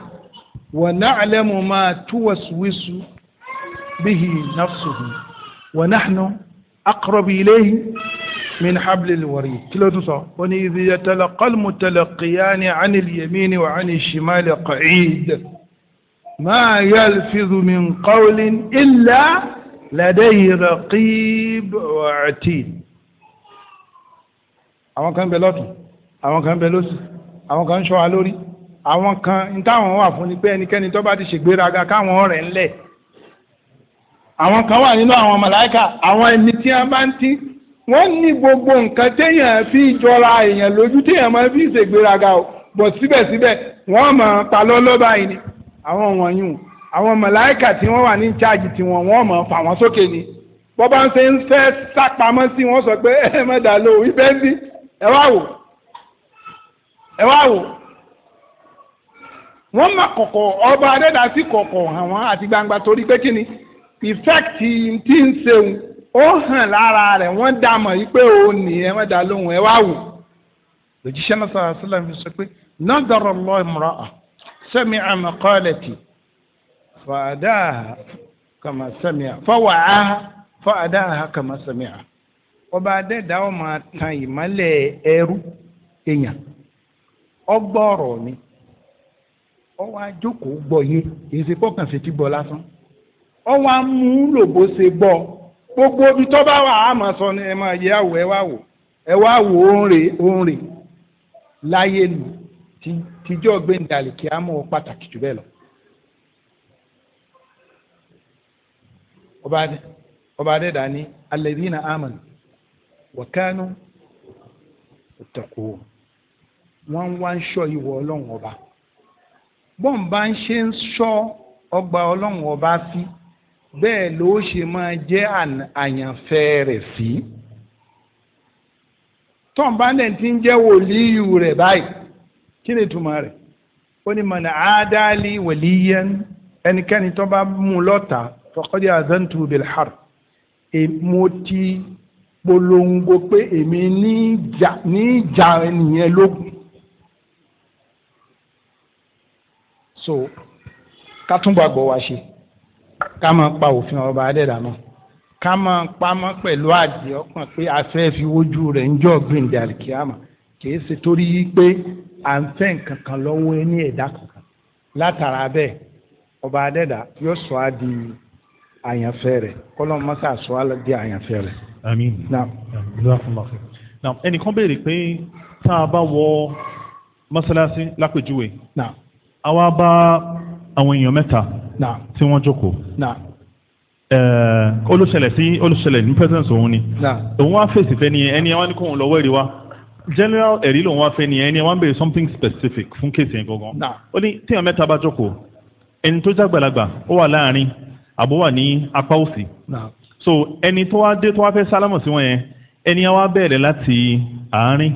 wa na'lamu ma tuwaswisu. به نفسه ونحن أقرب إليه من حبل الوريد كلا تصع وإذ يتلقى المتلقيان عن اليمين وعن الشمال قعيد ما يلفظ من قول إلا لديه رقيب وعتيد àwọn kan bẹ lọ́tún àwọn kan bẹ lọ́sì àwọn kan ń ṣọ́ wa lórí àwọn kan ní táwọn wà fún ni pé ẹnikẹ́ni tó bá ti ṣègbéraga káwọn ọ̀rẹ́ ńlẹ̀ àwọn kan wà nínú àwọn màláìka àwọn ẹni tí wọ́n bá ń tí wọ́n ní gbogbo nǹkan téèyàn fi jọra èèyàn lójú téèyàn máa fi ṣègbéraga o bọ̀ síbẹ̀síbẹ̀ wọ́n máa pa lọ́lọ́ báyìí ni àwọn wọ̀nyí o àwọn màláìka tí wọ́n wà ní chájì tiwọn wọ́n máa fà wọ́n sókè ni bọ́ bá ń ṣe ń fẹ́ sápamọ́ sí wọ́n sọ pé ẹ mẹ́ta ló ibẹ̀ ń bí ẹ wá wò ẹ wá wò wọ́n máa kọ̀kọ̀ ọba adẹ́dàsí kọ̀kọ̀ hàn àti gbangba torí pé kíni effect tí ń ṣeun ó hàn lára rẹ̀ wọ́n dá mọ̀ yìí pé òun nìyẹn wọ́n dá lóhùn ẹ̀ wá wò lójíṣẹ́ náà sọ̀rọ̀ sílẹ̀ fi sọ pé sami'a kama sami'a fawa'aha kama sami'a ọba adẹ́dàá ó máa tan ìmọ́lẹ̀ ẹrú èèyàn ọ ni ọwọ́ ajókòó gbọ́ yé èsì pọ́kànṣe ti gbọ́ lásán. ọ wá ń mú lòbó ṣe gbọ́ gbogbo ibi tó bá wà á máa sọ ni ẹ máa yẹ àwọ̀ ẹ wá wò ẹ wá wò ó ń rè ó ń rè láyé nù tíjọ́ gbẹ̀ǹdàlì kí á mọ̀ ọ́ pàtàkì jù bẹ́ẹ̀ lọ. ọba adẹ́dà ni alladhina amanu wa kanu ittaqu wọ́n wá ń ṣọ́ ìwọ ọlọ́run ọba bọ́ǹbà ń ṣe ń ṣọ́ ọgbà ọlọ́run ọba sí. Si bẹ́ẹ̀ ló ṣe máa jẹ́ àyànfẹ́ rẹ̀ sí. tọ́n bá dẹ̀ ti ń jẹ́ wòlíyù rẹ̀ báyìí kí ni ìtumọ̀ rẹ̀ ó ní mọ̀nà àádáálí wòlíyẹn ẹnikẹ́ni tó bá mú lọ́ta fọkọ́dí àzẹ́ntù bilhar e, mo ti polongo pé èmi ní ìjà nìyẹn lógun. so ká tún gbàgbọ́ wa ṣe ká máa pa òfin ọba adẹ́dà mọ́ ká máa pamọ́ pẹ̀lú àdì ọkàn pé a fẹ́ fi wojú rẹ̀ ń jọ gbìndé àlìkíyàmà kìí ṣe torí pé à ń fẹ́ nǹkan kan lọ́wọ́ ní ẹ̀dá kankan látara bẹ́ẹ̀ ọba adẹ́dà yóò sọ á di àyànfẹ́ rẹ̀ kọ́lọ́ mọ́sá sọ á di àyànfẹ́ rẹ̀. àmín ẹnìkan béèrè pé tá a bá wọ mọ́sálásí lápèjúwe àwa bá àwọn èèyàn mẹ́ta tí wọ́n jókòó eh, olùṣẹlẹ̀ sí olùṣẹlẹ̀ ní presence òun ni òun wá fèsì fẹ́ ni ẹni wọn ni kò ń lọ wẹ́rì wa general ẹ̀rí lòun wá fẹ́ ni ẹni wọn béèrè something specific fún kéèsì yẹn gangan ó ní tíyàn mẹ́ta bá jókòó ẹni tó jágbàlagbà ó wà láàrin àbó wà ní apá òsì so ẹni tó wá dé tó wá fẹ́ sálámù sí wọn yẹn ẹni wá bẹ̀rẹ̀ láti àárín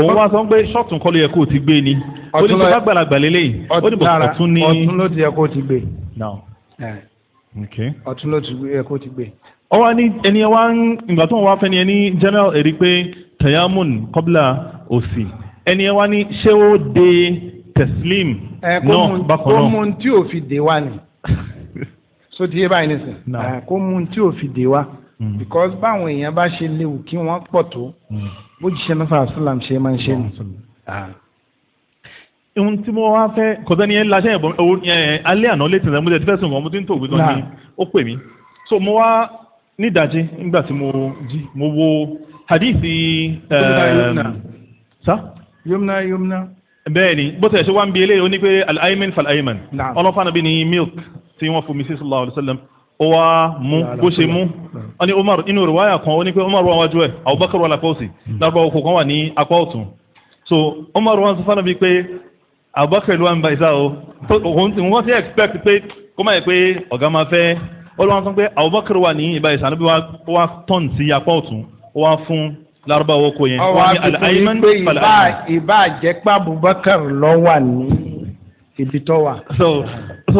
òun wá sọ pé ṣọ́ọ̀tún kọ́ ló yẹ kó o ti gbé ni ó ní bàbá gbàlagbà lélẹ́yìn ó ní bàbá ọ̀tún ní. ọ̀tún ló ti yẹ kó o ti gbé. ọ̀tún ló ti yẹ kó o ti gbé. ọ wá ní ẹni wá ń ìgbà tó ń wá fẹ́ ni ẹni general ẹ̀rí pé tayamun kọ́bílà òsì ẹni wá ní ṣé ó de teslim náà bákan náà. kó mu tí ò fi dé wá ni so ti yé báyìí nísìn kó mu tí ò fi dé wá hmm. because báwọn èèyàn bá ṣe léwu kí wọ́n pọ̀ tó. Hmm bó jíṣẹ́ náà sàlám ṣe máa ń ṣe nù. Ah. ohun tí mo wá fẹ́ kò sẹ́ni ẹ̀ laṣẹ́ yẹn bọ̀ alẹ́ àná létí rẹ̀ mo tẹ̀ tí fẹ́ sùn kan mo ti ń tòògbé tán ó pè mí so mo wá nídàájí nígbà tí mo jí mo wo hadithi. sa. yomna yomna. bẹ́ẹ̀ ni bó tẹ̀ ṣe wá ń bi eléyìí ó ní pé al-ayman fal-ayman ọlọ́fààní bí ni milk tí wọ́n fún mi sí sallallahu alayhi wa sallam ó wá mú bó ṣe mú wọn ní Umar inú riwaya kan ó ní pé Umar wà wájú ẹ Abubakar wà lápá òsì hmm. lárúbáwò kò kàn wà ní apá ọ̀tún so Umar wà sọ fún mi pé Abubakar ló wà ń ba ìsá o òun ti wọ́n ti expect pé kó má yẹ pé ọ̀gá máa fẹ́ ó lọ́wọ́ sọ pé Abubakar wà ní ìbá ìsá níbi wà tọ́n sí apá ọ̀tún ó wà fún lárúbáwò kò yẹn wọ́n ní al ìbá ìbá àjẹpá Abubakar lọ wà ní ibi tó wà. so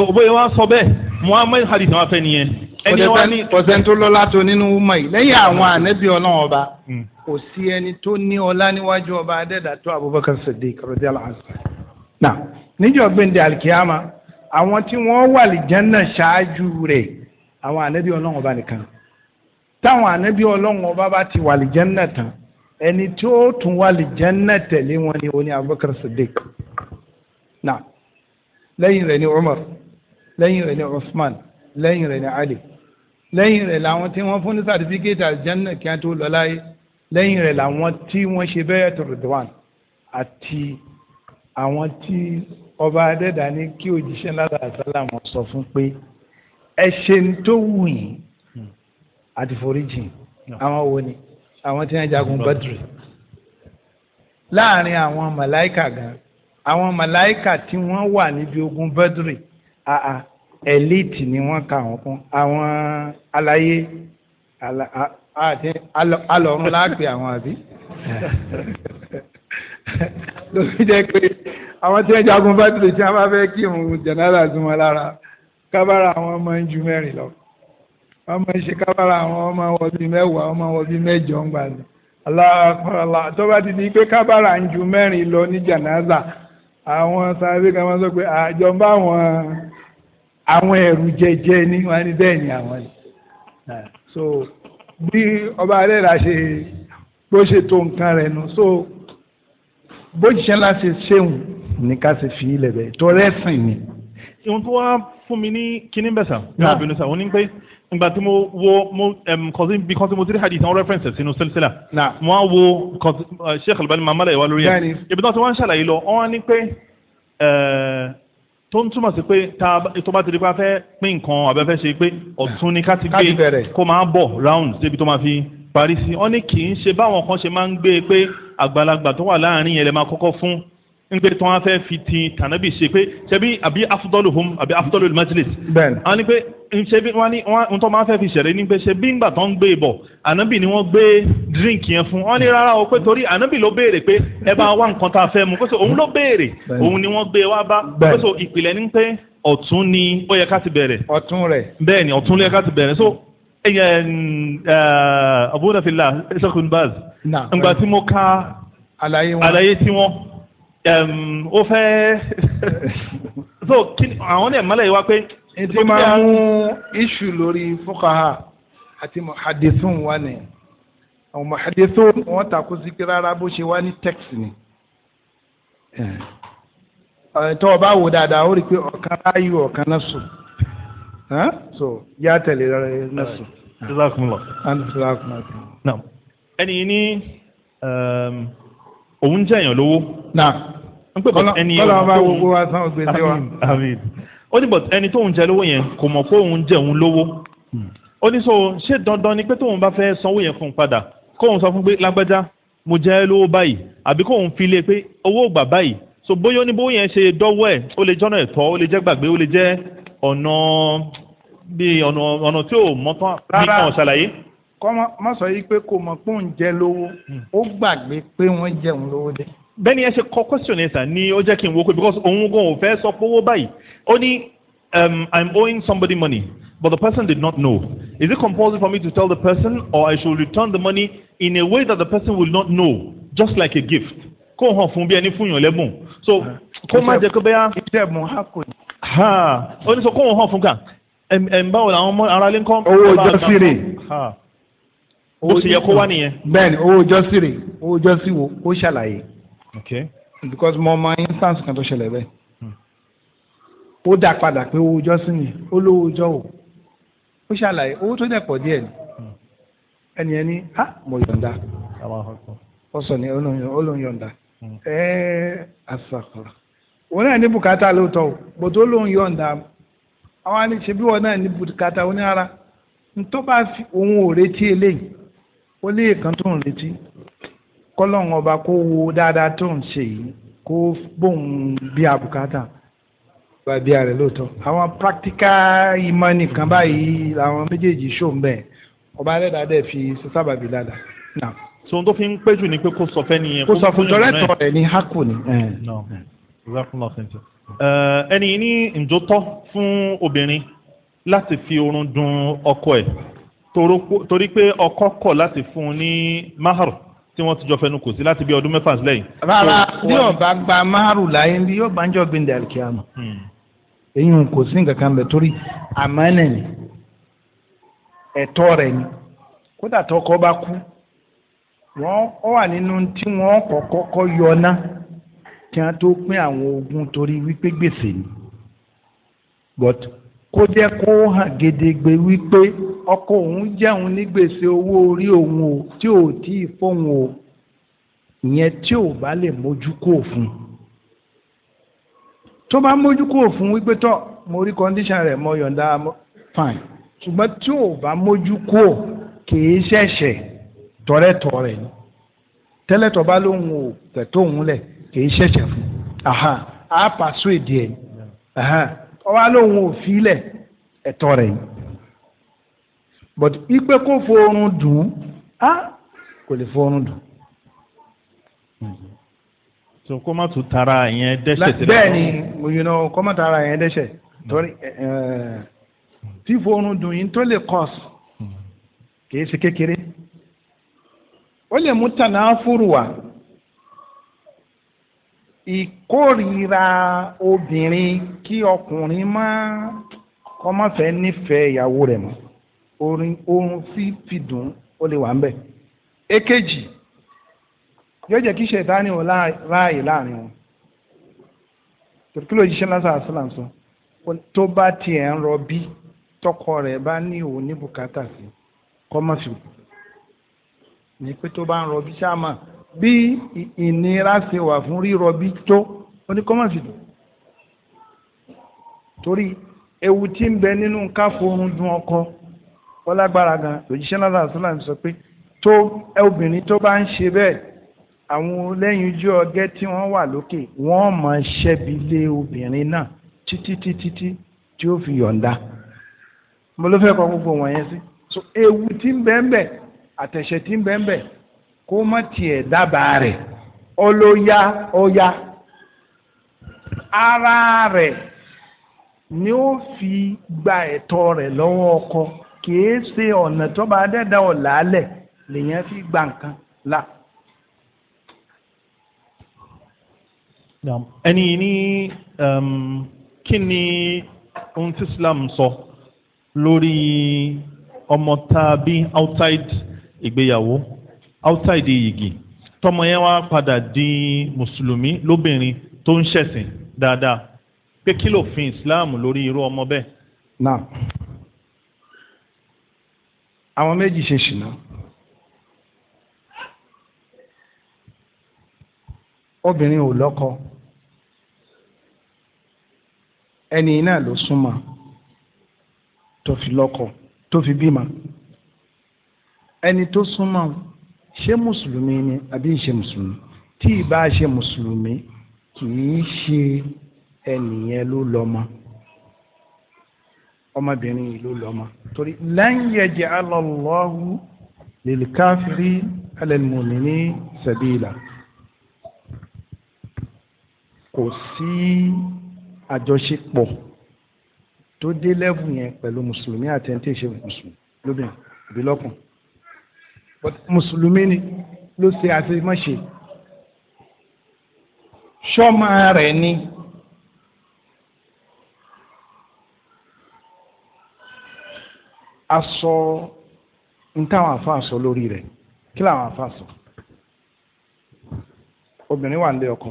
òbóye wa sọ bẹ́ẹ̀ muhammed hadith wọn fẹ́ nìyẹn. ẹni wọn ní ọ̀sẹ̀ tó tó nínú umar yìí lẹ́yìn àwọn ànẹ́bí ọlọ́run ọba hmm. kò sí ẹni tó ní ọlá níwájú ọba adẹ́dà tó abubakar sadiq radiyallahu anhu. nà níjọ́ gbẹ̀ndẹ̀ alikiyama àwọn tí wà ṣáájú àwọn ànẹ́bí ọlọ́run ọba nìkan táwọn ànẹ́bí ọlọ́run ti wà tán ẹni tí ó tún wà abubakar na lẹ́yìn ni umar lẹ́yìn rẹ̀ ní Usman lẹ́yìn rẹ̀ ní Ali lẹ́yìn rẹ̀ làwọn tí wọ́n fún ní sàtífíkẹ́tì àjẹ́nà kí wọ́n tó lọ láyé lẹ́yìn rẹ̀ làwọn tí wọ́n ṣe bẹ́ẹ̀ tó Ridwan àti àwọn tí ọba adẹ́dà ní kí òjíṣẹ́ lára àsálàmù sọ fún pé ẹ tó wù yín àti foríjì àwọn wo ni àwọn tí wọ́n jagun Badri láàrin àwọn màláìkà gan àwọn màláìkà tí wọ́n wà níbi ogun Badri àà ah, ah, elite ni wọ́n kà wọ́n fún àwọn aláyé alọ̀run láàgbé àwọn àbí lórí jẹ́ pé àwọn tí wọ́n jagun bá tilẹ̀ tí wọ́n bá fẹ́ kí òun jẹ̀nàlá sí wọn lára kábàárà àwọn máa ń ju mẹ́rin lọ wọ́n máa ń ṣe kábàárà àwọn ọmọ wọn bíi mẹ́wàá ọmọ wọn bíi mẹ́jọ ń gbà ní. aláàkọ́lá tó bá ti di pé kábàárà ń ju mẹ́rin lọ ní jẹ̀nàlá àwọn sáré kan máa ń sọ pé àjọ ń bá wọn àwọn ẹ̀rù jẹjẹ ní wọn ní bẹ́ẹ̀ ni àwọn ni so bí ọba adẹ́ra ṣe bó ṣe tó nǹkan rẹ̀ nù so bó ṣiṣẹ́ ńlá ṣe ṣéun ní ká ṣe fi ilẹ̀ bẹ̀ tọ́rẹ́sìn ni. ohun tó wá fún mi ní kíní bẹ̀sà ní ah. àbínú sà wọ́n ní pé ìgbà tí mo wo mo kọsí bí kọsí mo ti rí hadith àwọn references sínú sílsílà mo wá wo uh, Sheikh Albani mamala ìwà lórí ẹ̀ ibi tí wọ́n ti wá ń ṣàlàyé lọ wọ́n wá ní pé eh, tó ń túmọ̀ sí pé tá tó bá ti di pé a fẹ́ pín nǹkan àbẹ́ fẹ́ ṣe pé ọ̀tún ni ká ti gbé kó máa bọ̀ round débi tó máa fi parí sí ọ́ ní kì í ṣe báwọn kan ṣe máa ń gbé e pé àgbàlagbà tó wà láàrin yẹn lè máa kọ́kọ́ fún nígbà tí wọ́n fẹ́ fi ti tànàbì ṣe pé ṣebí àbí afdoluhum àbí afdolul majlis. bẹ́ẹ̀ni. wọ́n ní pé ṣebí wọ́n ní wọ́n tó máa fẹ́ fi ṣẹ̀rẹ̀ ní pé ṣebí ńgbà tó ń gbé e bọ̀ ànábì ni wọ́n gbé drink yẹn fún wọ́n ní rárá o pé torí ànábì ló béèrè pé ẹ bá wá nǹkan tá a fẹ́ mu pé so òun ló béèrè òun ni wọ́n gbé e wá bá pé so ìpìlẹ̀ ni pé ọ̀tún ni ó yẹ ká ti bẹ̀rẹ̀. ọ̀tún rẹ̀. bẹ́ẹ̀ni ọ̀tún ló ó fẹ́ so àwọn ní ẹ̀mọ́lẹ̀ yìí wá pé. ètò máa ń mú iṣu lórí fúkàá àti muhadithun wà ní àwọn muhadithun wọn takò sí pé rárá bó ṣe wá ní text ni tó o bá wò dáadáa ó rí i pé ọ̀kan ráyù ọ̀kan náà sùn so yá tẹ̀lé rẹ̀ náà sùn. ṣé lákùnrin lọ. ẹni ní òun jẹ́ èèyàn lówó. kọ́lá ọba gbogbo wa san gbèsè wa. ó ní but ẹni tóun jẹ lówó yẹn kò mọ̀ pé òun jẹ òun lówó. Hmm. ó ní sọ ṣé dandan ni pé tóun bá fẹ́ sanwó yẹn fún un padà kóun sọ fún pé lágbájá mo jẹ lówó báyìí àbí kóun fi lé e pé owó gbà báyìí so bóyá ní bóyá yẹn ṣe dọ́wọ́ ẹ̀ ó lè jọ́nà ẹ̀tọ́ ó lè jẹ́ gbàgbé ó lè jẹ́ ọ̀nà bíi ọ̀nà tí ò mọ́tọ́ bí kan ṣàlàyé kọ́ yìí pé kò mọ̀ pé òun jẹ lówó hmm. ó gbàgbé pé wọ́n jẹun lówó dé. bẹ́ẹ̀ni ẹ ṣe kọ question yẹn sà ni ó jẹ́ kí n wo pé because òun gan ò fẹ́ sọ pé owó báyìí ó ní um, I'm owing somebody money but the person did not know is it compulsory for me to tell the person or I should return the money in a way that the person will not know just like a gift kó hàn fún bí ẹni fún yàn lẹ́bùn so kó má jẹ́ pé bẹ́yà. ìjẹ̀bùn ha kò ó ní sọ kó hàn fún kà ẹ̀ ń báwo làwọn ará lé ń kọ́. owó ìjọ sí rè. bó ṣe yẹ kó wá nìyẹn. bẹ́ẹ̀ni owó jọ́sí rè owó jọ́sí wo ó ṣàlàyé. okay. because mo kan tó hmm. ó padà pé owó ni ó lówó o ó ṣàlàyé owó tó dẹ̀ pọ̀ díẹ̀ ni hmm. ẹni ẹni ah mo yọ̀ǹda ó sọ ni ó ló yọ̀ǹda o yọ̀ǹda àwọn bí wọn náà ní bùkátà bá fi òun ò retí ó lé èèkàn tó ń retí kọ́lọ́hún ọba kó wo dáadáa tó ń ṣe yìí kó bóun bí abùkátà gba bí ààrẹ lóòótọ́ àwọn practical ìmọ̀ nìkan báyìí làwọn méjèèjì ṣò ń bẹ̀ ọba ẹlẹ́dàá dẹ̀ fi sábàbí dáadáa. sọ̀rọ̀ tó fi ń pẹ́ jù ni pé kó sọ fẹ́ nìyẹn. kó sọ fún jọrẹ́tọ̀ rẹ̀ ní hákò ni. ẹni ní ǹjọ́ tọ́ fún obìnrin láti fi oorun dun ọkọ ẹ̀ torí pé ọkọ kọ̀ láti fún un ní mahar tí wọ́n ti jọ fẹnu kò sí láti bí ọdún mẹ́fà sílẹ̀ yìí. rárá bí wọn bá gba maharu láyé bí yóò bá ń jọ gbẹndẹ alikiyama èyí hmm. kò sí nǹkan kan bẹ torí àmánà ni ẹ̀tọ́ rẹ̀ ni kódà tọkọ bá kú wọn ọ wà nínú tí wọn kọ́kọ́ kọ yọ ná kí wọn tó pín àwọn ogún torí wípé gbèsè ni but kó jẹ́ kó hàn gedegbe wípé. ọkọ òun jẹun ní gbèsè owó orí òun o tí ò tí ì fóun o ìyẹn tí ò bá lè mójú kó fún tó bá mójú kó fún wípé tó mo rí kọ́ndíṣàn mo yọ̀ǹda fine ṣùgbọ́n tí ò bá mójú kó kìí ṣẹ̀ṣẹ̀ tọ̀rẹ́tọ̀rẹ́ ni bá lóun tẹ̀tọ́ òun lẹ̀ kìí ṣẹ̀ṣẹ̀ fún pàṣẹ ẹ̀ ọba lóun ò fi lẹ̀ but ikpe kó foorun dùn á kò lè foorun dùn. so kó má tún tara yẹn dẹ́sẹ̀ sílẹ̀. bẹ́ẹ̀ ni you know kó má tara yẹn dẹ́sẹ̀ torí hmm. tí dùn yìí tó lè hmm. kì í ṣe kékeré ó lè mú tànà wa obìnrin kí ọkùnrin má kọ́ má fẹ́ orin oorun sí fi dùn ó lè wà ń bẹ̀. èkejì yóò jẹ́ kí ṣètánì wọn ráàyè láàrin wọn. torí kí ló jíṣẹ́ lásán àṣàlàn sọ tó bá tiẹ̀ ń rọbí tọkọ rẹ̀ bá ní òun ní bùkátà sí kọ́mọ̀sì ní pé tó bá ń rọbí sáàmà bí ìnira ṣe wà fún rírọbí tó ó ní kọ́mọ̀sì dùn. torí ewu tí ń bẹ nínú káfọ́ orun dun ọkọ ó lágbára gan òjíṣẹ́ náà sọ́là sọ pé tó obìnrin tó bá ń ṣe bẹ́ẹ̀ àwọn lẹ́yìn ojú ọgẹ́ tí wọ́n wà lókè wọ́n máa ṣẹ́bi lé obìnrin náà títí títí tí tí ó fi yọ̀ǹda mo ló fẹ́ kọ gbogbo wọ̀nyẹn sí so ewu tí ń bẹ́ẹ̀ bẹ́ẹ̀ àtẹ̀ṣẹ̀ tí ń bẹ́ẹ̀ bẹ́ẹ̀ kó má tiẹ̀ dábàá rẹ̀ ọlọ́yà ọ̀yà ara rẹ̀ ni ó fi gba ẹ̀tọ́ rẹ̀ lọ́wọ́ ọkọ kìí ṣe ọ̀nà tó bá dẹ́dá ọ̀la alẹ̀ lèyàn fi gba nǹkan là. ẹni ní kí ni ohun tí Islam sọ lórí ọmọ tá outside ìgbéyàwó outside ìyìgì tọmọ yẹn wá padà di mùsùlùmí lóbìnrin tó ń ṣẹ̀sìn dáadáa pé kí lòfin Islam lórí irú ọmọ bẹ́ẹ̀ àwọn méjì ṣe ṣìnà obìnrin ò lọ́kọ ẹni náà ló súnmọ́ tó fi lọ́kọ tó fi bímọ ẹni tó súnmọ́ ṣé mùsùlùmí ni àbí ìṣe mùsùlùmí tí ì bá ṣe mùsùlùmí kì í ṣe ẹnìyẹn ló lọ́mọ ọmọbìnrin yìí ló lọ́mọ torí lan yaj'ala Allahu lil kafiri ala al mu'mini sabila kò sí àjọṣepọ̀ tó dé lẹ́bù yẹn pẹ̀lú mùsùlùmí àti ẹni tí ì ṣe mùsùlùmí lóbìnrin àbí lọ́kùn mùsùlùmí ni ló ṣe àti mọ́ṣe ṣọ́mọ rẹ̀ ni. a sọ ntáwọn àfáà sọ lórí rẹ̀ kí làwọn àfáà sọ obìnrin wà nílé ọkọ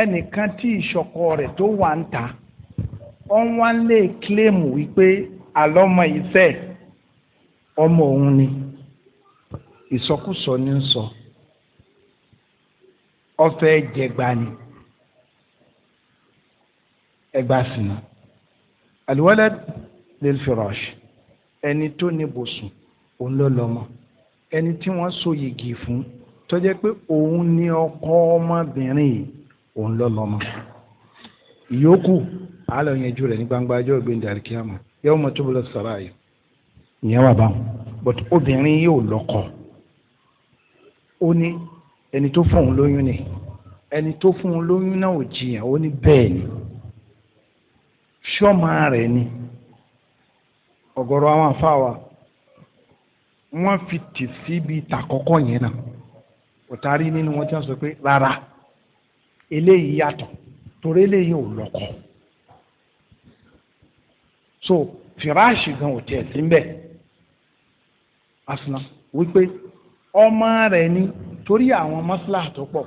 ẹnìkan tí ìṣọkọ rẹ̀ tó wà ń ta wọn wá lè kílèmù wípé àlọ́mọ ìfẹ́ ọmọ òun ni ìsọkúsọ ní ń sọ ọfẹ jẹgba ni ẹgba alwalad lil firash ẹni tó ní bùsùn òun ló lọ́mọ ẹni tí wọ́n so yìgì fún tó jẹ́ pé òun ní ọkọ ọmọbìnrin yìí òun ló lọ́mọ ìyókù àlọ́ yẹnjú rẹ̀ ní gbangba ọjọ́ ìgbéǹde àríkíyàmà yawma tubla saraya ìyẹn wà báwọn but obìnrin yóò lọ́kọ ó ní ẹni tó fún òun lóyún ni ẹni tó fún òun lóyún náà ò jiyàn ó ní bẹ́ẹ̀ ni. ṣọ́mà rẹ̀ ni ọ̀gọ̀rọ̀ awọn afáwa wọn fi tì síbi ìtàkọ́kọ́ yẹn náà òtárí nínú wọn tí sọ pé rárá eléyìí yàtọ̀ torí eléyìí ò lọ́kọ so fìràṣì gan ò tiẹ̀ sí mbẹ́ asuna wípé ọmọ rẹ̀ ni torí àwọn mọ́sálà tó pọ̀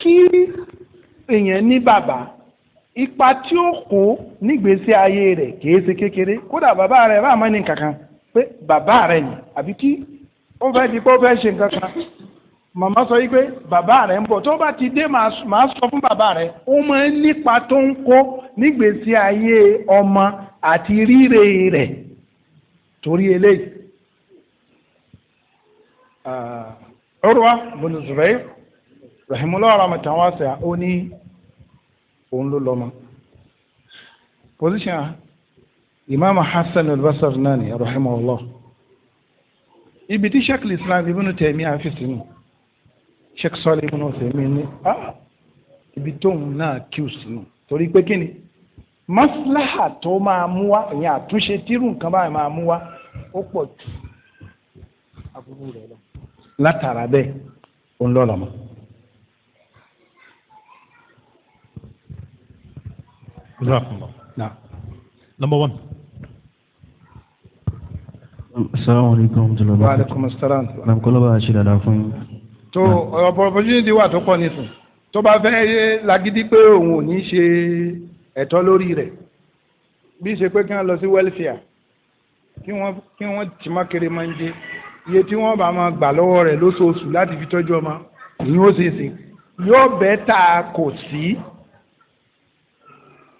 kí èèyàn ní bàbá ipa tí ó kó nígbèésí ayé rẹ̀ kìí ṣe kékeré kódà bàbá rẹ̀ bá àmọ́ ní kankan pé bàbá rẹ̀ ni àbí kí ó fẹ́ di pé ó fẹ́ ṣe nǹkan kan màmá sọ yí pé bàbá rẹ̀ ń bọ̀ tó bá ti dé màá sọ fún bàbá rẹ̀ ó máa ń nípa tó ń kó nígbèésí ayé ọmọ àti ríre rẹ̀ torí eléyìí. Ah, Urwa bin Zubair rahimulahu rahmatan wasi'a ó ní. òun ló lọ́mọ position imam hasan al-basri nani, ni rahimahullah ibi ti shek islam ibn taymiya fi sínú sheikh sọ́lẹ̀ ibn taymiya ní ibi tóun náà kíw sínú torí pé kí ni maslaha tó máa mú wa ìyẹn àtúnṣe tírù nǹkan báyìí ma mú wa ó pọ̀ jù aburú rẹ̀ lọ látara bẹ́ẹ̀ òun lọ́lọ́mọ́. jazakumullah na number one. assalamu alaikum jùlọ bá. wa alaikum assalam. nàmkọ́lọ́ bá a ṣe dáadáa fún yín. tó ọ̀pọ̀ opportunity wà tó pọ̀ nísìn tó bá fẹ́ yé lagidi pé òun ò ní ṣe ẹ̀tọ́ lórí rẹ̀ bí ṣe pé kí wọ́n lọ sí welfare kí wọ́n kí wọ́n tì má kéré máa ń jẹ iye tí wọ́n bá máa gbà lọ́wọ́ rẹ̀ lóṣooṣù láti fi tọ́jú ọmọ ìyún yóò bẹ́ẹ̀ ta kò sí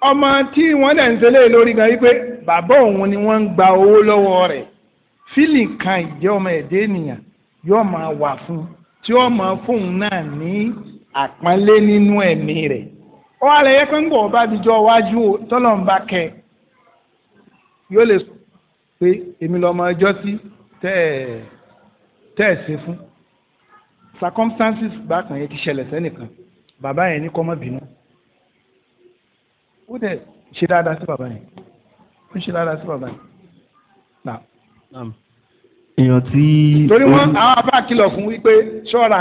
ọmọ tí wọ́n dẹ̀ ń ṣẹlẹ̀ lórí gan wípé bàbá òun ni wọ́n ń gba owó lọ́wọ́ rẹ̀ fílì kan ìjẹ́ ọmọ ẹ̀dẹ́ ènìyàn yóò máa wà fún tí ó máa fóun náà ní àpọ́nlé nínú ẹ̀mí rẹ̀ ó wà lẹ́yẹ pé ń bọ̀ bá dijọ́ iwájú tọ́lọ́mùbá kẹ yóò lè sọ pé èmi lọ́mọ ẹjọ́ sí tẹ́ ẹ̀ tẹ́ ẹ̀ ṣe fún circumstances bákan yẹn ti ṣẹlẹ̀ sẹ́nìkan bàbá yẹn ní kọ́mọ́bìnú ó dẹ̀ ṣe dáadáa sí bàbá yẹn ó ṣe dáadáa sí bàbá yẹn. èèyàn tí. torí wọn àwọn abá kìlọ̀ fún wípé ṣọ́ra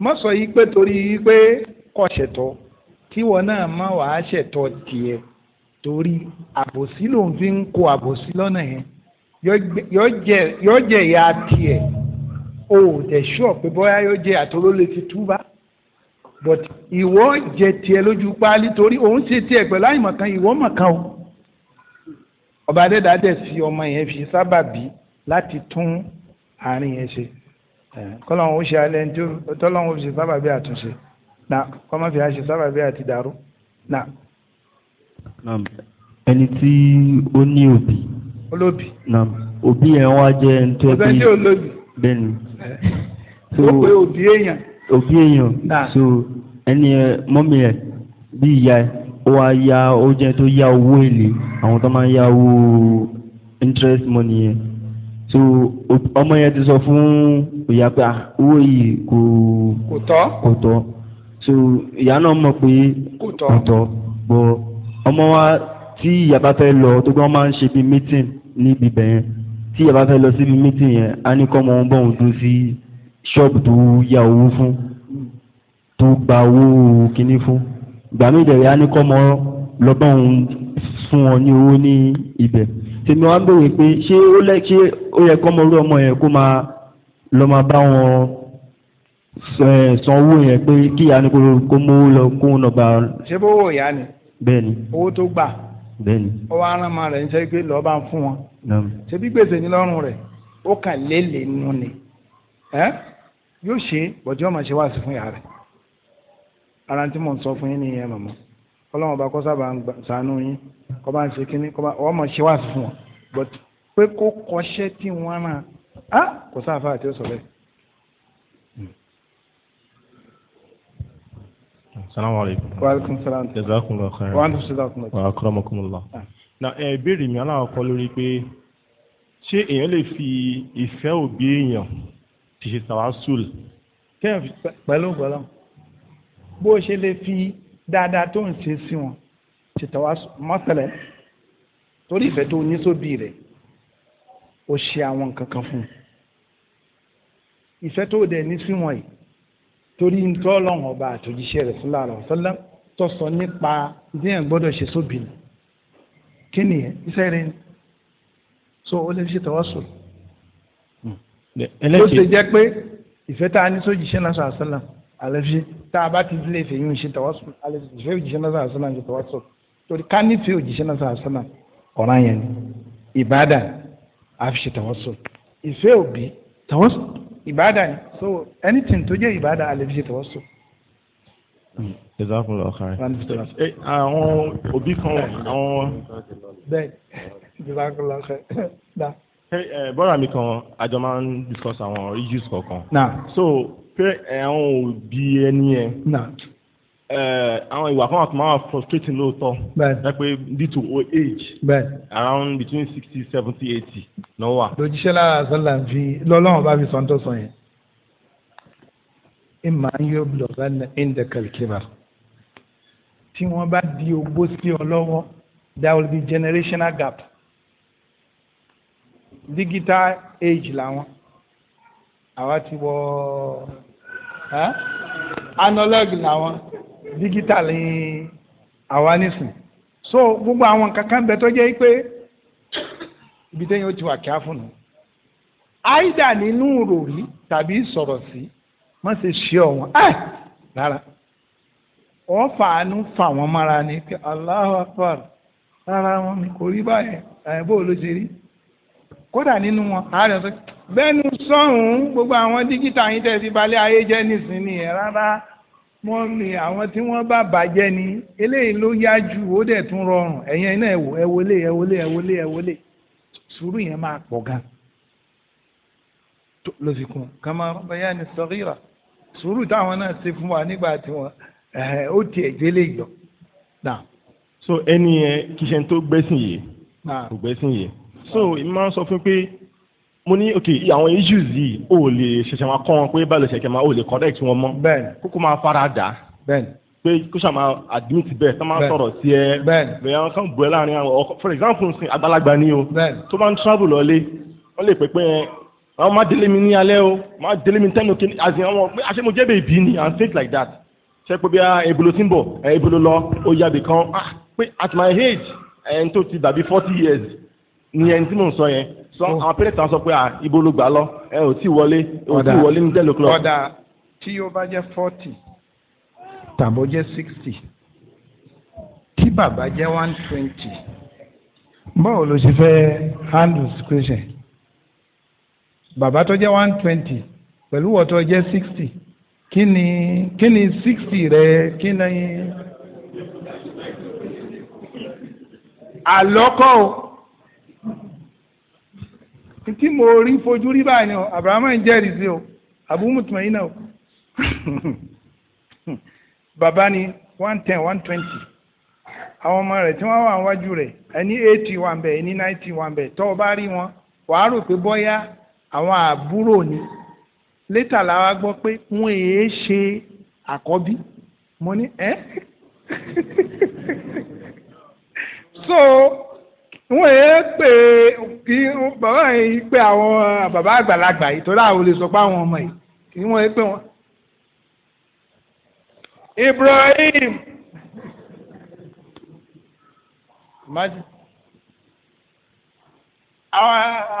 mọ́ sọ yìí pé torí wípé kò ṣẹ̀tọ́ tíwọ náà má wàá ṣẹ̀tọ́ tiẹ̀ torí àbòsí lòun fi ń kó àbòsí lọ́nà yẹn yóò jẹ ìyá tiẹ̀ o ò dẹ̀ ṣọ́ pé bóyá yóò jẹ àtọ́lólè ti túbá but ìwọ jẹ tiẹ lójú páálí torí òun ṣe tiẹ pẹ̀lú àìmọ̀kan ìwọ mọ̀kan o ọba adẹ́dàá dẹ̀ fi ọmọ yẹn fi sábàbí láti tún àárín yẹn ṣe kọ́lọ́hún ó ṣe alẹ́ ní tọ́lọ́hún ó fi sábàbí àtúnṣe na kọ́mọ́ fi àṣe sábàbí àti dàrú na. ẹni tí ó ní òbí. olóbì. òbí yẹn wá jẹ́ ẹni tó ẹbí. bẹ́ẹ̀ ni. ó pe òbí èèyàn òbí èèyàn so ẹni mọ́mí ẹ̀ bí ìyá ẹ̀ ó wá ya ó jẹ́ tó yá owó èlé àwọn tó máa ń owó interest money yẹn so ọmọ yẹn ti sọ fún ìyá pé ah, owó yìí kò kò tọ́ kò tọ́ so ìyá náà mọ̀ pé kò tọ́ bọ̀ ọmọ wa tí ìyá bá fẹ́ lọ tó gbọ́n máa ń ṣe bíi meeting níbi bẹ̀yẹn tí ìyá bá fẹ́ lọ síbi meeting yẹn á ní kọ́ ọmọ wọn bọ̀ wọn dúró sí ṣọ́ọ̀bù tó ya owó fún tó gba owó kínní fún ìgbà mi ìdẹ̀rẹ̀ á ní kọ́ mọ́ lọ́gbọ́n fún ọ ní owó ní ibẹ̀ tèmi wá ń béèrè pé ṣé ó lẹ́ ṣé ó yẹ kọ́ mọ́ orú ọmọ yẹn kó máa lọ máa bá wọn san owó yẹn pé kí ìyá ni kó mú lọ kó ń lọ́gbà. ṣé bó wò ìyá ni. bẹ́ẹ̀ni. owó tó gbà. bẹ́ẹ̀ni. ó wá rán ọmọ rẹ̀ ń ṣe pé lọ́ọ́ bá ń fún wọn. ṣé bí gbèsè ní lọ́rùn rẹ̀ ó kàn lélẹ̀ nù ni. ẹ́ yóò ṣe bọ̀jọ́ máa ṣe wáàsí fún ìyá rẹ̀ ara tí mò ń sọ fún yín nìyẹn màmá ọlọ́run ọba kọ́ sábà ń sànú yín kọ́ bá ń ṣe kínní kọ́ bá ọ́ máa ṣe wáàsí fún wọn but pé kó kọ́ṣẹ́ tí wọ́n rán a kò sáfà àti ó sọ bẹ́ẹ̀. Hmm. salaam. jazakumullah khairan. wa antum ah. na ẹ ìbéèrè mi aláwọ̀ kọ́ lórí pé ṣé èèyàn lè fi ìfẹ́ òbí èèyàn ti ṣe tàwásùl kéèyàn fi pẹ̀lú pẹ̀lú bó ṣe lè fi dáadáa tó ń ṣe sí wọn ti tàwásùl mọ́sẹ̀lẹ̀ torí ìfẹ́ tó ní sóbì rẹ̀ ó ṣe àwọn nǹkan fún un ìfẹ́ tó dẹ̀ ní sí wọn yìí torí ntọ́lọ́hún ọba àtòjíṣẹ́ rẹ̀ fúnra rẹ̀ sọ́lá tó sọ nípa díẹ̀ gbọ́dọ̀ ṣe sóbì kí nìyẹn iṣẹ́ rẹ̀ ni so ó lè fi ṣe tàwásùl ó ṣe jẹ́ pé ìfẹ́ tá a ní sójì ṣẹ́ náà sàásánà àlẹ́fí tá a bá ti dílé ìfẹ́ yìí ń ṣe tọ́wọ́sọ àlẹ́fí ìfẹ́ òjìṣẹ́ náà sàásánà ń ṣe tọ́wọ́sọ torí ká nífẹ̀ẹ́ òjìṣẹ́ náà sàásánà ọ̀ràn yẹn ni ìbádà á fi ṣe tọ́wọ́sọ ìfẹ́ òbí tọ́wọ́sọ ìbádà ni so anything tó jẹ́ ìbádà àlẹ́fí ṣe tọ́wọ́sọ. ìdákùnlé ọ̀kàrẹ́ àwọn òbí kan àwọn. bẹ́ẹ̀ ìdákùnlé dá. Hey, bọ́dà mi kan àjọ máa ń discuss àwọn issues kọ̀ọ̀kan. so pé àwọn òbí ẹni yẹn àwọn ìwà kan àti máa frustrating lóòótọ́ ẹ pé due to old age Bad. around between sixty seventy eighty náà wà. lójíṣẹ́ lára sọ́là fi lọ́lọ́run bá fi sọ́ńtò sọ yẹn. ìmọ̀ ayé obìnrin ọ̀gá ẹ̀ńdẹ̀ kẹ̀lẹ́kẹ̀bà tí wọ́n bá di ogbó sí ọ lọ́wọ́ there will be generational gap. digital age làwọn àwa ti wọ analog làwọn digital ni àwa nísìn so gbogbo àwọn kankan bẹ tó jẹ́ pé ibi tẹ́yìn ó ti wà kíá fún un àìdá nínú ròrí tàbí sọ̀rọ̀ sí má ṣe ṣe ọ̀wọ́n ẹ̀ rárá wọ́n fàánú fà wọ́n mára ni pé Allahu Akbar rárá wọn kò rí báyẹn ẹ̀ bó ló ṣe rí. kódà nínú wọn àárẹ̀ sọ bẹ́ẹ̀nu sọ́hùn gbogbo àwọn dígítà yín tẹ́ fi balẹ̀ ayé jẹ́ nísìnyí rárá wọ́n ní àwọn tí wọ́n bá bàjẹ́ ni eléyìí ló yá ju ó dẹ̀ tún rọrùn ẹ̀yìn iná ẹ̀wò ẹ̀wọlé ẹ̀wọlé ẹ̀wọlé ẹ̀wọlé sùúrù yẹn máa pọ̀ gan ló fi kún kama bẹ́yà ni sọ́ríra sùúrù táwọn náà ṣe fún wa nígbà tí wọ́n ó tiẹ̀ délé yọ. so ẹni yẹn kìsẹ̀ tó gbẹ́sìn yìí kò gbẹ́sìn yìí so èmi máa ń sọ fún pé mo ní ok àwọn issues yìí ò lè ṣẹ̀ṣẹ̀ máa kọ́ wọn pé báyìí ṣẹ̀ṣẹ̀ máa ò lè correct wọn mọ́ bẹ́ẹ̀ni kókó máa fara dà bẹ́ẹ̀ni pé kó ṣáà máa admit bẹ́ẹ̀ tó máa sọ̀rọ̀ sí ẹ bẹ́ẹ̀ni bẹ́ẹ̀ àwọn kan bọ̀ ẹ́ láàrin àwọn ọkọ for example nsìn àgbàlagbà ni o tó máa ń travel lọlé wọ́n lè pè pé àwọn máa délé mi ní alẹ́ o máa délé mi tẹ́nu kí as in àwọn pé àṣẹ mo jẹ́ bèbí ni and things like that ṣe pé bí i ebolo ti ń bọ̀ ebolo lọ ó yàgbé ah pé at my age ẹni tó ti dàbí forty years nìyẹn tí mò ń sọ yẹn sọ oh. àwọn pẹrẹtà sọ pé à ibo ló gbà lọ ẹ ò tí wọlé ò tí wọlé ní ten o'clock. ọ̀dà tí ó bá jẹ́ forty tàbó jẹ́ sixty tí bàbá jẹ́ one twenty báwo ló ṣe fẹ́ handle situation bàbá tó jẹ́ one twenty pẹ̀lú wọ́tọ̀ jẹ́ sixty kí ni sixty rẹ kí ni. àlọ́kọ́ o tí mo rí fojú rí báyìí ni o abrahamu ń jẹ́rìí sí o abu mutmainna o bàbá ni one ten one twenty àwọn ọmọ rẹ̀ tí wọ́n wà níwájú rẹ̀ ẹni eighty wà bẹ̀ ẹni ninety wà bẹ̀ tọ́ ọ bá rí wọn wàá rò pé bọ́yá àwọn àbúrò ni létà làwa gbọ́ pé wọ́n èé ṣe àkọ́bí mo ní ẹ́ so wọ́n yẹ pé kí bàbá yìí pé àwọn bàbá àgbàlagbà yìí tó láwọn olè sọ pé àwọn ọmọ yìí kí wọ́n yẹ pé wọ́n. Ibrahim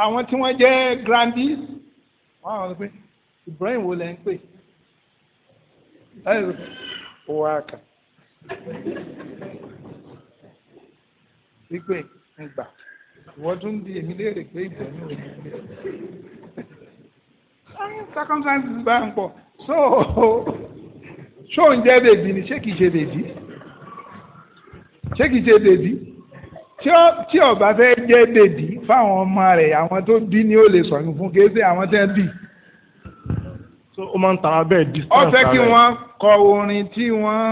àwọn tí wọ́n jẹ́ grandies wọ́n àwọn pé Ibrahim wo lẹ́ ń pè wọ́n á kà wípé ń gbà ìwọ́n tún di èmi léèrè pé ìbẹ̀rù ò ní gbé ah, circumstances bá ń pọ̀ so ṣó ń jẹ́ bèbí ni ṣé kìí ṣe bèbí ṣé kìí ṣe bèbí tí ọba fẹ́ jẹ́ bèbí fáwọn ọmọ rẹ̀ àwọn tó bí ni ó lè sọ̀rọ̀ fún kéésì àwọn tẹ́ bí so ó máa ń tara bẹ́ẹ̀ distance rẹ̀. ó fẹ́ kí wọ́n kọ orin tí wọ́n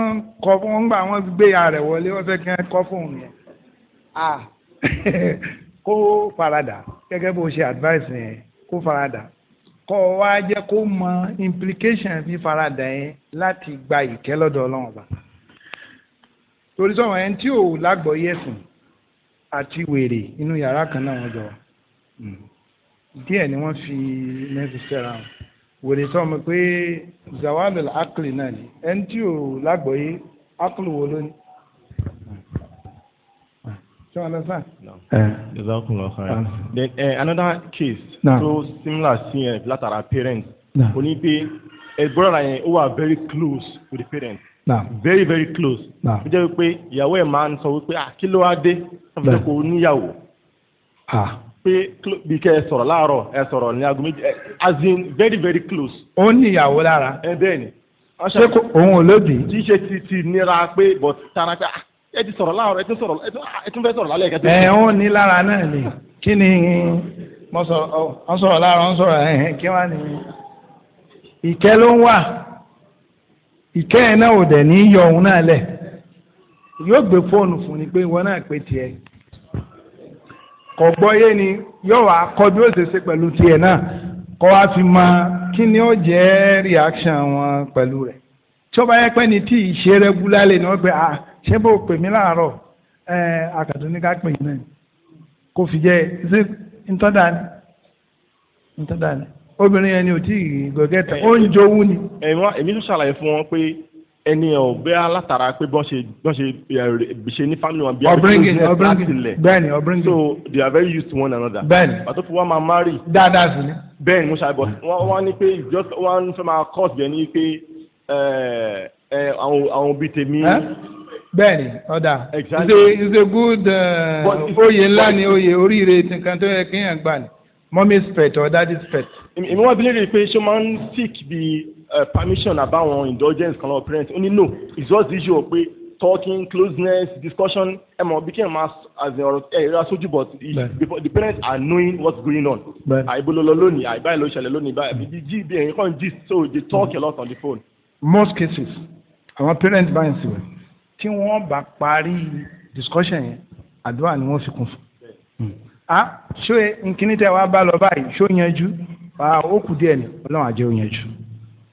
kọ fún wọn gbà wọ́n gbé ya rẹ̀ wọlé ó kí wọ́n kọ fún òun yẹn. Ah, kó faradà gẹ́gẹ́ bó ṣe advice yẹn kó faradà kọ́ ọ wá jẹ́ kó mọ implication fi faradà yẹn láti gba ìkẹ́ lọ́dọ̀ ọlọ́run ọba torí sọ̀rọ̀ ẹni tí ò lágbọ̀ọ́ yẹ̀sìn àti wèrè inú yàrá kan náà wọ́n jọ hmm. díẹ̀ ni wọ́n fi mẹ́sì sẹ́ra wọn wèrè sọ mi pé zawalul akli náà ni ẹni tí ò lágbọ̀ọ́ yẹ akli wo lónìí. So understand? No. Uh, then uh, another case no. so similar sí ẹ látara parents. No. o ní pé ẹ̀gbọ́n ra yẹn ó wà very close to the parents. No. very very close. ó jẹ́ pé ìyàwó ẹ̀ we ń sọ wípé ah, kí a wá dé ṣàfihàn kò níyàwó. pé ah. bí kẹ́ ẹ sọ̀rọ̀ láàárọ̀ ẹ sọ̀rọ̀ ní aago méjì eh, as in very very close. ó ní ìyàwó lára. ẹ eh, bẹ́ẹ̀ ni. ṣé òun ò lóbi. tí ṣe ti ti nira pé but tara pé ah ẹ ti sọ̀rọ̀ láàárọ̀ ẹ ti sọ̀rọ̀ ah, ẹ tún fẹ́ sọ̀rọ̀ lálẹ́ kẹtẹ. ẹ ń ní lára náà ni kí ni mo sọ ọ sọ̀rọ̀ láàárọ̀ ọ sọ̀rọ̀ ẹ kí wàá ní. ìkẹ́ ló ń wà ìkẹ́ ẹ náà ò dẹ̀ ní yọ òun náà lẹ̀ yóò gbé fóònù fún ni pé ìwọ náà pé tiẹ̀ kò gbọ́ yé ni yóò wá kọ́ bí ó ṣe ṣe pẹ̀lú tiẹ̀ náà kó wá fi mọ kí ni ó jẹ́ reaction wọn pẹ̀lú rẹ̀ tí ó bá yẹ pé ni tí ì ṣe rẹ́gúlálẹ̀ ni wọ́n pe ah ṣé bó pè mí láàárọ̀ ẹ àkàtúndì ká pè yín náà kò fi jẹ ṣé ntọ́dà ni ntọ́dà ni obìnrin yẹn ni ò tí ì gọ̀gẹ́ tán ó ń jowú ni. èmi tún ṣàlàyé fún wọn pé ẹni ẹ ò bẹ́ẹ̀ látara pé bọ́n ṣe bọ́n ṣe ṣe ní family wọn bí i ọbringin ọbringin bẹ́ẹ̀ni ọbringin so they are very used to one another bẹ́ẹ̀ni pàtó fún wọn máa marry dáadáa sí ni bẹ́ẹ̀ni mo ṣàbọ̀ wọ́n ní pé wọ́n fẹ́ máa cause bẹ́ẹ̀ ni pé àwọn òbí tèmi bẹ́ẹ̀ni ọdà ṣe ṣe good uh, oyè ńlá ni oyè oríire nǹkan tó yẹ kéèyàn gbà ní mommy's pet or daddy's pet. èmi wọ́n believe pé ṣé máa ń seek bí uh, permission about indulgence kan lọ́wọ́ parents only no it's just the issue of pé talking closeness discussion ẹ mọ̀ bí kéèyàn máa as in ọ̀rọ̀ ẹ ra sójú but before the parents are knowing what's going on. àìbololọ lónìí àìbáyìí ló ṣẹlẹ̀ lónìí báyìí bí gb kan gist so they talk a lot on the phone. most cases our parents buy ń sìn tí wọ́n bá parí discussion yẹn àdúrà ni wọ́n fi kún fún. Hmm. a ṣó e nkíní tẹ wàá bá lọ báyìí ṣó yanjú ó kù díẹ̀ ni ọlọ́run àjẹ́ ò yanjú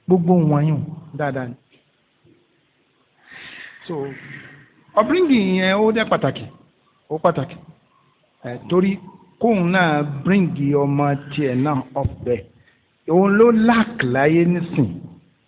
gbogbo wọn yùn dáadáa ni. so ọ̀bíríngì yẹn ó dẹ́ pàtàkì ó pàtàkì ẹ̀ torí kóun náà bíríngì ọmọ tiẹ̀ náà ọ̀bẹ̀ òun ló láàkì láyé nísìn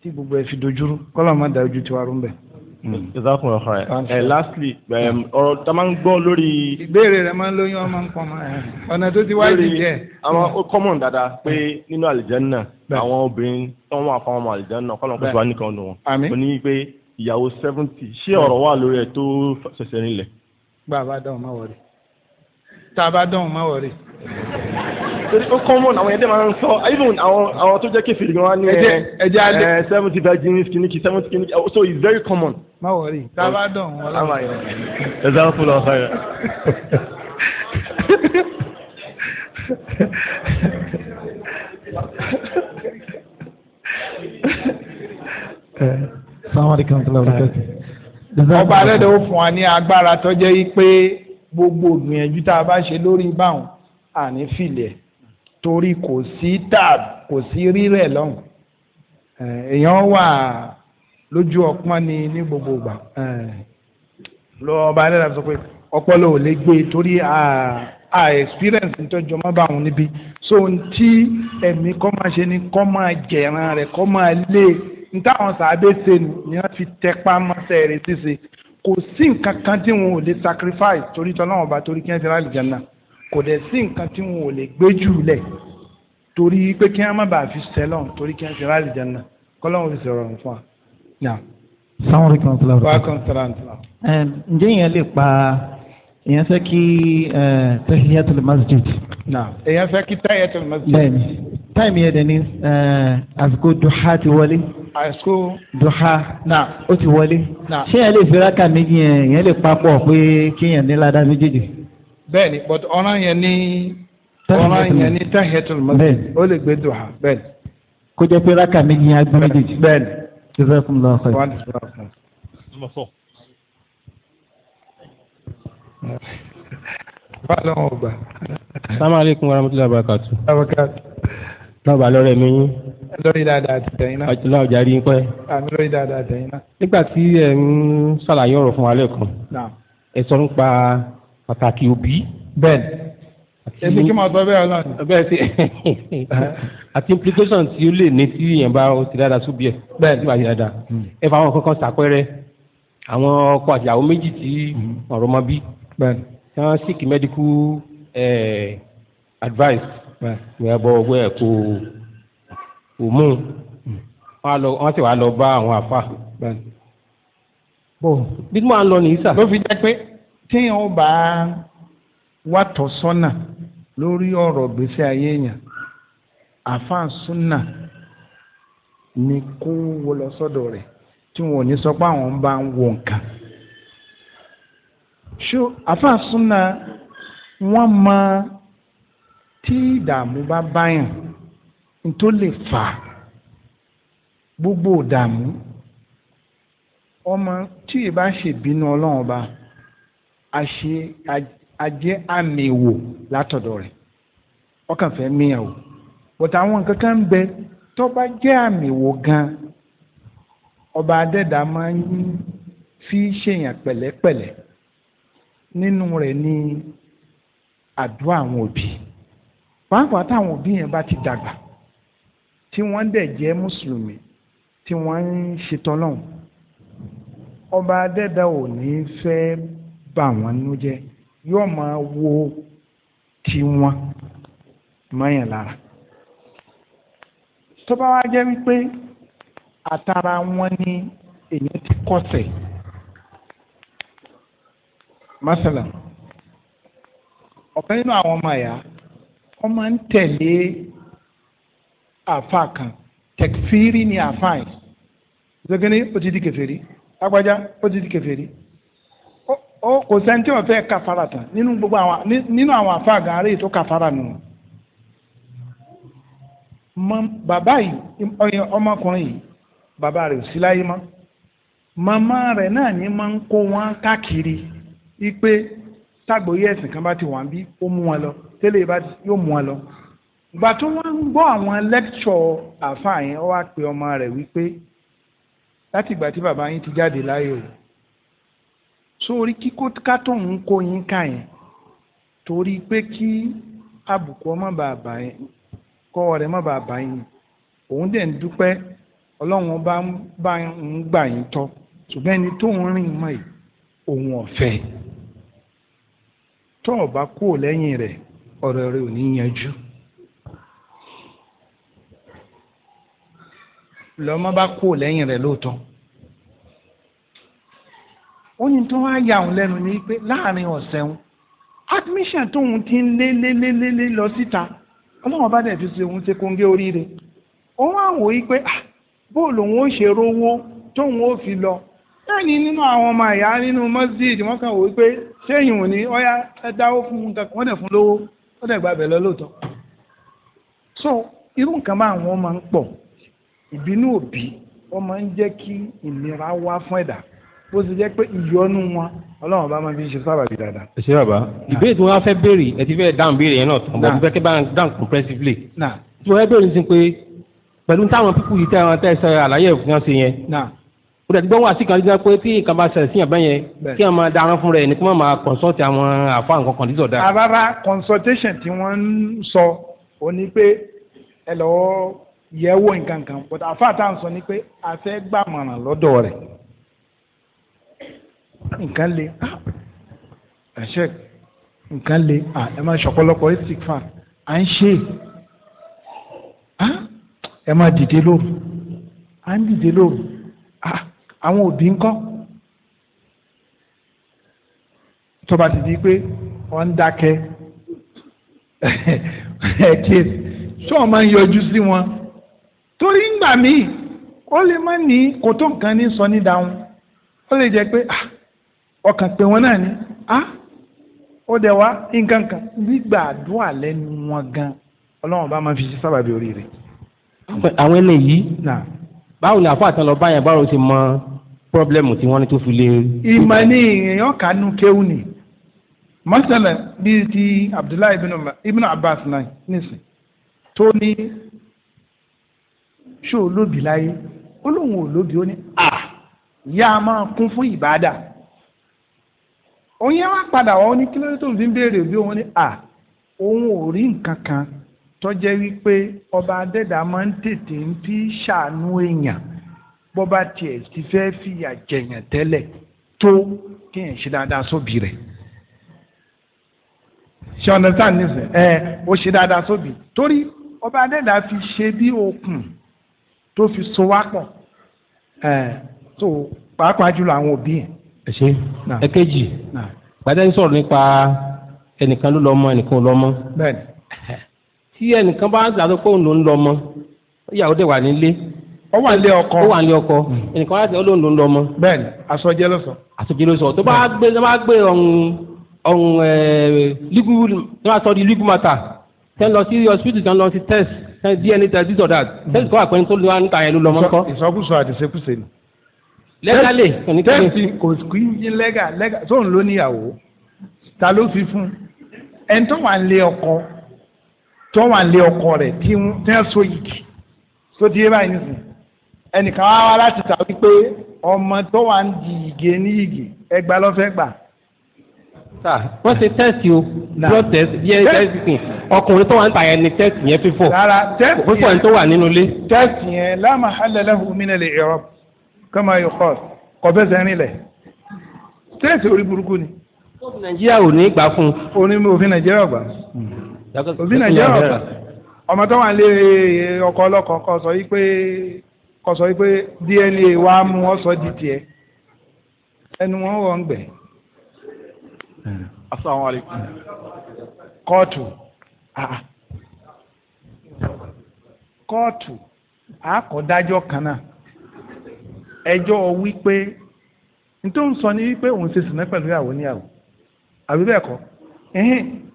tí gbogbo ẹ̀ fi dojúrú kọ́lọ́ má da ojú tiwa rú bẹ́ẹ̀. ìzákùn ọ̀hún ẹ̀ ẹ̀ lastly um, ọ̀rọ̀ tá a máa ń gbọ́ lórí. ìbéèrè rẹ máa ń lóyún ọmọ nǹkan mọ ẹ ọ̀nà tó ti wáyé jẹ. àwọn ó mm. kọ́mọ̀n dáadáa pé nínú àlìjẹ́nà àwọn obìnrin tó ń wà fún àwọn àlìjẹ́nà kọ́nà kó tó wà nìkan nù wọn. mo pé ìyàwó seventy ṣé ọ̀rọ̀ wà lórí ẹ̀ tó ṣẹ̀ṣẹ̀ nílẹ̀. gbà bá dáhùn má wọlé tá a bá dọ̀hún má wọlé. torí ó kọ́ mọ́ àwọn ẹ̀dẹ́ máa ń sọ even àwọn àwọn tó jẹ́ kẹfìrì gan wa ní ẹ seventy virgin kìnnìkì seventy kìnnìkì so it's very common. má wọlé tá a bá dọ̀hún wọlé. àmà yẹn ẹ sáà fún lọ fẹ́ ọba alẹ́ dẹ̀ fún wa ní agbára tó jẹ́ pé gbogbo ìgbìyànjú tá a bá ṣe lórí báwọn àní filẹ̀ torí kò sí tà kò sí rírẹ̀ lọ́hùn èèyàn wà lójú ọpọ́n ni ní gbogbo ìgbà lọ́wọ́ ọba ẹlẹ́dàá sọ pé ọpọlọ ò lè gbé torí a experience nítọ́jú ọmọ bá wọn níbí so tí ẹ̀mí kọ́ máa ṣe ni kọ́ máa jẹ̀ran rẹ̀ kọ́ máa lé ní táwọn sàábé ṣe ni wọ́n fi tẹpá mọ́sẹ̀ rẹ̀ ṣíṣe kò sí nǹkan kan tí wọn ò lè sacrifice torí tọ́lọ́wọ́n ọba torí kí wọ́n ti rà àlùjánnà kò dẹ̀ sí nǹkan tí wọn ò lè gbé jù lẹ̀ torí pé kí wọ́n má bàa fi sẹ́lọ̀n torí kí wọ́n ti rà àlùjánnà kọ́lọ́wọ́n fi sọ̀rọ̀ fún wa. sáwọn orí kan tila rẹ kan tila rẹ. ǹjẹ́ ìyẹn lè pa ìyẹn fẹ́ kí eh, tahiyatul masjid. èèyàn fẹ́ kí tahiyatul masjid. bẹ́ẹ̀ni táìmì yẹn dẹ̀ ni àsìkò duha ti wọlé. àsìkò. duha. na O ti wọlé. na ṣé yẹn lè fi rákà méjì yẹn yẹn lè papọ̀ pé kéèyàn ní ládàá méjèèjì. bẹ́ẹ̀ni but ọ̀ràn yẹn ní ọ̀ràn yẹn ní tahiyatul masjid ó lè gbé duha bẹ́ẹ̀ni. kó jẹ́ pé rákà méjì yẹn á gbé méjèèjì. bẹ́ẹ̀ni. jazakumullahu khairan. Wa alaikum warahmatullahi wabarakatuh tọ́ba lọ́rẹ́ mi yín. lórí dáadáa ti tẹ̀yìn náà. ọjọ́ ọjà rí ń pẹ́. àmì lórí dáadáa tẹ̀yìn náà. nígbà tí ẹ ń ṣàlàyé ọ̀rọ̀ fún wa lẹ́ẹ̀kan. ẹ sọ nípa pàtàkì òbí. bẹ́ẹ̀ni. èmi kí mo sọ bẹ́ẹ̀ ọlọ́run. bẹ́ẹ̀ sí àti implication tí ó lè ní tí èèyàn bá ti dáadáa sóbì ẹ̀. bẹ́ẹ̀ni bá ti dáadáa. Hmm. ẹ fa àwọn kankan ṣàpẹẹrẹ àwọn ọkọ àti àwọn méjì tí hmm. ọ̀rọ̀ mọ bí. bẹ́ẹ̀ni. wọ́n seek medical eh, advice. wẹ́ẹ́ bọ́ ọwọ́ ẹ̀ kó o mú wọ́n sì wá lọ bá àwọn àfa. bó bí mo à ń lọ nìyí sà. ló fi jẹ́ pé téèyàn ó bá wà tọ́ sọ́nà lórí ọ̀rọ̀ gbèsè ayé èèyàn àfa súnà ni kó wọ lọ sọ́dọ̀ rẹ̀ tí wọn ò ní sọ pé àwọn bá ń wọ nǹkan. ṣó àfa súnà wọ́n máa. tí ìdààmú bá báyàn ní tó lè fà á gbogbo ìdààmú ọmọ tí ì bá ṣèbínú ọlọ́run ọba àṣe ajẹ́ àmì ìwò látọ̀dọ̀ rẹ̀ ọkàn fẹ́ mìíràn o bọ̀tà àwọn nǹkan kan ń bẹ tó bá jẹ́ àmì ìwò gan ọba adẹ́dàá máa ń fi ṣèyàn pẹ̀lẹ́pẹ̀lẹ́ nínú rẹ̀ ní àdúrà àwọn òbí pàápàá táwọn òbí yẹn bá ti dàgbà tí wọ́n dẹ̀ jẹ́ mùsùlùmí tí wọ́n ń ṣetán lọ́hùn ọba adẹ́dà ò ní fẹ́ bà wọ́n nú jẹ́ yóò máa wo tiwọn mọ́yàn lára tó bá wá jẹ́ wípé àtàrà wọn ni èyí ti kọsẹ̀ masala ọ̀kan nínú àwọn ọmọ ẹ̀yà wọ́n máa ń tẹ̀lé àfa kan tẹ̀kfírí ni àfa yìí zogene ó ti di kèfèrí agbájá ó ti di kèfèrí ó kò sẹ́ni tí wọ́n fẹ́ kàfàrà tán nínú gbogbo àwọn nínú àwọn àfa gan aráyè tó kàfàrà nù. bàbá yìí ọmọkùnrin yìí bàbá rẹ̀ ò sí láyé mọ́ màmá rẹ̀ náà ni máa ń kó wọn káàkiri wípé tágbóyè ẹ̀sìn kan bá ti wà ń bí ó mú wọn lọ tẹ́lẹ̀ bá yóò mú wọn lọ ìgbà tó wọ́n ń gbọ́ àwọn lẹ́kṣọ̀ àfáà yẹn ó wá pe ọmọ rẹ̀ wípé láti ìgbà tí bàbá yín ti jáde láyé o sórí kíkó kátó ń kó yín ká yẹn torí pé kí àbùkù ọmọ bàbá yẹn kọ́ ọ̀rẹ́ mọ́ bàbá yín òun dẹ̀ ń dúpẹ́ ọlọ́run bá bá ń gbà yín tọ́ ṣùgbọ́n ẹni tó rìn mọ́ yìí òun ọ̀fẹ́ tọ́ ọ̀ bá kúrò lẹ́yìn rẹ̀ ọ̀rọ̀ rẹ ò ní yanjú. lọ́mọ bá kú lẹ́yìn rẹ̀ lóòótọ́ ó ní tó wá yà òun lẹ́nu ni pé láàrin ọ̀sẹ̀ òun admission tóun ti ń lé lé lé lé lé lọ síta ọlọ́run bá dẹ̀ fi ṣe òun ṣe kóńgé oríire òun á wò yí pé ah, bóòlù òun ó ṣe rówó tóun ó fi lọ lẹ́ni nínú àwọn ọmọ ẹ̀yà nínú mọ́sídìí wọ́n kàn wò pé ṣéyìn òní ọ̀yá ẹ dáwó fún un kankan wọ́n dẹ̀ fún lówó ó dẹ̀ gbàgbẹ́ lọ lóòótọ́ so irú nǹkan máa wọn máa ń pọ̀ ìbínú òbí wọ́n máa ń jẹ́ kí ìnira wá fún ẹ̀dá bó ti jẹ́ pé ìyọnu wọn ọlọ́run bá máa fi ṣe sábàbí dáadáa. ẹ ṣe bàbá ìbéèrè tí wọ́n fẹ́ béèrè ẹ ti fẹ́ dáhùn béèrè yẹn náà tán bọ́ọ̀ fẹ́ kí bá dáhùn comprehensively. tí wọ́n fẹ́ béèrè ní sin pé pẹ̀lú táwọn pípù yìí tẹ́ àwọn tẹ́ ẹ sọ àlàyé ẹ̀fọ́ yẹn o dẹ̀ ti gbọ́n wá sí kan dídá pé tí nǹkan bá ṣẹlẹ̀ síyàn bẹ́yẹn kí wọ́n máa darán fún rẹ̀ ní kí wọ́n máa consult àwọn àfa nǹkan kan dídọ̀ dá. àràrà consultation tí wọ́n ń sọ ò ní pé ẹ lọ́wọ́ yẹ wo nǹkan kan but àfa tá à ń sọ ni pé a fẹ́ gbàmọ̀ràn lọ́dọ̀ rẹ̀ nǹkan le ah! ẹ̀ṣẹ̀ nǹkan le ah! ẹ máa ṣọ̀pọ̀lọpọ̀ ẹ̀ sì fà à ń ṣe ah! ẹ máa dìde lóru à ń dìde lóru ah àwọn òbí ń kọ́ tọba ti di pé wọ́n ń dákẹ́ ẹ̀ kíyèsí tí wọ́n máa ń yọjú sí wọn torí ńgbà míì ó lè má ní kò tó nǹkan ní sọ ní dáhùn ó lè jẹ́ pé ọkàn pé wọn náà ni ó dẹ̀ wá nǹkan kan gbígbà àdúrà lẹ́nu wọn gan ọlọ́run bá máa fi ṣe sábàbí oríire. àwọn ẹni yìí báwo ni àfọ àtàn lọ báyẹn báwo ti mọ pọ́blẹ́mù tí wọ́n ní tó fi lé. ìmọ̀ ni èèyàn kànú kéwù ni mọ́sálẹ̀ bíi ti abdullahi ibn abbas náà nísìn tó ní ṣó lóbi láyé ó lóun ò lóbi ó ní à yá a máa kún fún ìbádà òun yẹn wá padà wọ́n ní kílódé tó ń béèrè bí òun ní à òun ò rí nǹkan kan tó wípé ọba adẹ́dàá máa ń tètè ń fi ṣàánú èèyàn bọ́ba tiẹ̀ ti fẹ́ fìyà jẹ̀yàn tẹ́lẹ̀ tó kéèyàn ṣe dáadáa sóbì rẹ̀ ṣe ọ̀nà sáà nísìn ẹ ó ṣe dáadáa sóbì torí ọba adẹ́dà fi ṣe bí okùn tó fi so wá pọ̀ ẹ tó pàápàá jùlọ àwọn òbí yẹn. ẹ ṣe èkejì gbadé ń sọ̀rọ̀ nípa ẹnìkan ló lọ mọ ẹnìkan ò lọ mọ. bẹ́ẹ̀ni. tí ẹnìkan bá gbàdúrà pé òun ló ń lọ mọ ìyàwó dẹ̀ wà nílé ó wà nílé ọkọ ó wà nílé ọkọ hmm. ẹnìkan láti olóńdó ń lọ ọmọ. bẹ́ẹ̀ni asọjẹ ló sọ. asọjẹ ló sọ tó bá gbé tó bá gbé ọ̀hún ọ̀hún ẹ̀ẹ́ lígù tó bá sọ di lígù mata tẹ́ ń lọ sí hospital tẹ́ ń lọ sí test tẹ́ DNA test this or that hmm. test kọ́ àpẹẹrẹ tó lọ́wọ́ níta yẹn ló lọ́mọ kọ́. ìsọkúsọ àdìsẹ́kùsẹ́ ni. lẹ́gàlè tẹ́ǹtì kò kí ń yín lẹ́gà lẹ́gà tóun ló níyàwó ta ló fi fún ẹni tó wà ń lé ọkọ tó wà ń lé ọkọ rẹ̀ tí wọ́n so yìí tó di ẹ báyìí nìsín ẹnìkan wá wá láti ta wípé ọmọ tó wà ń di ìgè ní ìgè ẹgbàá lọ́fẹ́ gbà. wọ́n ṣe tẹ́sì o blood test bí ẹ ẹ ọkùnrin tó wà ń ta yẹn ni tẹ́sì yẹn fífọ̀ fífọ̀ ẹni tó wà nínú ilé. tẹ́sì yẹn la mahalla lahu min al-i'rab kama yuqal kọ̀bẹ́sẹ̀ rinlẹ̀ tẹ́sì orí burúkú ni. nàìjíríà ò ní gbà fún un. oní òfin nàìjíríà gbà òfin nàìjíríà gbà ọmọ tó wà ń lé ọkọ ọlọ́kọ kọ sọ yìí pé kó sọ DNA wa mú ọ sọ di tiẹ̀ ẹnu wọn wọ̀ ń gbẹ. asalaamualeykum. kóòtù ah, ah. kóòtù àkọ́dájọ́ kan náà ẹjọ́ wípé nítorí òun sọ ni wípé òun ṣe pẹ̀lú ìyàwó níyàwó àbí bẹ́ẹ̀ kọ́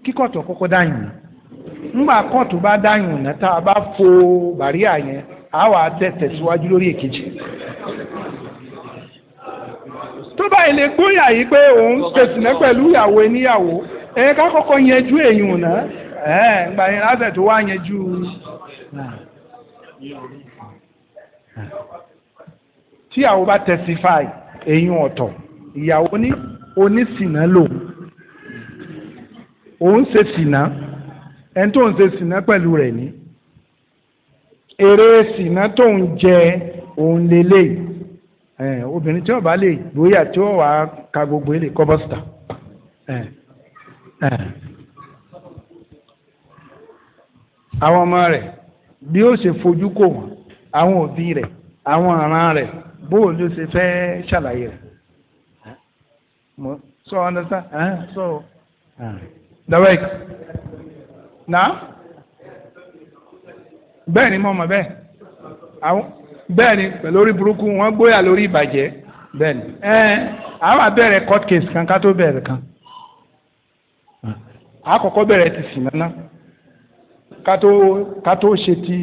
kí kóòtù kọ́kọ́ nígbà kóòtù bá náà tá a bá fo a wà á tẹ̀ tẹ̀síwájú lórí èkejì tó báyìí lè gbóyà yìí pé òun tẹ̀sínẹ́ pẹ̀lú ìyàwó eníyàwó ẹ̀ ká kọ́kọ́ yanjú èyàn náà ẹ̀ gbà yẹn láti tó wá yanjú. tíyàwó bá testify èyàn ọ̀tọ̀ ìyàwó ní onísìnà lò òun ṣe sìnà ẹni tó ń ṣe sìnà pẹ̀lú rẹ̀ ni. eré sìnà tó ń jẹ òun lélẹ́yìí obìnrin tí wọ́n bá lè gbóyà tí wọ́n wàá ka gbogbo ilé kọ́bọ́sítà. àwọn ọmọ rẹ̀ bí ó ṣe fojú kò wọ́n àwọn òbí rẹ̀ àwọn ọ̀ràn rẹ̀ bóò ló ṣe fẹ́ ṣàlàyé rẹ̀ so understand so dabek na. bẹ́ẹ̀ ni mo mọ̀ bẹ́ẹ̀ àwọn bẹ́ẹ̀ ni pẹ̀lú orí burúkú wọ́n gbóyà lórí ìbàjẹ́ bẹ́ẹ̀ ni ẹ àwọn abẹ́rẹ́ court case kan ká tó bẹ̀rẹ̀ kan àkọ́kọ́ bẹ̀rẹ̀ ti sì nánà ká tó ká tó ṣe ti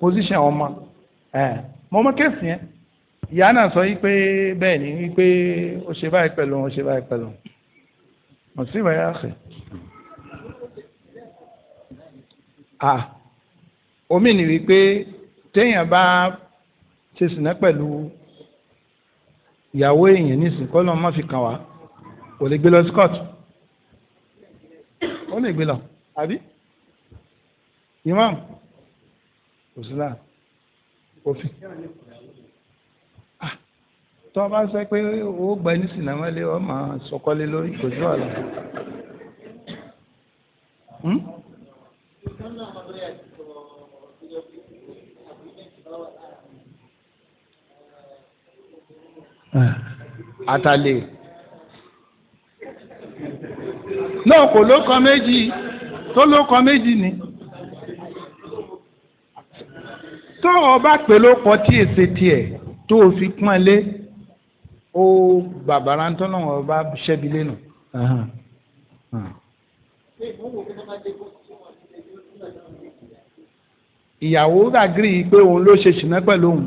position ọmọ ẹ mo mọ kéèsì yẹn ìyá náà sọ yìí pé bẹ́ẹ̀ ni yìí pé ó ṣe báyìí pẹ̀lú ó ṣe báyìí pẹ̀lú ọ̀sìn ìbáyà ṣe omi ni wípé téèyàn bá ṣe sìnà pẹ̀lú ìyàwó èèyàn nísìn kọ́ lọ́n má fi kàn wá kò lè gbé lọ sí ó lè gbé lọ àbí imam kò sí láà òfin ah, tó bá sọ pé ó gbẹ ní sinimá lé ọ máa sọkọlé lórí kò sí wàhálà. Hmm? Eh. àtàlè náà kò lóko méjì tó lóko méjì ni tó o bá pè lóko tí èsè tiẹ̀ tó o fi pọ́n lé ó bàbára ń tọ́nà wọn bá ṣẹ́bi lẹ́nu. ìyàwó àgírí pé òun ló ṣe ṣìnà pẹ̀lú òun.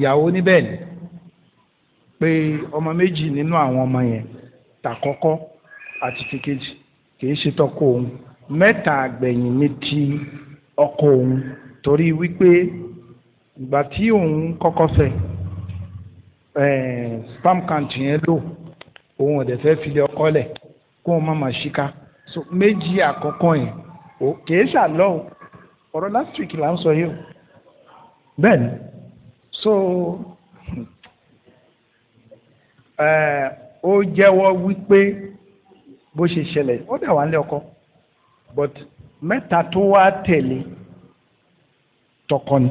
ìyàwó níbẹ̀ ni pé ọmọ méjì nínú àwọn ọmọ yẹn tàkọ́kọ́ àti ti kejì kìí ṣe tọkọ òun mẹ́ta àgbẹ̀yìn ní ti ọkọ òun torí wípé ìgbà tí òun kọ́kọ́ fẹ́ spam count yẹn lò òun ò dẹ̀ fẹ́ filẹ̀ ọkọ lẹ̀ kó o má máa ṣíká so méjì àkọ́kọ́ yẹn kìí ṣàlọ́ ọ̀rọ̀ last week là ń sọ yìí o bẹ́ẹ̀ ni so ó jẹ́wọ́ wípé bó ṣe ṣẹlẹ̀ ó dà wá nílé ọkọ but mẹ́ta tó wá tẹ̀lé tọkọ ni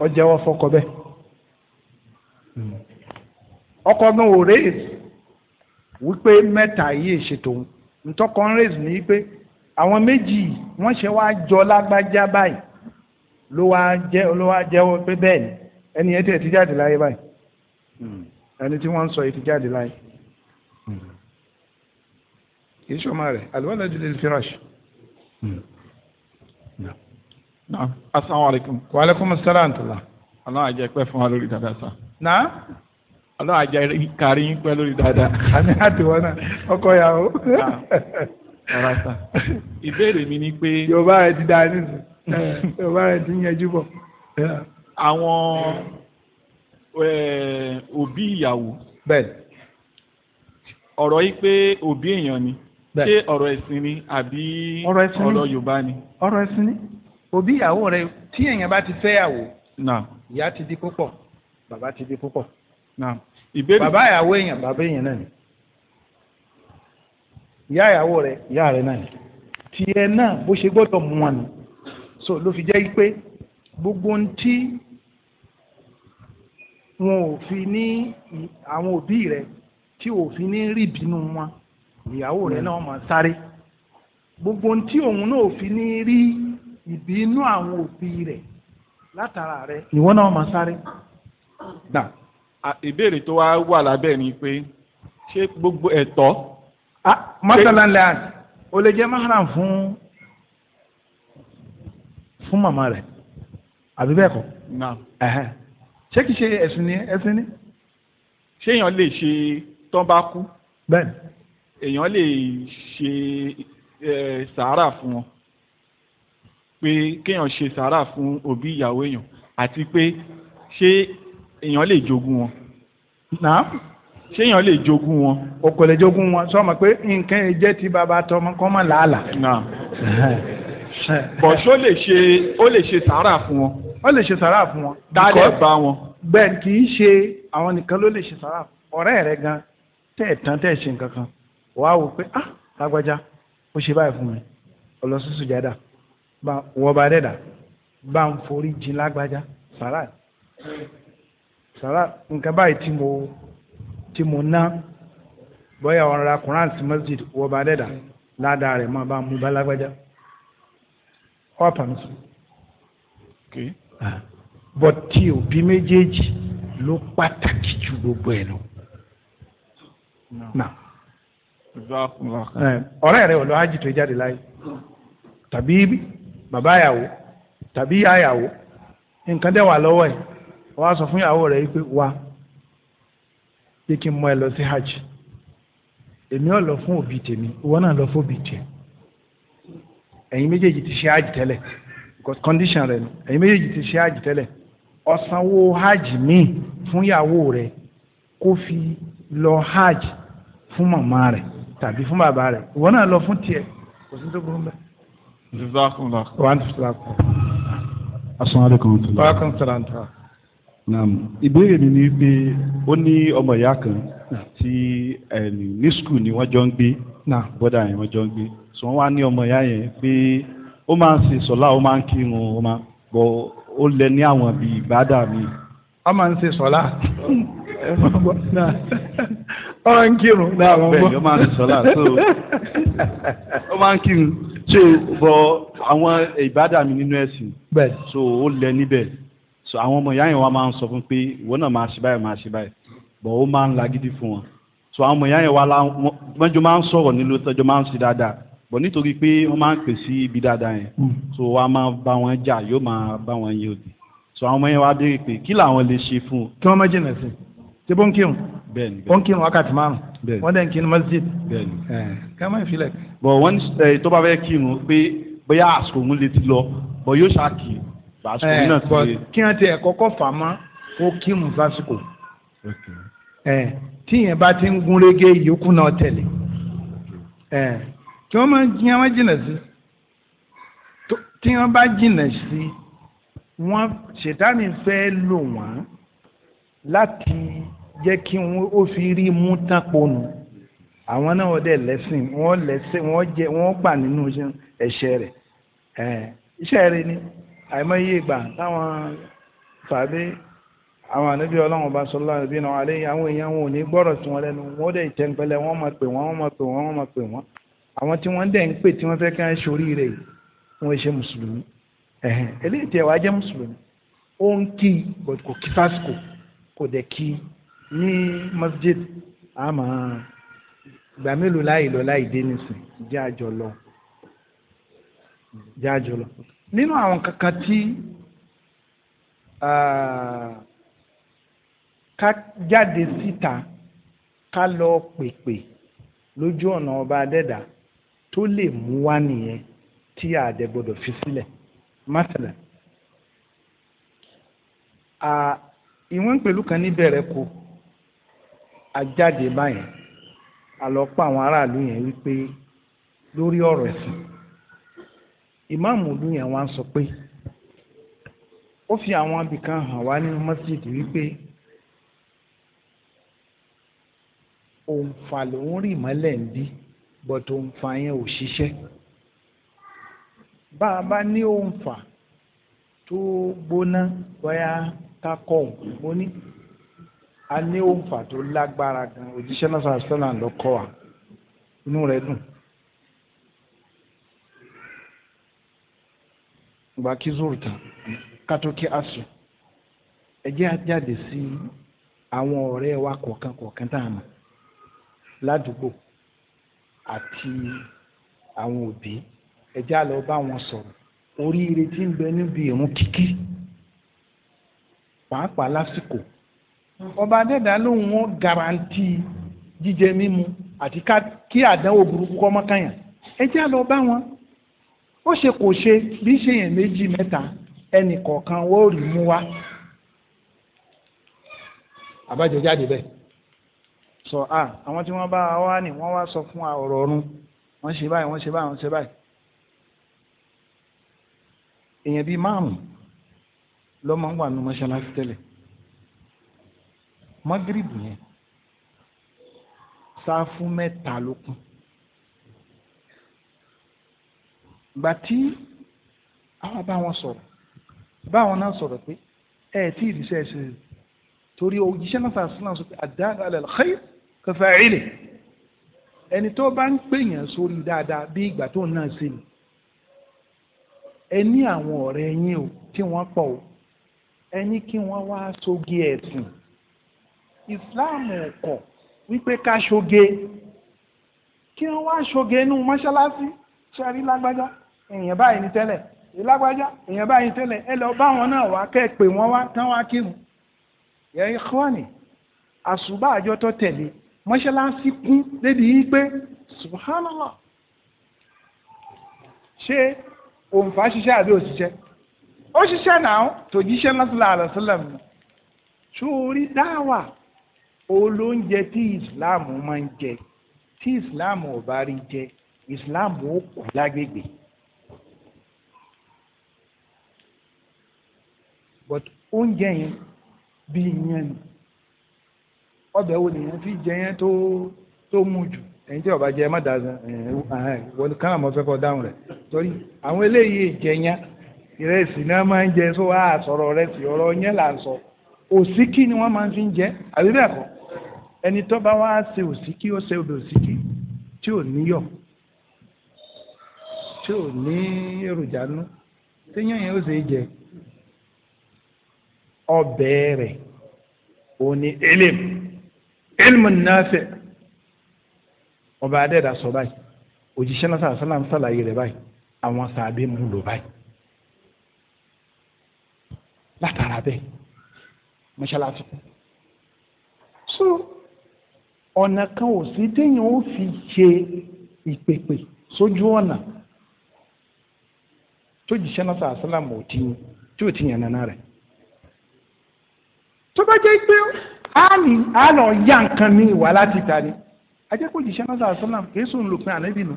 ó jẹ́wọ́ fọkọ bẹ́ẹ̀ hmm. ọkọ gan ò rèéz wípé mẹ́ta yìí ṣe tòun ntọ́kọ ń rèéz ní pé àwọn méjì wọ́n ṣe wá jọ lágbájá báyìí ló wá jẹ́ ló wá jẹ́wọ́ pé bẹ́ẹ̀ ni ẹni yẹn tẹ̀ ti jáde láyé báyìí hmm. ẹni tí wọ́n ń sọ yìí ti jáde láyé hmm. kì í sọmọ rẹ̀ alwaladu lil firash. Hmm. asalaamualeykum. wa aleykum salaam tula. ọlọ́run àjẹ́ pẹ́ fún wa lórí dáadáa sá. náà. ọlọ́run àjẹ́ kárí yín pẹ́ lórí dáadáa. àmì àtiwọ́n náà ọkọ yàwó. rárá ìbéèrè mi ni pé. yorùbá rẹ ti dáa nísìnyí eh. yorùbá rẹ ti yẹjú bọ̀ àwọn òbí ìyàwó. bẹ́ẹ̀. ọ̀rọ̀ yìí pé òbí èèyàn ni. bẹ́ẹ̀ ṣé ọ̀rọ̀ ẹ̀sìn ni àbí ọ̀rọ̀ Yorùbá ni. ọ̀rọ̀ ẹ̀sìn ni òbí ìyàwó rẹ tí èèyàn bá ti fẹ́ yàwó. náà ìyá ti di púpọ̀ bàbá ti di púpọ̀. náà ìbéèrè bàbá ìyàwó èèyàn bàbá èèyàn náà ni ìyá ìyàwó rẹ ìyá rẹ náà ni tiẹ̀ náà bó ṣe gbọ́dọ̀ mú wọn ni so ló fi jẹ́ pé gbogbo ohun tí wọn ò fi ní àwọn òbí rẹ tí ò fi ní rí ìbínú wọn ìyàwó rẹ náà ma sáré gbogbo ohun tí òun náà ò fi ní rí ìbínú àwọn òbí rẹ látara rẹ ìwọ náà máa sáré. gbà ìbéèrè tó wá wà lábẹ́ ni pé ṣé gbogbo ẹ̀tọ́. masalan land o lè jẹ mahram fún fún mama rẹ̀ àbí bẹ́ẹ̀ kọ́. ṣé kìí ṣe ẹ̀sìn ni ẹ̀sìn ni. ṣé èèyàn lè ṣe tán bá kú. bẹ́ẹ̀ni. èèyàn lè ṣe sàárà fún wọn pé kéèyàn ṣe sàárà fún òbí ìyàwó èèyàn àti pé ṣé èèyàn lè jogún wọn. náà ṣé èèyàn lè jogún wọn. o kò lè jogún wọn sọ pé nǹkan ẹ jẹ́ ti bàbá tọmọ kọ́ mọ́ làálàá. náà bọ̀ ṣó lè ṣe ó lè ṣe sàárà fún wọn ó lè ṣe sàrà fún wọn. dálẹ̀ bá wọn. bẹ́ẹ̀ kì í ṣe àwọn nìkan ló lè ṣe sàrà ọ̀rẹ́ rẹ gan tẹ́ tán tẹ́ ṣe nǹkan kan wàá wò pé ah lágbájá ó ṣe báyìí fún mi ọlọ́sùsù jáda wọ́n bá dẹ́dà bá ń forí jin lágbájá sàrà sàrà nǹkan báyìí tí mo tí mo ná bóyá ọ̀rọ̀ ra Quran sí masjid wọ́n bá dẹ́dà ládàá rẹ̀ máa bá mú bá lágbájá ọ̀pá mi sùn. bọ̀tí òbí méjèèjì ló pàtàkì ju gbogbo ẹ̀ lọ. Eh, ọ̀rẹ́ rẹ̀ tó jáde láyé tàbí bàbá àyàwó tàbí àyàwó nǹkan lọ́wọ́ ẹ̀ wàá sọ fún mọ ẹ lọ sí hajj èmi ọ̀ lọ fún òbí tèmi ìwọ náà lọ fún òbí tèmi ti ṣe hajj condition rẹ̀ ni ẹ̀yin méjèèjì ti ṣe hajj tẹ́lẹ̀ ọ̀sánwó hajj míì fún ìyàwó rẹ̀ kó fi lọ hajj fún màmá rẹ̀ tàbí fún bàbá rẹ̀ ìwọ náà lọ fún tiẹ̀ kò sí tó burú bẹ́ẹ̀. jazakumullah. wa antum salaam. asalaamualeykum. wa aleykum salaam. naam ìbéèrè mi ni pé ó ní ọmọ ìyá kan tí ní skul ni wọ́n jọ ń gbé bọ́dà yẹn wọ́n jọ ń gbé so wọ́n wá ní ọmọ ìyá yẹn pé ó máa ń ṣe sọlá ó máa ń kírun ó máa bọ ó lẹ ní àwọn bíi ìbádà mi. ó máa ń ṣe sọlá ó máa ń kírun náà wọ́n bọ́. bẹ́ẹ̀ni ó máa ń ṣe sọlá so ó máa ń kírun so bọ àwọn ìbádà mi nínú ẹ̀sìn. bẹ́ẹ̀ so ó lẹ níbẹ̀ so àwọn ọmọ ìyá yẹn wa máa ń sọ fún pé ìwọ náà máa ṣe báyìí máa ṣe báyìí bọ̀ ó máa ń lagídí fún wọn so àwọn ọmọ ìyá yẹn wa mọ́jọ máa ń sọ̀rọ̀ nílùú tọ́jọ́ máa ń ṣe dáadáa bọ̀ nítorí pé wọ́n máa ń pè sí ibi dáadáa yẹn hmm. so wọ́n á máa bá wọn jà yóò máa bá wọn yé òdì so àwọn ọmọ yẹn wá béèrè pé kí làwọn lè ṣe fún un. kí wọ́n má jìnnà sí ṣé bó ń kírun bẹ́ẹ̀ni ó ń kírun wákàtí márùn wọ́n dẹ̀ ń kírun masjid bẹ́ẹ̀ni ká má ìfilẹ̀. bọ̀ wọ́n tó bá fẹ́ kírun pé bóyá àsìkò òun lè ti lọ bọ̀ yóò ṣàkì àsìkò òun náà ti lè. kí wọ́n ti kọ́kọ́ fà mọ́ ó kírun kí wọ́n máa jìnnà wọ́n jìnnà sí tí wọ́n bá jìnnà sí wọ́n ṣètánì fẹ́ lò wọ́n láti jẹ́ kí wọ́n ó fi rí mú tán ponu àwọn náà wọ́n dẹ̀ lẹ́sìn wọ́n lẹ́sìn wọ́n jẹ wọ́n gbà nínú ẹ̀ṣẹ̀ rẹ̀ iṣẹ́ rẹ̀ ni àìmọye ìgbà táwọn fàbí àwọn ànábì ọlọ́run bá sọ lọ́rùn bí náà àlẹ́ àwọn èèyàn wọn ò ní gbọ́rọ̀ sí wọn lẹ́nu wọ́n dẹ̀ ìtẹ́npẹ́lẹ́ wọ́n máa pè wọ́n wọ́n máa pè wọ́n wọ́n máa pè wọ́n àwọn tí wọ́n dẹ̀ ń pè tí wọ́n fẹ́ ká sórí rẹ̀ yìí wọ́n ṣe mùsùlùmí eléyìí tẹ̀ wá jẹ́ mùsùlùmí ó ń kí kò kí sásìkò kò dẹ̀ kí ní masjid àmọ́ ìgbà mélòó láì lọ láì dé nísìn jẹ́ àjọ lọ jẹ́ àjọ lọ nínú àwọn kankan tí ah, ká jáde síta ká lọ pèpè lójú ọ̀nà ọba adẹ́dàá tó lè mú wá nìyẹn tí àdẹ gbọ́dọ̀ fi sílẹ̀ mọ́sálà. ìwọ̀n pẹ̀lú kan níbẹ̀rẹ̀ kó ajáde báyẹn àlọ́pọ̀ àwọn aráàlú yẹn wípé lórí ọ̀rọ̀ ẹ̀sìn ìmáàmù ọdún yẹn wá ń sọ pé ó fi àwọn abìkan hàn wá nínú mọ́sídìí wípé òǹfà lòún rì mọ́lẹ̀ ń bí bọ́tò nfa yẹn ò ṣiṣẹ́ bá a bá ní òǹfà tó gbóná bóyá takọ̀ mo ní a ní òǹfà tó lágbára gan òjíṣẹ́ náà sọ̀rọ̀ sọ́nà lọ́kọ́ wa inú rẹ̀ dùn. gba kí zoro tán kátó kí asu ẹ jẹ́ àjáde sí àwọn ọ̀rẹ́ wa kọ̀ọ̀kan kọ̀ọ̀kan tá a mọ̀ ládùúgbò àti àwọn òbí ẹ já lọ bá wọn sọ̀rọ̀ oríire tí ń bẹ níbi ìrun kíkí pàápàá lásìkò ọba adẹ́dá lòun wọn garanti jíjẹ mímu àti kí àdánwò burúkú kọ́ mọ́kànyà ẹ já lọ bá wọn ó ṣe kò ṣe bí ṣe yẹn méjì mẹ́ta ẹnì kọ̀ọ̀kan wọ́n mú wá àbájọ jáde bẹ́ẹ̀ sọ a ah, àwọn tí wọ́n bá wá ní wọ́n wá sọ fún ọ̀rọ̀ ọ̀run wọ́n ṣe báyìí wọ́n ṣe báyìí wọ́n ṣe báyìí èèyàn bíi márùn lọ́mọ ń wà ní mọ́ṣáláṣí tẹ́lẹ̀ mọ́gírìbù yẹn sáfù mẹ́ta ló kún gbà tí àwọn bá wọn sọ̀rọ̀ báwọn náà sọ̀rọ̀ pé ẹ tí ìdíṣẹ́ ṣe torí òjíṣẹ́ náà sàásùn náà sọ pé àdáàlẹ̀ àlẹ́ fẹ̀fẹ̀rìlì ẹni tó bá ń pèèyàn sórí dáadáa bí ìgbà tó ń náà sí ni ẹ ní àwọn ọ̀rẹ́ yín o tí wọ́n pọ̀ o ẹ ní kí wọ́n wá soge ẹ̀sìn ìsìláàmù kọ̀ wípé ká soge kí wọ́n wá soge inú mọ́ṣáláṣí ṣẹ́rí lágbájá èèyàn báyìí ní tẹ́lẹ̀ ìlágbájá èèyàn báyìí tẹ́lẹ̀ ẹ lọ bá wọn náà wá kẹ́ ẹ pè wọ́n wá tán wá kírun yẹ́n kọ́ni àṣùbà àjọ tó tẹ̀lé mọ́ṣáláṣí kún débi wípé subhanallah ṣé òǹfà ṣiṣẹ́ àbí òṣìṣẹ́ ó ṣiṣẹ́ náà tó jíṣẹ́ lọ́sọ̀lá àlọ́sọ̀lẹ̀m sórí dáwà olóúnjẹ tí islam máa ń jẹ tí islam ò rí jẹ islam ó kù lágbègbè. but oúnjẹ yẹn bí yẹn ni. ọbẹ̀ wo lèèyàn fi jẹ yẹn tó tó mú jù ẹ̀yin tí ọba jẹ ẹ má da san wọn kàn án mọ fẹ́ fọ́ dáhùn rẹ̀ torí àwọn eléyìí jẹ yẹn ìrẹsì náà máa ń jẹ sọ wá sọ̀rọ̀ rẹsì ọ̀rọ̀ yẹn là ń sọ òsíkí ni wọn máa ń fi jẹ àbí bẹ́ẹ̀ ẹni tó bá wá ṣe ó ṣe tí ò tí ò ilmu nafi ọba adẹ́dà sọ báyìí òjíṣẹ́ náà sàlá sàlám sàlàyé rẹ̀ báyìí àwọn sàbẹ̀ mú lò báyìí látara bẹ́ẹ̀ mọ́ṣáláṣí so ọ̀nà kan ò sí téèyàn ó fi ṣe ìpèpè sójú ọ̀nà tó náà sàlá sàlám ò tí ò tí yàn nánà rẹ̀ tó bá jẹ́ pé Ani lọ ya nǹkan ní ìwà láti ta ni ajẹ́kọ̀ọ́ jìṣẹ́ náà sàrọ̀ sọ́nà kìí sùn lùpin ànábì nù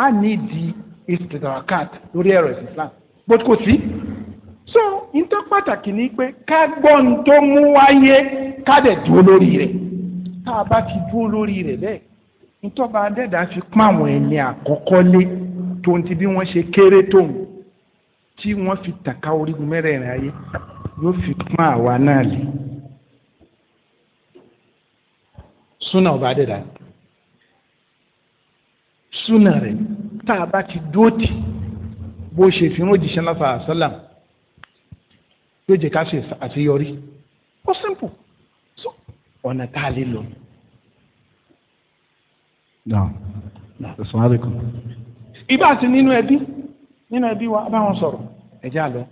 a ní di istidarakat lórí ẹ̀rọ Islam bó kò sí. so nǹkan pàtàkì ni pé ká gbọ́ ń tó mú wáyé ká dẹ̀ dúró lórí rẹ̀ tá a bá ti dúró lórí rẹ̀ bẹ́ẹ̀ ntọ́ba adẹ́dá fi pọ́n àwọn ẹni àkọ́kọ́ lé tó ti bí wọ́n ṣe kéré tó ń tí fi tàka orígun mẹ́rẹ̀ẹ̀rin ayé yóò fi pọ́n àwa náà lé. súnà ọba adẹ́dà súnà rẹ̀ tá a bá ti dúró tì bó ṣe fi hàn òjíṣẹ́ náà fàásọ́là yóò jẹ́ ká ṣe àṣeyọrí ó simple so ọ̀nà tá a lè lò. ibà sí nínú ẹbí nínú ẹbí wa bá wọn sọ̀rọ̀ ẹ̀jẹ̀ àlọ́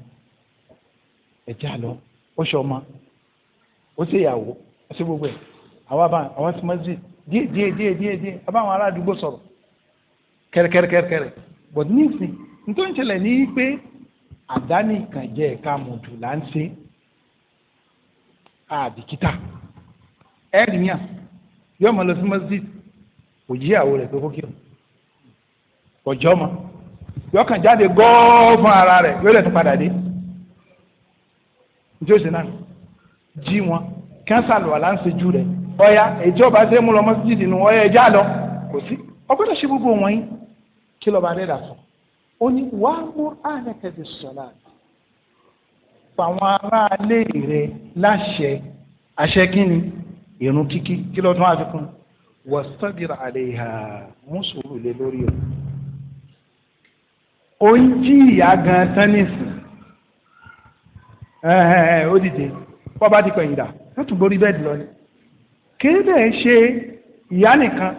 ẹ̀jẹ̀ àlọ́ ó ṣe ọmọ ó ṣe ìyàwó ó ṣe gbogbo ẹ̀ àwa bá àwọn sí masjid díẹ̀ díẹ̀ díẹ̀ díẹ̀ díẹ̀ àbá àwọn ará àdúgbò sọ̀rọ̀ kẹrẹkẹrẹkẹrẹ but nísìn nítorí ń ṣẹlẹ̀ ní pé àdáni ìkànjẹ ẹ̀ka mọ̀jù là ń ṣe àbìkítà ẹ̀rì yàn yóò máa lọ sí masjid òjì ìyàwó rẹ̀ pé kó kí o ọjọ́ mọ́ yóò kàn jáde gọ́ọ́ fún ara rẹ̀ yóò lè padà dé nítorí ṣe náà jí wọn kẹ́ńsà lọ́wọ́ là ń ṣe jù rẹ̀ ọ̀ya èjì ọba ṣe mú lọ mọ́síjìdì nù ọ̀ya ẹja lọ kò sí ọgbọ́dọ̀ ṣe gbogbo wọ̀nyí kí lọ́ba rẹ̀ dà sọ. ó ní wàá mú àlẹ́kẹ̀dẹ̀ sọ̀lá fàwọn aráalé rẹ̀ láṣẹ àṣẹ kínni ìrun kíkí kí lọ́tún àfikún wọ́sítọ́bìrì àlèyà mùsùlùmí lé lórí o. ó ń jí ìyá gan tẹ́nìsì ó dìde bọ́ bá ti pẹ̀yìn dà wọ́n tún borí bẹ́ẹ̀dì lọ ni kìí dẹ̀ ṣe ìyá nìkan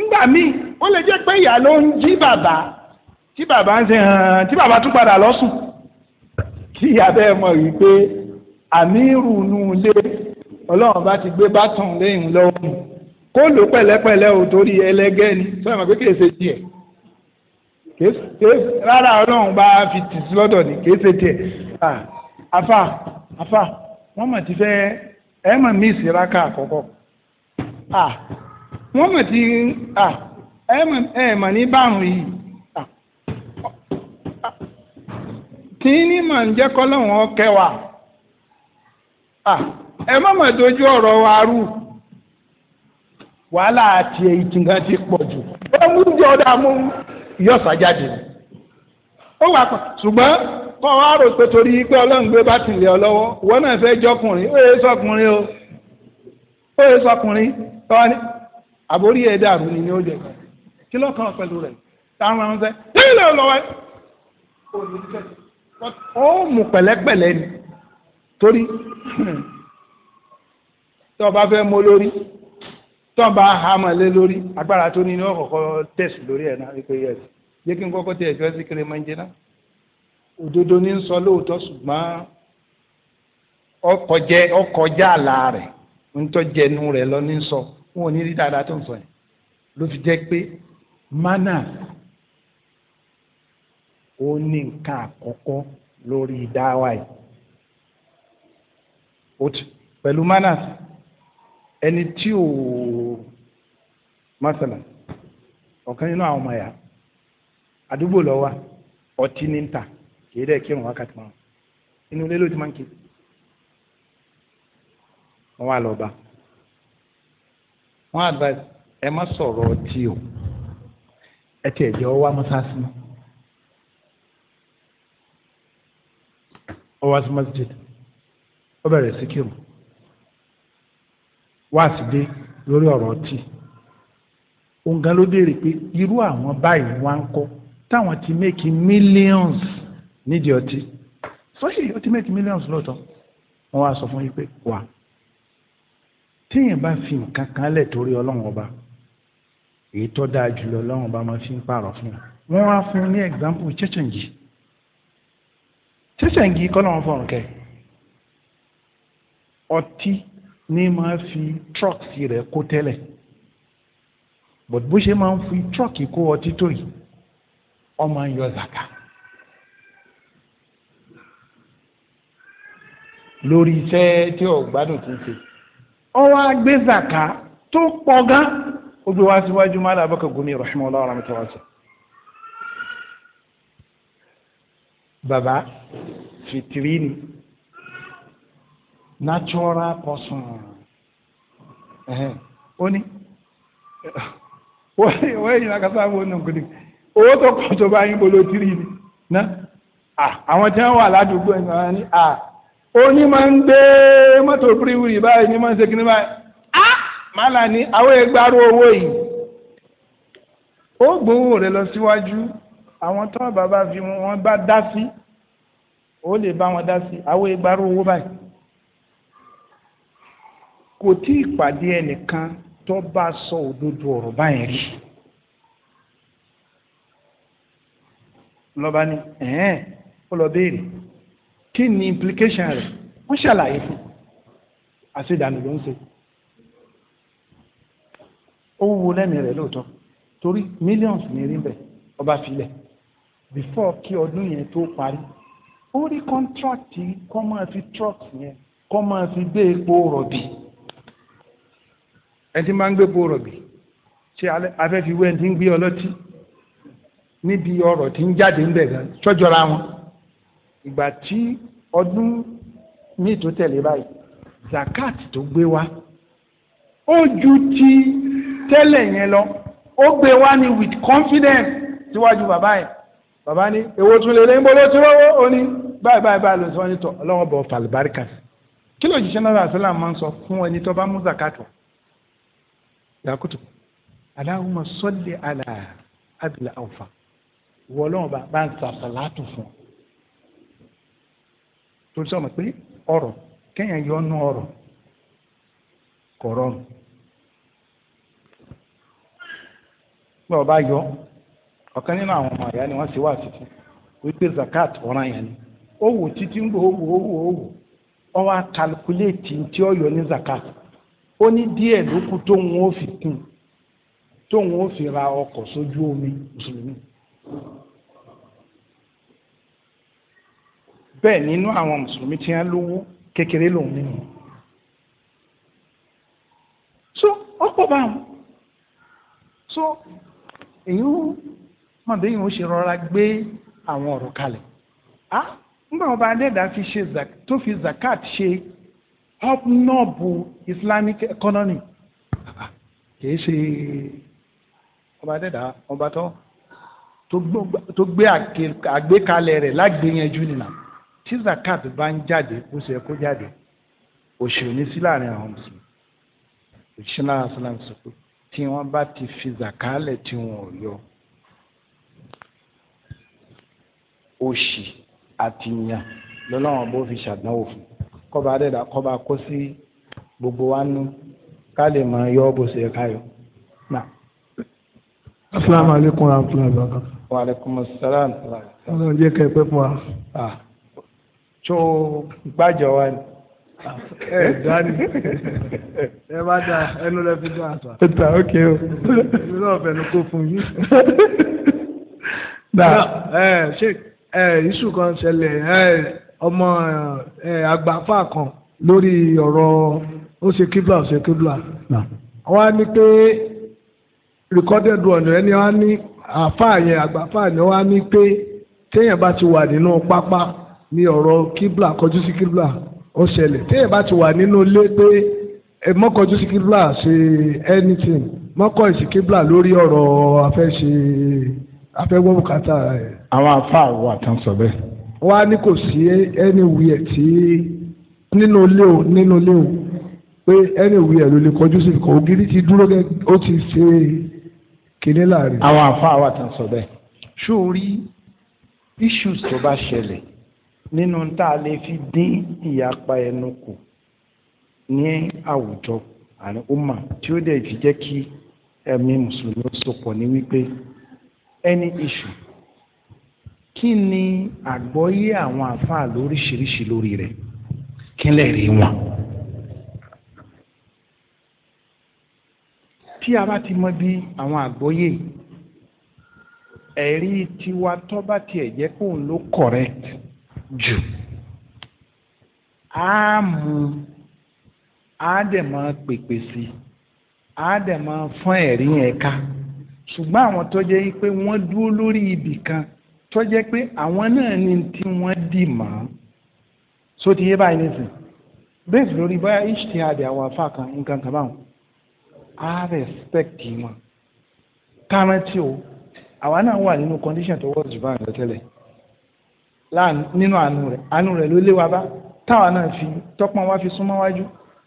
ńgbà míì ó lè jẹ́ pé ìyá ló ń jí bàbá tí bàbá ń ṣe hàn tí bàbá tún padà lọ́sùn kí ìyá bẹ́ẹ̀ mọ̀ wípé àmírù nù lé ọlọ́run bá ti gbé bátàn lẹ́yìn lọ́wọ́ kó lò pẹ̀lẹ́pẹ̀lẹ́ ò torí ẹlẹ́gẹ́ ni sọ́yìn mọ̀ pé kìí ṣe tiẹ̀ rárá ọlọ́run bá fi tì lọ́dọ̀ ni kìí ṣe tiẹ̀ àfà àfà wọ́n mọ̀ ti fẹ́ẹ́. ẹ mà mí ìsiraka Ah, wọ́n mọ̀ tí ẹ mà ní báhùn yìí tí ní mà ń jẹ́ kọ́lọ́wọ́n kẹwàá ẹ má mà dojú ọ̀rọ̀ wa wàhálà àti ìtìǹkan ti pọ̀ jù mú mú ó wà kọ́ wa rò pé torí pé ọlọ́run gbé bá tìlẹ̀ ọ lọ́wọ́ ìwọ náà fẹ́ jọkùnrin ó yẹ sọkùnrin o ó yẹ sọkùnrin tọ́wọ́ ni àbórí ẹ̀ dàrú ni ni ó jẹ kí ló kàn pẹ̀lú rẹ̀ táwọn máa ń fẹ́ kí ló lọ́wọ́ ó mú pẹ̀lẹ́pẹ̀lẹ́ ni torí tó bá fẹ́ mọ lórí tó bá hamọ̀ lé lórí agbára tó ní ní ọ̀kọ̀ọ̀kọ̀ tẹ̀sí lórí ẹ̀ náà wípé yẹ kí n kọ́kọ́ tẹ̀ ẹ̀fẹ́ sí kiri máa ń jẹ náà òdodo ní ń sọ lóòótọ́ ṣùgbọ́n ọkọjẹ ọkọjá àlà rẹ̀ ntọ́jẹnu rẹ̀ lọ ní sọ wọn ò ní rí dáadáa tó ń sọ yẹn ló fi jẹ́ pé mánà ó ní nǹkan àkọ́kọ́ lórí dáwà yìí pẹ̀lú mánà ẹni tí ò masala ọ̀kan nínú àwọn ọmọ ẹ̀yà àdúgbò lọ́wọ́ ọtí ní ń ta kìí dẹ̀ kírun wákàtí márùn inú ilé ló ti máa ń kí wọ́n wá lọ́ọ́ bá wọ́n advice ẹ má sọ̀rọ̀ ọtí o ẹ tiẹ̀ jẹ́ ọwọ́ amọ́sáàsì mọ́ ọwọ́ asọ́mọ́sí ó bẹ̀rẹ̀ sí kírun wá sí dé lórí ọ̀rọ̀ ọtí òun gan ló dèrè pé irú àwọn báyìí wá ń kọ́ táwọn ti make millions nídìí ọtí sọ́yìn ó ti mẹ́tì millions lóòótọ́ wọ́n wá sọ fún yín pé wà téèyàn bá fi nǹkan kan lẹ̀ torí ọlọ́run ọba èyí tó dáa jùlọ ọlọ́run ọba máa fi ń pààrọ̀ fún un wọ́n wá fún un ní example chẹ́chẹ̀ǹgì chẹ́chẹ̀ǹgì kọ́ lọ́wọ́ fọ̀rùn kẹ́ ọtí ní máa fi trọ́ọ̀kì rẹ̀ kó tẹ́lẹ̀ bó ṣe máa ń fi trọ́ọ̀kì kó ọtí tó yìí ọmọ ń yọ zàkà. lórí iṣẹ́ tí ò gbádùn ti ń ṣe ọwọ́ agbésàká tó pọ̀ gan ó gbé wá síwájú má dàbọ̀ kò gún mi rahman ọlọ́run ọ̀rọ̀ mi tọ́wọ́ sí. bàbá fìtìrì ni natural person ó ní wọ́n yìí lákàtà àwọn onùkùnì owó tó kọ̀ tó bá yín bolo tìrì ni àwọn tí wọ́n wà ládùúgbò ẹ̀ ní à. Oni máa ń gbé mọ́tò píríwìrì báyìí ní máa ń ṣe kíní báyìí á màálà ní àwọn ẹgbàárò owó yìí ó gbowó rẹ lọ síwájú àwọn tó bàbá fi wọn bá dá sí ó lè bá wọn dá sí àwọn ẹgbàárò owó báyìí kò tí ì pàdé ẹnìkan tó bá sọ òdodo ọ̀rọ̀ báyìí rí lọ́ba ni ẹ̀ẹ́n ó lọ béèrè. kí ni implication rẹ wọ́n ṣàlàyé fún àti ìdánù ló ń ṣe ó wo lẹ́nu rẹ̀ lóòótọ́ torí millions ní rí bẹ̀ ọba filẹ̀ before kí ọdún yẹn tó parí ó rí contract kọ́ máa fi trucks yẹn kọ́ máa fi gbé epo rọ̀bì ẹni tí máa ń gbé epo rọ̀bì ṣé afẹ́fiwé ẹni tí ń gbé ọlọ́tí níbi ọrọ̀ tí ń jáde ń ìgbà tí ọdún míì tó tẹ̀lé báyìí zakat tó gbé wá ó ju ti tẹ́lẹ̀ yẹn lọ ó gbé wá ní with confidence síwájú bàbá yẹn bàbá ní èwo tún lè lé ń bọ́ ló ti rọ́wọ́ ó ní báyìí báyìí báyìí ló sọ ọ́ ní tọ́ ọlọ́wọ́ bọ̀ fàlùbáríkà sí kí ló jíṣẹ́ náírà àṣẹlá máa ń sọ fún ẹni tó bá mú zakat wá yakutu aláwùmọ̀ sọ́lẹ̀ àlà àbílẹ̀ àwùfà wọ́ọ́lọ́wọ́ bá ń sàṣàlátù fún ọ. torí sọ̀mọ̀ pé ọ̀rọ̀ kéèyàn yọ ọ́nú ọ̀rọ̀ kò rọrùn pé ọba yọ ọ̀kan nínú àwọn ọmọ àyà ni wọ́n ti wá títí wípé zakat ọ̀ràn yẹn ni ó títí ń lò ó wò ọ tí ó yọ ní zakat ó ní díẹ̀ ra ọkọ̀ sójú omi mùsùlùmí bẹ́ẹ̀ nínú àwọn mùsùlùmí tí wọ́n lówó kékeré lòun nínú. so ó pọ̀ báwọn so èyí ó mọ̀ bí yìí ó ṣe rọra gbé àwọn ọ̀rọ̀ kalẹ̀ á nígbà wọn bá adẹ́dà fi ṣe tó fi zakat ṣe hobnobu islamic economy kìí ṣe ọba adẹ́dà ọba tó gbé àgbékalẹ̀ rẹ̀ lágbèyànjú nìyà tí zakat bá ń jáde kó ṣe kó jáde òṣèlú ní sí láàrin àwọn mùsùlùmí òṣìṣẹ́ náà sọ́làm sọ pé tí wọ́n bá ti fi zakalẹ̀ tí wọn ò yọ òṣì àti ìyàn lọ́lọ́wọ́n bó fi ṣàdánwò fún kọ́ba dẹ́dà kọ́ba kó sí gbogbo wa nú ká lè mọ yọ bó ṣe ká yọ. asalaamualeykum wa rahmatulahi wa barakatuh. wa aleykum salaam. ọlọ́run jẹ́ kẹ́ ẹ pẹ́ fún wa. Ah tó gbàjọ wa ni. ẹ dání ẹ bá da ẹnu rẹ fi dán àtà. ẹta ok o. èmi náà fẹnu kó fún yín. ẹ ṣe ẹ iṣu kan ṣẹlẹ̀ ẹ ọmọ ẹ àgbàfà kan lórí ọ̀rọ̀ ó ṣe kíbla ó ṣe kíbla. wọ́n á ní pé recorded one ẹni wọ́n á ní àfáà yẹn àgbàfà yẹn wọ́n á téèyàn bá ti wà nínú pápá ni ọ̀rọ̀ kíblà kọjú sí kíblà ó ṣẹlẹ̀ téèyàn bá ti wà nínú ilé pé ẹ mọ́ sí kíblà ṣe anything mọ́ kọ́ ìsì lórí ọ̀rọ̀ afẹ́ṣe afẹ́gbọ́n bùkátà ẹ̀. àwọn afáà wà tán sọ bẹ́ẹ̀. wọ́n ní kò sí anywhere tí nínú ilé o nínú ilé o pé anywhere ló lè kọjú sí kò ògiri ti dúró gẹ́ ó ti ṣe kinní láàrin. àwọn afáà wà tán sọ bẹ́ẹ̀. ṣó issues tó bá ṣẹlẹ̀ nínú tá a lè fi dín ìyapa ẹnu kù ní àwùjọ àrùn umma tí ó dẹ̀ fi jẹ́ kí ẹ̀mí mùsùlùmí sopọ̀ ní wípé ẹni iṣu kí ni àgbọ́yé àwọn àfáà lóríṣiríṣi lórí rẹ̀ kí lè rí wọn. tí a bá ti mọ bí àwọn àgbọ́yé ẹ̀rí tiwa tó bá tiẹ̀ jẹ́ kóun ló correct jù á mú á dẹ̀ máa pèpè sí á dẹ̀ máa fọ́n ẹ̀rí yẹn ká ṣùgbọ́n àwọn tó jẹ́ pé wọ́n dúró lórí ibì kan tó jẹ́ pé àwọn náà ni tí wọ́n dì mọ́ sóti yé báyìí nísìn bẹ́ẹ̀ lórí bóyá htr dẹ̀ àwọn afá kan nǹkan kan báwọn á respect wọn kárántí o àwa náà wà nínú condition tó wọ́n jù báyìí lọ tẹ́lẹ̀ nínú àánú rẹ̀ àánú ló lé wa bá táwa náà fi wá fi súnmọ́ wájú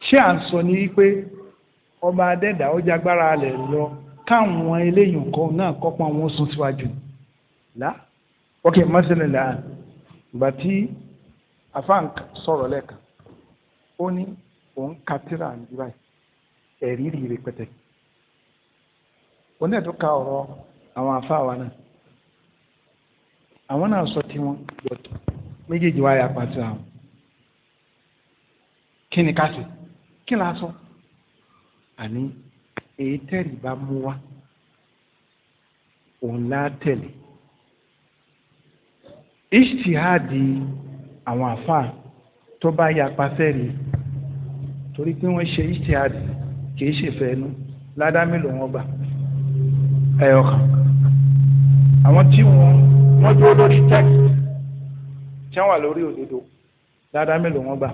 ṣé à ń sọ ní wípé ọba adẹ́dà ó jágbára lọ káwọn eléyìn kan náà kọ́pọ́n wọn sún síwájú là ok mọ́sálẹ̀ là ìgbà tí afaan sọ̀rọ̀ lẹ́ẹ̀kan ó ní òun ka tíra àǹdí báyìí ẹ̀rí rí ọ̀rọ̀ àwọn afáwa náà. àwọn náà sọ tiwọn bọ̀tọ̀ méjèèjì wá yà pàtó àwọn kí ni ká ṣe kí la sọ àní èyí tẹ́rì bá mú wá òun lá tẹ̀lé ìṣtìhádì àwọn àfáà tó bá yà pàtẹ́rì torí pé wọ́n ṣe ìṣtìhádì kì í ṣèfẹ́ ẹnu ládàá mélòó wọn gbà ẹ̀yọ̀kan àwọn tí wọ́n wọ́n dúró lórí text tí wọ́n wà lórí òdodo dáadáa mélòó wọ́n gbà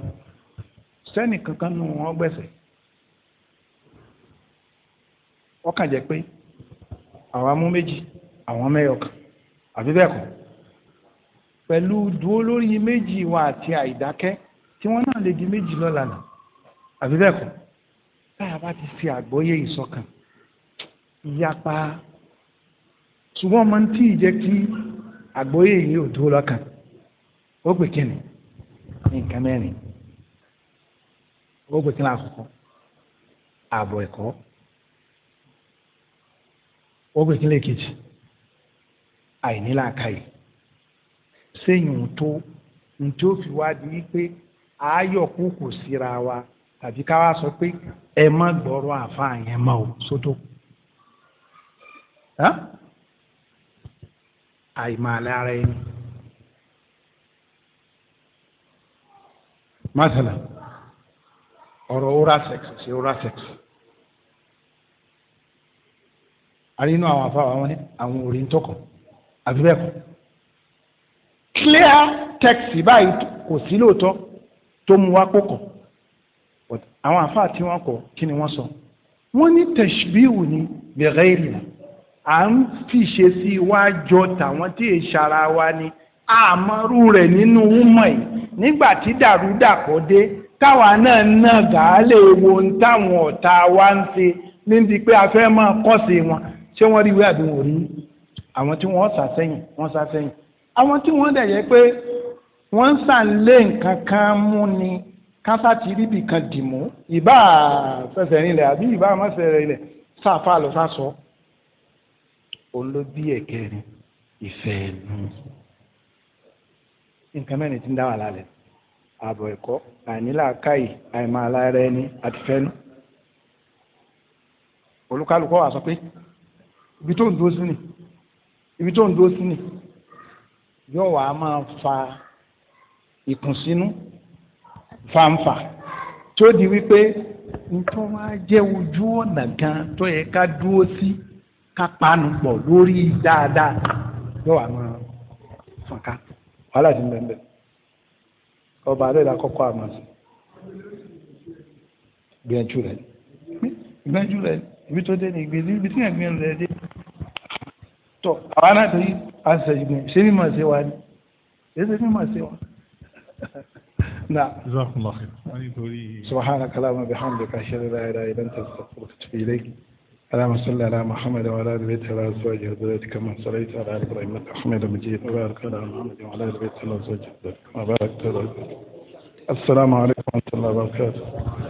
sẹ́nì kankan nù wọ́n gbẹ̀sẹ̀ ọkàn jẹ́ pé àwọn amú méjì àwọn mẹ́yọ̀ kan àbí bẹ́ẹ̀ kọ́ pẹ̀lú dúró lórí méjì wa àti àìdákẹ́ tí wọ́n náà lè di méjì lọ́la nà àbí bẹ́ẹ̀ kọ́ táyà bá ti fi àgbọ́yé ìṣọ̀kan ìyapa ṣùgbọ́n ọmọ tí ì jẹ́ kí àgbóyè yìí ò dúró lọ́kàn ó pè kí nǹkan mẹ́rin ó pè kí àkọ́kọ́ ààbọ̀ ẹ̀kọ́ ó pè kí èkejì àìníláàkàyè sẹ́yìn tó tí ó fi wá di wípé wa tàbí ká wá sọ pé ẹ má gbọ́rọ̀ àfa yẹn o àìmàlà ara ẹni. masala ọ̀rọ̀ oral sex sí oral sex àrínú àwọn afáwọn àwọn ní àwọn orí ń tọkọ àbí bẹ́ẹ̀ kọ́ clear text báyìí kò sí lóòótọ́ tó mu wá kókò àwọn afáà tí wọ́n kọ kí ni wọ́n sọ wọ́n ní tẹ̀síbíù ní bẹ̀rẹ̀ ìrìnà à ń fìṣe sí iwájọ tàwọn tí è ṣara wa ni àmọ́rú rẹ̀ nínú wúmọ̀ yìí nígbà tí dàrúdàpọ̀ dé táwa náà náà gàálè wo ohun táwọn ọ̀tá wa ń ṣe níbi pé a fẹ́ máa kọ́sì wọn ṣé wọ́n rí ìwé àbí wọ́n rí àwọn tí wọ́n sá sẹ́yìn wọ́n sá sẹ́yìn àwọn tí wọ́n dẹ̀ yẹ pé wọ́n ń sàn lé nǹkan kan mú ni kásá ti rí ibì dì mú ìbá fẹsẹ̀ rinlẹ̀ àbí ìbá mọ́sẹ̀ rinlẹ̀ sáfà lọ́sà sọ olóbí ẹ̀kẹrin ìfẹ́ ẹ̀nu nǹkan mẹ́rin ti ń dá wà lálẹ́ ààbọ̀ ẹ̀kọ́ àìníláàkáyì àìmọ̀ alára ẹni àti fẹ́nu olúkálùkù wà sọ pé ibi tó ń dúró sí ni ibi tó ń dúró sí ni yóò wá máa fa ìkùnsínú fàǹfà tó di wípé nítorí wá jẹ́ ojú ọ̀nà gan tó yẹ ká dúró sí. Si ká panu pọ̀ lórí dáadáa yóò wá máa fọ̀nká wàhálà ti ń bẹ̀ ń bẹ̀ ọba àdó ìlà kọ́kọ́ àmọ́ sí gbìyànjú rẹ̀ gbìyànjú rẹ̀ ibi tó dé ní gbìyànjú ibi tí yẹn gbìyànjú rẹ̀ dé tọ àwa náà tó yí àṣẹ ìgbìyànjú ṣé mímọ̀ ṣe wá ni ṣé mímọ̀ ṣe wá. نعم جزاكم الله خير سبحانك اللهم وبحمدك اشهد ان لا اله الا انت استغفرك واتوب اليك اللهم صل على محمد وعلى ال بيت وعلى ازواجه وذريته كما صليت على ال ابراهيم انك حميد مجيد وبارك على محمد وعلى ال بيت وعلى ازواجه وذريته وبارك على السلام عليكم ورحمه الله وبركاته